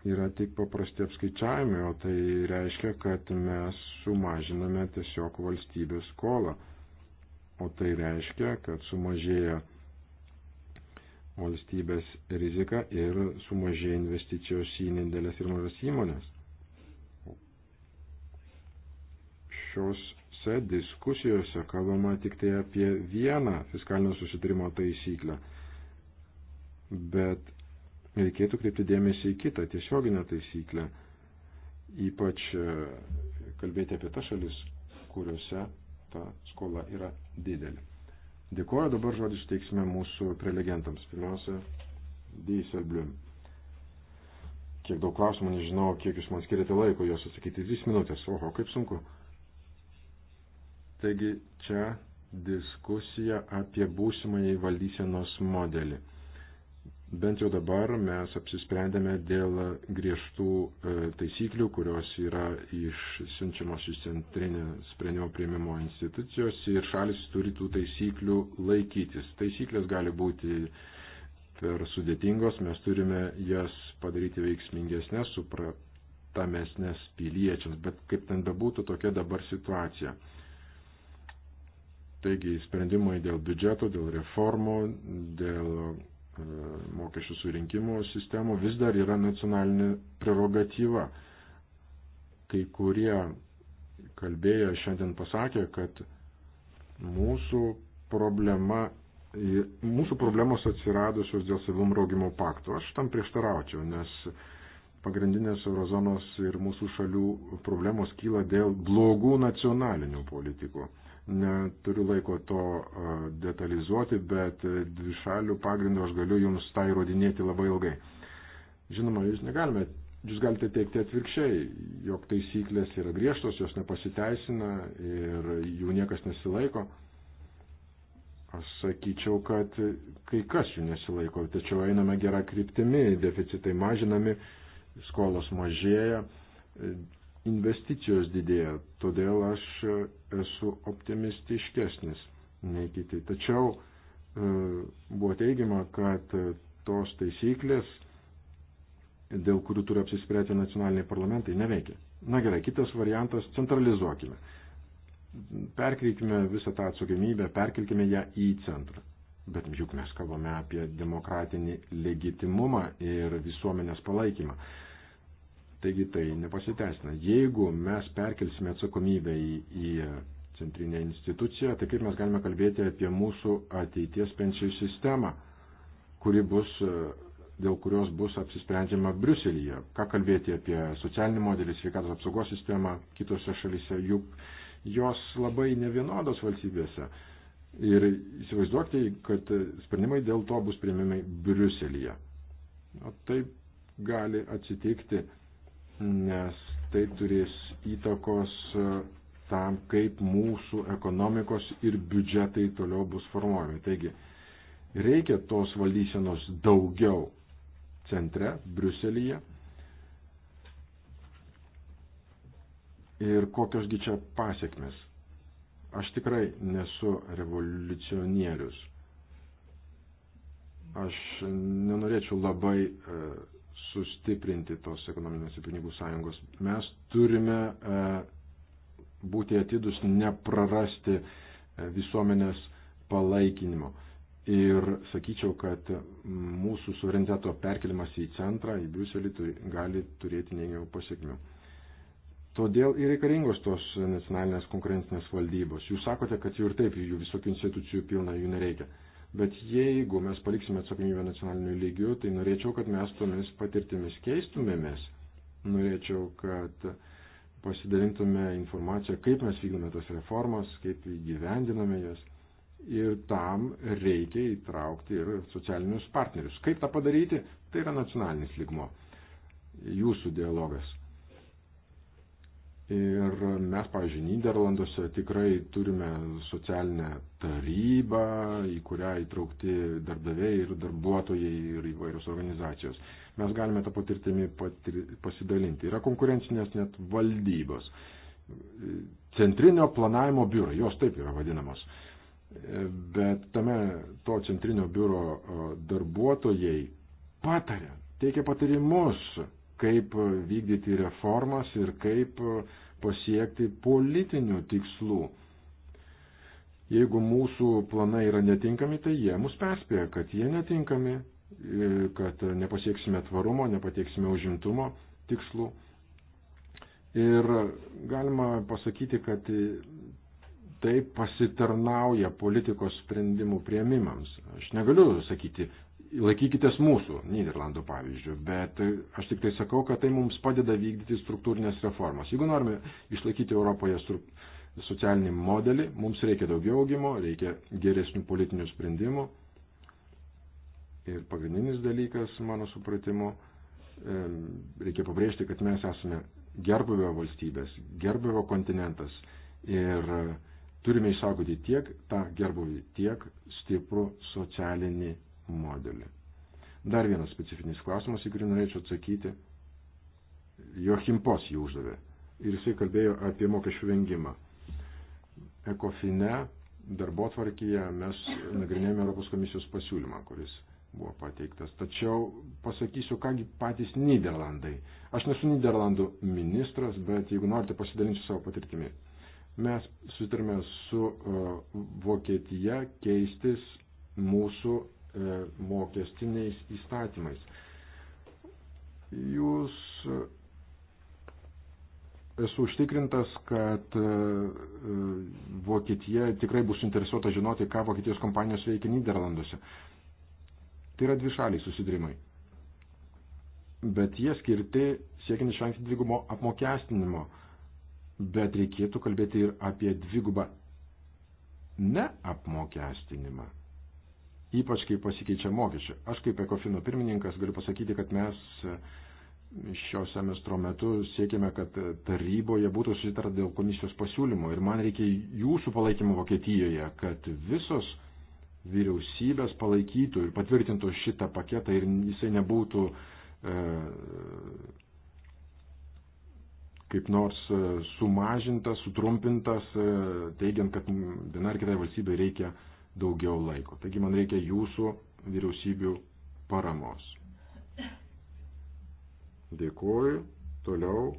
yra tik paprasti apskaičiavimai, o tai reiškia, kad mes sumažiname tiesiog valstybės skolą. O tai reiškia, kad sumažėja valstybės rizika ir sumažėja investicijos į nedėlės ir mažas įmonės. Šios šiuose diskusijose kalbama tik tai apie vieną fiskalinio susitarimo taisyklę. Bet reikėtų kreipti dėmesį į kitą tiesioginę taisyklę, ypač e, kalbėti apie tas šalis, kuriuose ta skola yra didelė. Dėkuoju, dabar žodį suteiksime mūsų prelegentams. Pirmiausia, Dieselblium. Kiek daug klausimų, nežinau, kiek jūs man skiriate laiko juos atsakyti. 3 minutės, oho, kaip sunku. Taigi čia diskusija apie būsimąjį valdysenos modelį. Bent jau dabar mes apsisprendėme dėl griežtų e, taisyklių, kurios yra išsiunčiamos iš centrinės sprendimo prieimimo institucijos ir šalis turi tų taisyklių laikytis. Taisyklės gali būti per sudėtingos, mes turime jas padaryti veiksmingesnės, supratamesnės piliečiams, bet kaip ten bebūtų, tokia dabar situacija. Taigi sprendimai dėl biudžeto, dėl reformų, dėl e, mokesčių surinkimo sistemų vis dar yra nacionalinė prerogatyva. Kai kurie kalbėjo šiandien pasakė, kad mūsų, problema, mūsų problemos atsiradusios dėl savim raugimo pakto. Aš tam prieštaraučiau, nes pagrindinės eurozonos ir mūsų šalių problemos kyla dėl blogų nacionalinių politikų neturiu laiko to detalizuoti, bet e, dvišalių pagrindų aš galiu jums tą įrodinėti labai ilgai. Žinoma, jūs negalime, jūs galite teikti atvirkščiai, jog taisyklės yra griežtos, jos nepasiteisina ir jų niekas nesilaiko. Aš sakyčiau, kad kai kas jų nesilaiko, tačiau einame gerą kryptimį, deficitai mažinami, skolos mažėja, investicijos didėja. Todėl aš esu optimistiškesnis nei kiti. Tačiau e, buvo teigiama, kad e, tos taisyklės, dėl kurių turi apsispręsti nacionaliniai parlamentai, neveikia. Na gerai, kitas variantas - centralizuokime. Perkreikime visą tą atsakomybę, perkelkime ją į centrą. Bet juk mes kalbame apie demokratinį legitimumą ir visuomenės palaikymą. Taigi tai nepasiteisina. Jeigu mes perkelsime atsakomybę į, į centrinę instituciją, tai kaip mes galime kalbėti apie mūsų ateities pensijų sistemą, kuri bus, dėl kurios bus apsisprendžiama Briuselyje. Ką kalbėti apie socialinį modelį, sveikatos apsaugos sistemą kitose šalise, juk jos labai nevienodos valstybėse. Ir įsivaizduokite, kad sprendimai dėl to bus priimami Briuselyje. O taip gali atsitikti nes tai turės įtakos e, tam, kaip mūsų ekonomikos ir biudžetai toliau bus formuojami. Taigi, reikia tos valdysenos daugiau centre, Briuselyje. Ir kokiosgi čia pasiekmes? Aš tikrai nesu revoliucionierius. Aš nenorėčiau labai uh, sustiprinti tos ekonominės ir pinigų sąjungos. Mes turime e, būti atidus, neprarasti e, visuomenės palaikinimo. Ir sakyčiau, kad mūsų suvereniteto perkelimas į centrą, į Briuselį, gali turėti neigiamų pasiekmių. Todėl ir reikalingos tos nacionalinės konkurencinės valdybos. Jūs sakote, kad jų ir taip, jų visokių institucijų pilna, jų nereikia. Bet jeigu mes paliksime atsakomybę nacionaliniu lygiu, tai norėčiau, kad mes tomis patirtimis keistumėmės. Norėčiau, kad pasidalintume informaciją, kaip mes vykdome tas reformas, kaip įgyvendiname jas. Ir tam reikia įtraukti ir socialinius partnerius. Kaip tą padaryti, tai yra nacionalinis ligmo. Jūsų dialogas Ir mes, pavyzdžiui, Niderlanduose tikrai turime socialinę tarybą, į kurią įtraukti darbdaviai ir darbuotojai ir įvairios organizacijos. Mes galime tą patirtimį pasidalinti. Yra konkurencinės net valdybos. Centrinio planavimo biurai, jos taip yra vadinamos. Bet tame to centrinio biuro darbuotojai patarė, teikia patarimus kaip vykdyti reformas ir kaip pasiekti politinių tikslų. Jeigu mūsų planai yra netinkami, tai jie mus perspėja, kad jie netinkami, e, kad nepasieksime tvarumo, nepatieksime užimtumo tikslų. Ir galima pasakyti, kad tai pasitarnauja politikos sprendimų prieimimams. Aš negaliu sakyti laikykitės mūsų, Niderlandų pavyzdžių, bet aš tik tai sakau, kad tai mums padeda vykdyti struktūrinės reformas. Jeigu norime išlaikyti Europoje socialinį modelį, mums reikia daugiau augimo, reikia geresnių politinių sprendimų. Ir pagrindinis dalykas, mano supratimu, reikia pabrėžti, kad mes esame gerbuvio valstybės, gerbuvio kontinentas ir e, turime išsaugoti tiek tą gerbuvį, tiek stiprų socialinį modelį. Dar vienas specifinis klausimas, į kurį norėčiau atsakyti. Jochimpos jį uždavė. Ir jisai kalbėjo apie mokesčių vengimą. Ekofine darbo tvarkyje mes nagrinėjome Europos komisijos pasiūlymą, kuris buvo pateiktas. Tačiau pasakysiu, kągi patys Niderlandai. Aš nesu Niderlandų ministras, bet jeigu norite, pasidalinsiu savo patirtimi. Mes sutarėme su uh, Vokietija keistis mūsų E, mokestiniais įstatymais. Jūs e, esu užtikrintas, kad e, Vokietija tikrai bus interesuota žinoti, ką Vokietijos kompanijos veikia Niderlanduose. Tai yra dvišaliai susidrimai. Bet jie skirti siekiant išvengti dvigubo apmokestinimo. Bet reikėtų kalbėti ir apie dvigubą neapmokestinimą ypač kai pasikeičia mokesčiai. Aš kaip ekofino pirmininkas galiu pasakyti, kad mes e, šio semestro metu siekime, kad taryboje būtų susitarta dėl komisijos pasiūlymo ir man reikia jūsų palaikymo Vokietijoje, kad visos vyriausybės palaikytų ir patvirtintų šitą paketą ir jisai nebūtų e, kaip nors e, sumažintas, sutrumpintas, e, teigiant, kad viena ar kitai valstybei reikia e, daugiau laiko. Taigi man reikia jūsų vyriausybių paramos. Dėkuoju. Toliau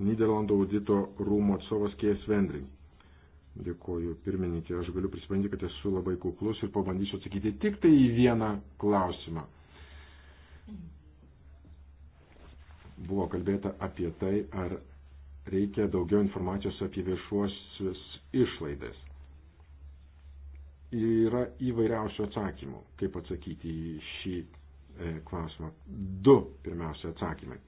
Niderlandų audito rūmų atstovas Kies Vendrin. Dėkuoju pirmininkė, aš galiu prisiminti, kad esu labai kuklus ir pabandysiu atsakyti tik tai į vieną klausimą. Buvo kalbėta apie tai, ar reikia daugiau informacijos apie viešuosius išlaidas yra įvairiausių atsakymų, kaip atsakyti į šį e, klausimą. Du pirmiausia atsakymai.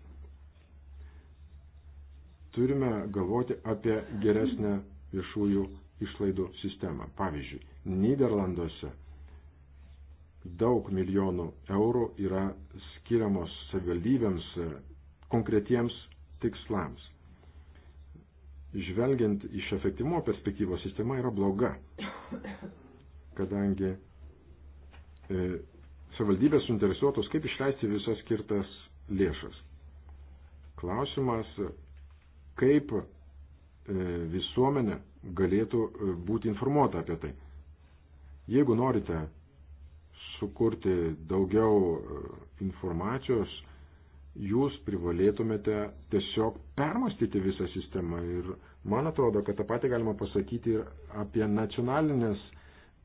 Turime galvoti apie geresnę viešųjų išlaidų sistemą. Pavyzdžiui, Niderlanduose daug milijonų eurų yra skiriamos savivaldybėms e, konkretiems tikslams. Žvelgiant iš efektyvumo perspektyvos, sistema yra bloga kadangi e, savivaldybės suinteresuotos, kaip išleisti visas skirtas lėšas. Klausimas, kaip e, visuomenė galėtų e, būti informuota apie tai. Jeigu norite sukurti daugiau informacijos, jūs privalėtumėte tiesiog permastyti visą sistemą. Ir man atrodo, kad tą patį galima pasakyti ir apie nacionalinės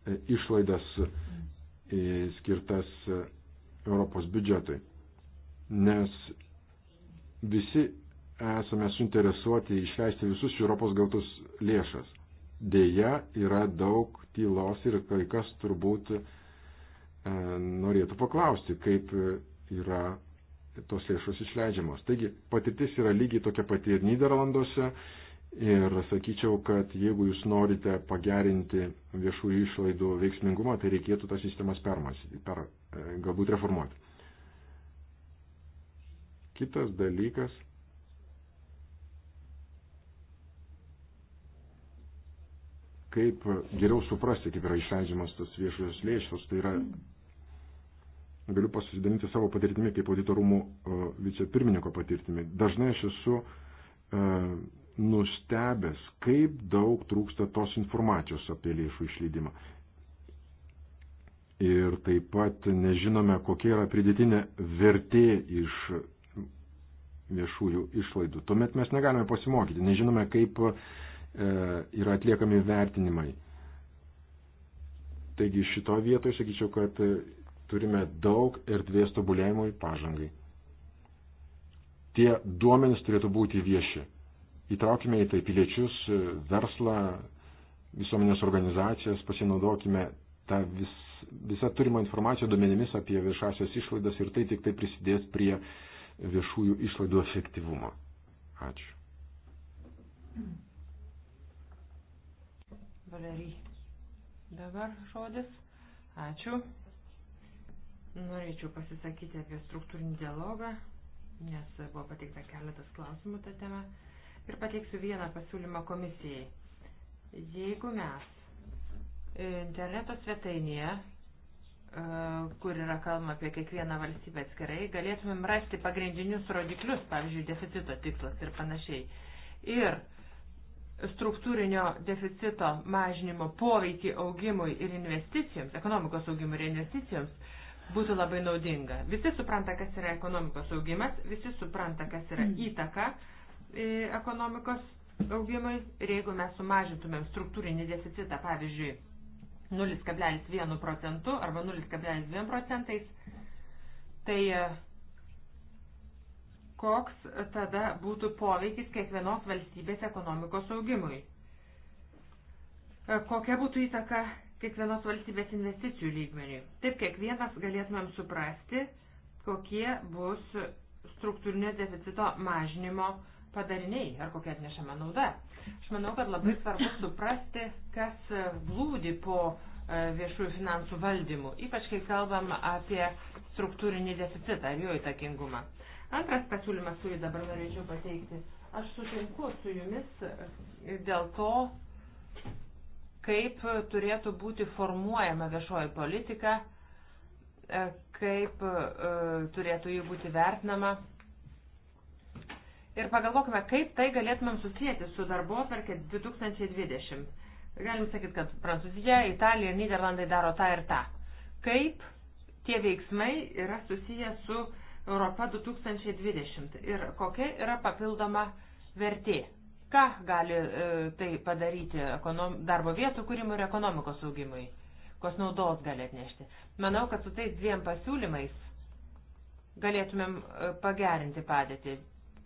E, išlaidas e, skirtas e, Europos biudžetui. Nes visi esame suinteresuoti išleisti visus Europos gautus lėšas. Deja, yra daug tylos ir kai kas turbūt e, norėtų paklausti, kaip yra tos lėšos išleidžiamos. Taigi, patirtis yra lygiai tokia pati ir Niderlanduose, Ir sakyčiau, kad jeigu jūs norite pagerinti viešųjų išlaidų veiksmingumą, tai reikėtų tas sistemas permas, per, e, galbūt reformuoti. Kitas dalykas. Kaip geriau suprasti, kaip yra išleidžiamas tas viešosios lėšos, tai yra galiu pasidalinti savo patirtimi kaip auditorumų e, vicepirmininko patirtimi. Dažnai aš esu e, nustebęs, kaip daug trūksta tos informacijos apie lėšų išleidimą. Ir taip pat nežinome, kokia yra pridėtinė vertė iš viešųjų išlaidų. Tuomet mes negalime pasimokyti, nežinome, kaip e, yra atliekami vertinimai. Taigi šito vietoj sakyčiau, kad turime daug erdvės tobulėjimui pažangai. Tie duomenys turėtų būti vieši. Įtraukime į tai piliečius, verslą, visuomenės organizacijas, pasinaudokime tą vis, visą turimą informaciją duomenimis apie viešasios išlaidas ir tai tik tai prisidės prie viešųjų išlaidų efektyvumo. Ačiū. Valerijai. Dabar žodis. Ačiū. Norėčiau pasisakyti apie struktūrinį dialogą, nes buvo pateikta keletas klausimų tą temą ir pateiksiu vieną pasiūlymą komisijai. Jeigu mes e, interneto svetainėje, e, kur yra kalbama apie kiekvieną valstybę atskirai, galėtumėm rasti pagrindinius rodiklius, pavyzdžiui, deficito tikslas ir panašiai. Ir struktūrinio deficito mažinimo poveikį augimui ir investicijoms, ekonomikos augimui ir investicijoms, būtų labai naudinga. Visi supranta, kas yra ekonomikos augimas, visi supranta, kas yra hmm. įtaka. Mm E, ekonomikos augimui ir jeigu mes sumažintumėm struktūrinį deficitą, pavyzdžiui, 0,1 procentu arba 0,2 procentais, tai e, koks tada būtų poveikis kiekvienos valstybės ekonomikos augimui? E, kokia būtų įtaka kiekvienos valstybės investicijų lygmeniui? Taip kiekvienas galėtumėm suprasti, kokie bus struktūrinio deficito mažinimo uh, padariniai ar kokia atnešama nauda. Aš manau, kad labai svarbu suprasti, kas e, glūdi po e, viešųjų finansų valdymu, ypač kai kalbam apie struktūrinį deficitą ir jo įtakingumą. Antras pasiūlymas, kurį dabar norėčiau pateikti, aš sutinku su jumis e, dėl to, kaip turėtų būti formuojama viešoji politika, kaip turėtų jį būti vertinama ir pagalvokime, kaip tai galėtumėm susijęti su darbo atvarkė 2020. Galim sakyti, kad Prancūzija, Italija ir Niderlandai daro tą ir tą. Kaip tie veiksmai yra susiję su Europa 2020 ir kokia yra papildoma vertė. Ką gali e, tai padaryti ekonom, darbo vietų kūrimui ir ekonomikos augimui, kos naudos gali atnešti. Manau, kad su tais dviem pasiūlymais galėtumėm e, pagerinti padėtį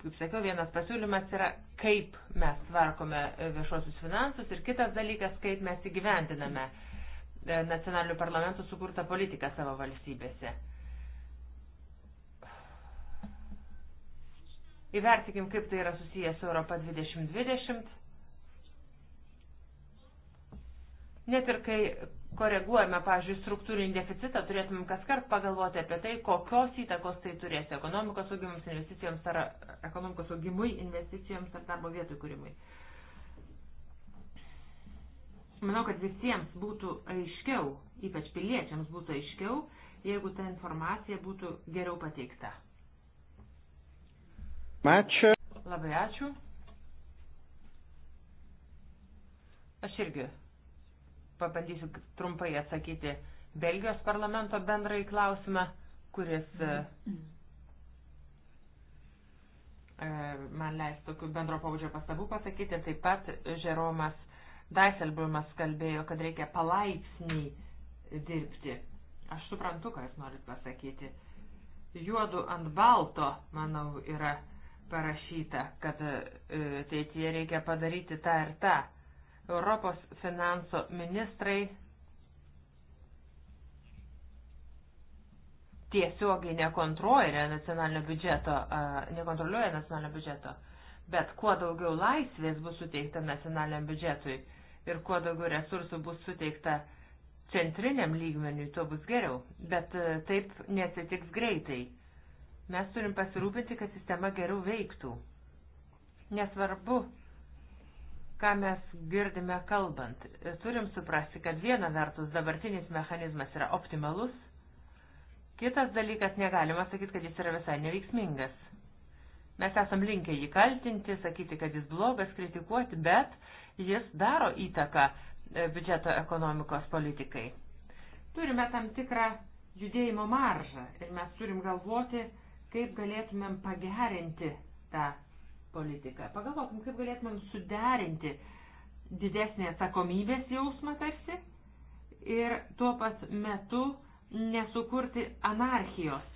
kaip sakiau, vienas pasiūlymas yra, kaip mes tvarkome viešuosius finansus ir kitas dalykas, kaip mes įgyvendiname e, nacionalinių parlamentų sukurtą politiką savo valstybėse. Įvertikim, kaip tai yra susijęs su Europa 2020. Net ir kai koreguojame, pavyzdžiui, struktūrinį deficitą, turėtumėm kaskart pagalvoti apie tai, kokios įtakos tai turės ekonomikos augimams, investicijoms ar ekonomikos augimui, investicijoms ar darbo vietų kūrimui. Manau, kad visiems būtų aiškiau, ypač piliečiams būtų aiškiau, jeigu ta informacija būtų geriau pateikta. Ačiū. Labai ačiū. Aš irgi pabandysiu trumpai atsakyti Belgijos parlamento bendrai klausimą, kuris mhm. e, e, man leis tokių bendro pavudžio pastabų pasakyti. Taip pat Žeromas Daiselbrumas kalbėjo, kad reikia palaipsniai dirbti. Aš suprantu, ką jūs norit pasakyti. Juodu ant balto, manau, yra parašyta, kad e, ateityje reikia padaryti tą ir tą. Europos finansų ministrai tiesiogiai nekontroliuoja nacionalinio biudžeto, nekontroliuoja nacionalinio biudžeto, bet kuo daugiau laisvės bus suteikta nacionaliniam biudžetui ir kuo daugiau resursų bus suteikta centriniam lygmeniui, tuo bus geriau. Bet taip nesitiks greitai. Mes turim pasirūpinti, kad sistema geriau veiktų. Nesvarbu, ką mes girdime kalbant. Turim suprasti, kad viena vertus dabartinis mechanizmas yra optimalus, kitas dalykas negalima sakyti, kad jis yra visai neveiksmingas. Mes esam linkę jį kaltinti, sakyti, kad jis blogas, kritikuoti, bet jis daro įtaką e, biudžeto ekonomikos politikai. Turime tam tikrą judėjimo maržą ir mes turim galvoti, kaip galėtumėm pagerinti tą politiką. Pagalvokim, kaip galėtumėm suderinti didesnį atsakomybės jausmą tarsi ir tuo pat metu nesukurti anarchijos.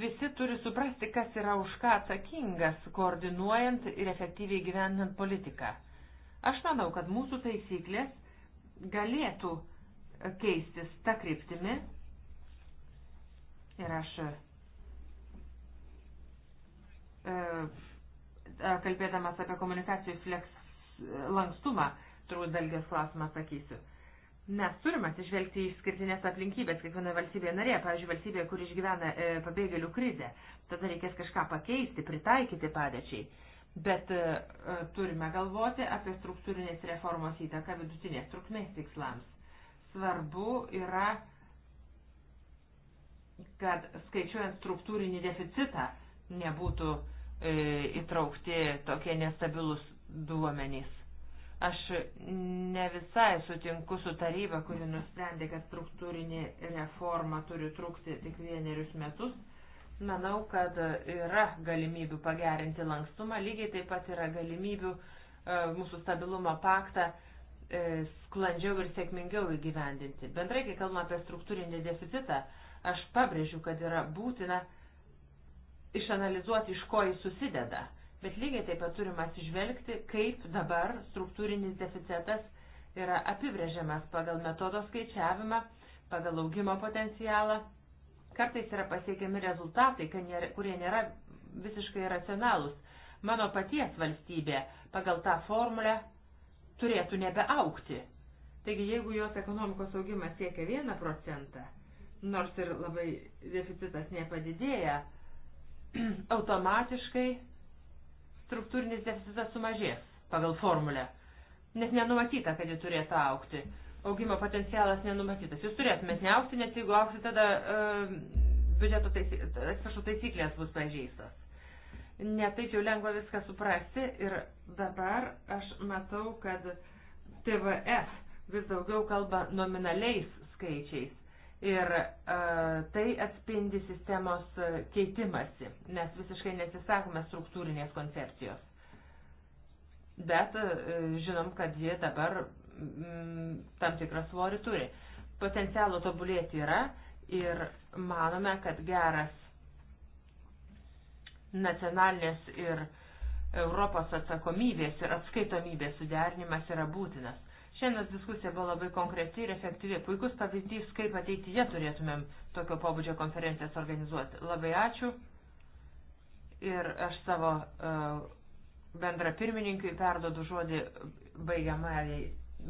Visi turi suprasti, kas yra už ką atsakingas, koordinuojant ir efektyviai gyvendant politiką. Aš manau, kad mūsų taisyklės galėtų keistis tą kryptimį ir aš E, e, kalbėdamas apie komunikacijų fleks e, lankstumą, turbūt dalgės klausimą sakysiu. Mes turime atsižvelgti į skirtinės aplinkybės kiekvienoje valstybėje narėje, pavyzdžiui, valstybėje, kur išgyvena e, pabėgėlių krizę. Tada reikės kažką pakeisti, pritaikyti padėčiai. Bet e, turime galvoti apie struktūrinės reformos įtaką vidutinės trukmės tikslams. Svarbu yra, kad skaičiuojant struktūrinį deficitą nebūtų e, E, įtraukti tokie nestabilus duomenys. Aš ne visai sutinku su taryba, kuri nusprendė, kad struktūrinė reforma turi trukti tik vienerius metus. Manau, kad yra galimybių pagerinti lankstumą, lygiai taip pat yra galimybių e, mūsų stabilumo paktą e, sklandžiau ir sėkmingiau įgyvendinti. Bendrai, kai kalbame apie struktūrinį deficitą, aš pabrėžiu, kad yra būtina išanalizuoti, iš ko jis susideda. Bet lygiai taip pat turime atsižvelgti, kaip dabar struktūrinis deficitas yra apibrėžiamas pagal metodo skaičiavimą, pagal augimo potencialą. Kartais yra pasiekiami rezultatai, kurie nėra visiškai racionalūs. Mano paties valstybė pagal tą formulę turėtų nebeaukti. Taigi, jeigu jos ekonomikos augimas siekia 1 procentą, nors ir labai deficitas nepadidėja, automatiškai struktūrinis deficitas sumažės pagal formulę. Net nenumatyta, kad ji turėtų aukti. Augimo potencialas nenumatytas. Jūs turėtumėt neaukti, nes jeigu aukti, tada uh, biudžeto taisyklės, atsiprašau, taisyklės bus pažeistas. Netaip jau lengva viską suprasti ir dabar aš matau, kad TVF vis daugiau kalba nominaliais skaičiais Ir e, tai atspindi sistemos keitimasi. Mes visiškai nesisakome struktūrinės koncepcijos. Bet e, žinom, kad ji dabar m, mm, tam tikrą svorį turi. Potencialo tobulėti yra ir manome, kad geras nacionalinės ir Europos atsakomybės ir atskaitomybės suderinimas yra būtinas. Šiandienos diskusija buvo labai konkreti ir efektyvi. Puikus pavyzdys, kaip ateityje turėtumėm tokio pobūdžio konferencijas organizuoti. Labai ačiū ir aš savo uh, bendra pirmininkai perdodu žodį baigiamai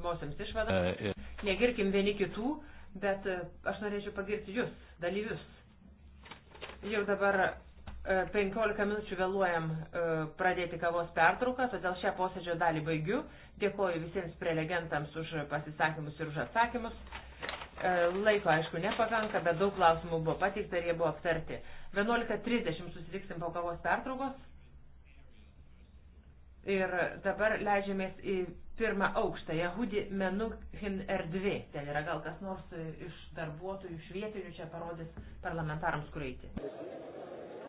mosiams išvadą. E, Negirkim vieni kitų, bet e, aš norėčiau pagirti jūs, dalyvius. Jau dabar 15 e, minučių vėluojam e, pradėti kavos pertrauką, todėl šią posėdžio dalį baigiu. Dėkoju visiems prelegentams už pasisakymus ir už atsakymus. E, laiko, aišku, nepakanka, bet daug klausimų buvo pateikta ir jie buvo aptarti. 11.30 susitiksim po kavos pertraukos. Ir dabar leidžiamės į pirmą aukštą, Jehudi Menuhin erdvė. Ten yra gal kas nors iš darbuotojų, iš vietinių čia parodys parlamentarams, kur eiti.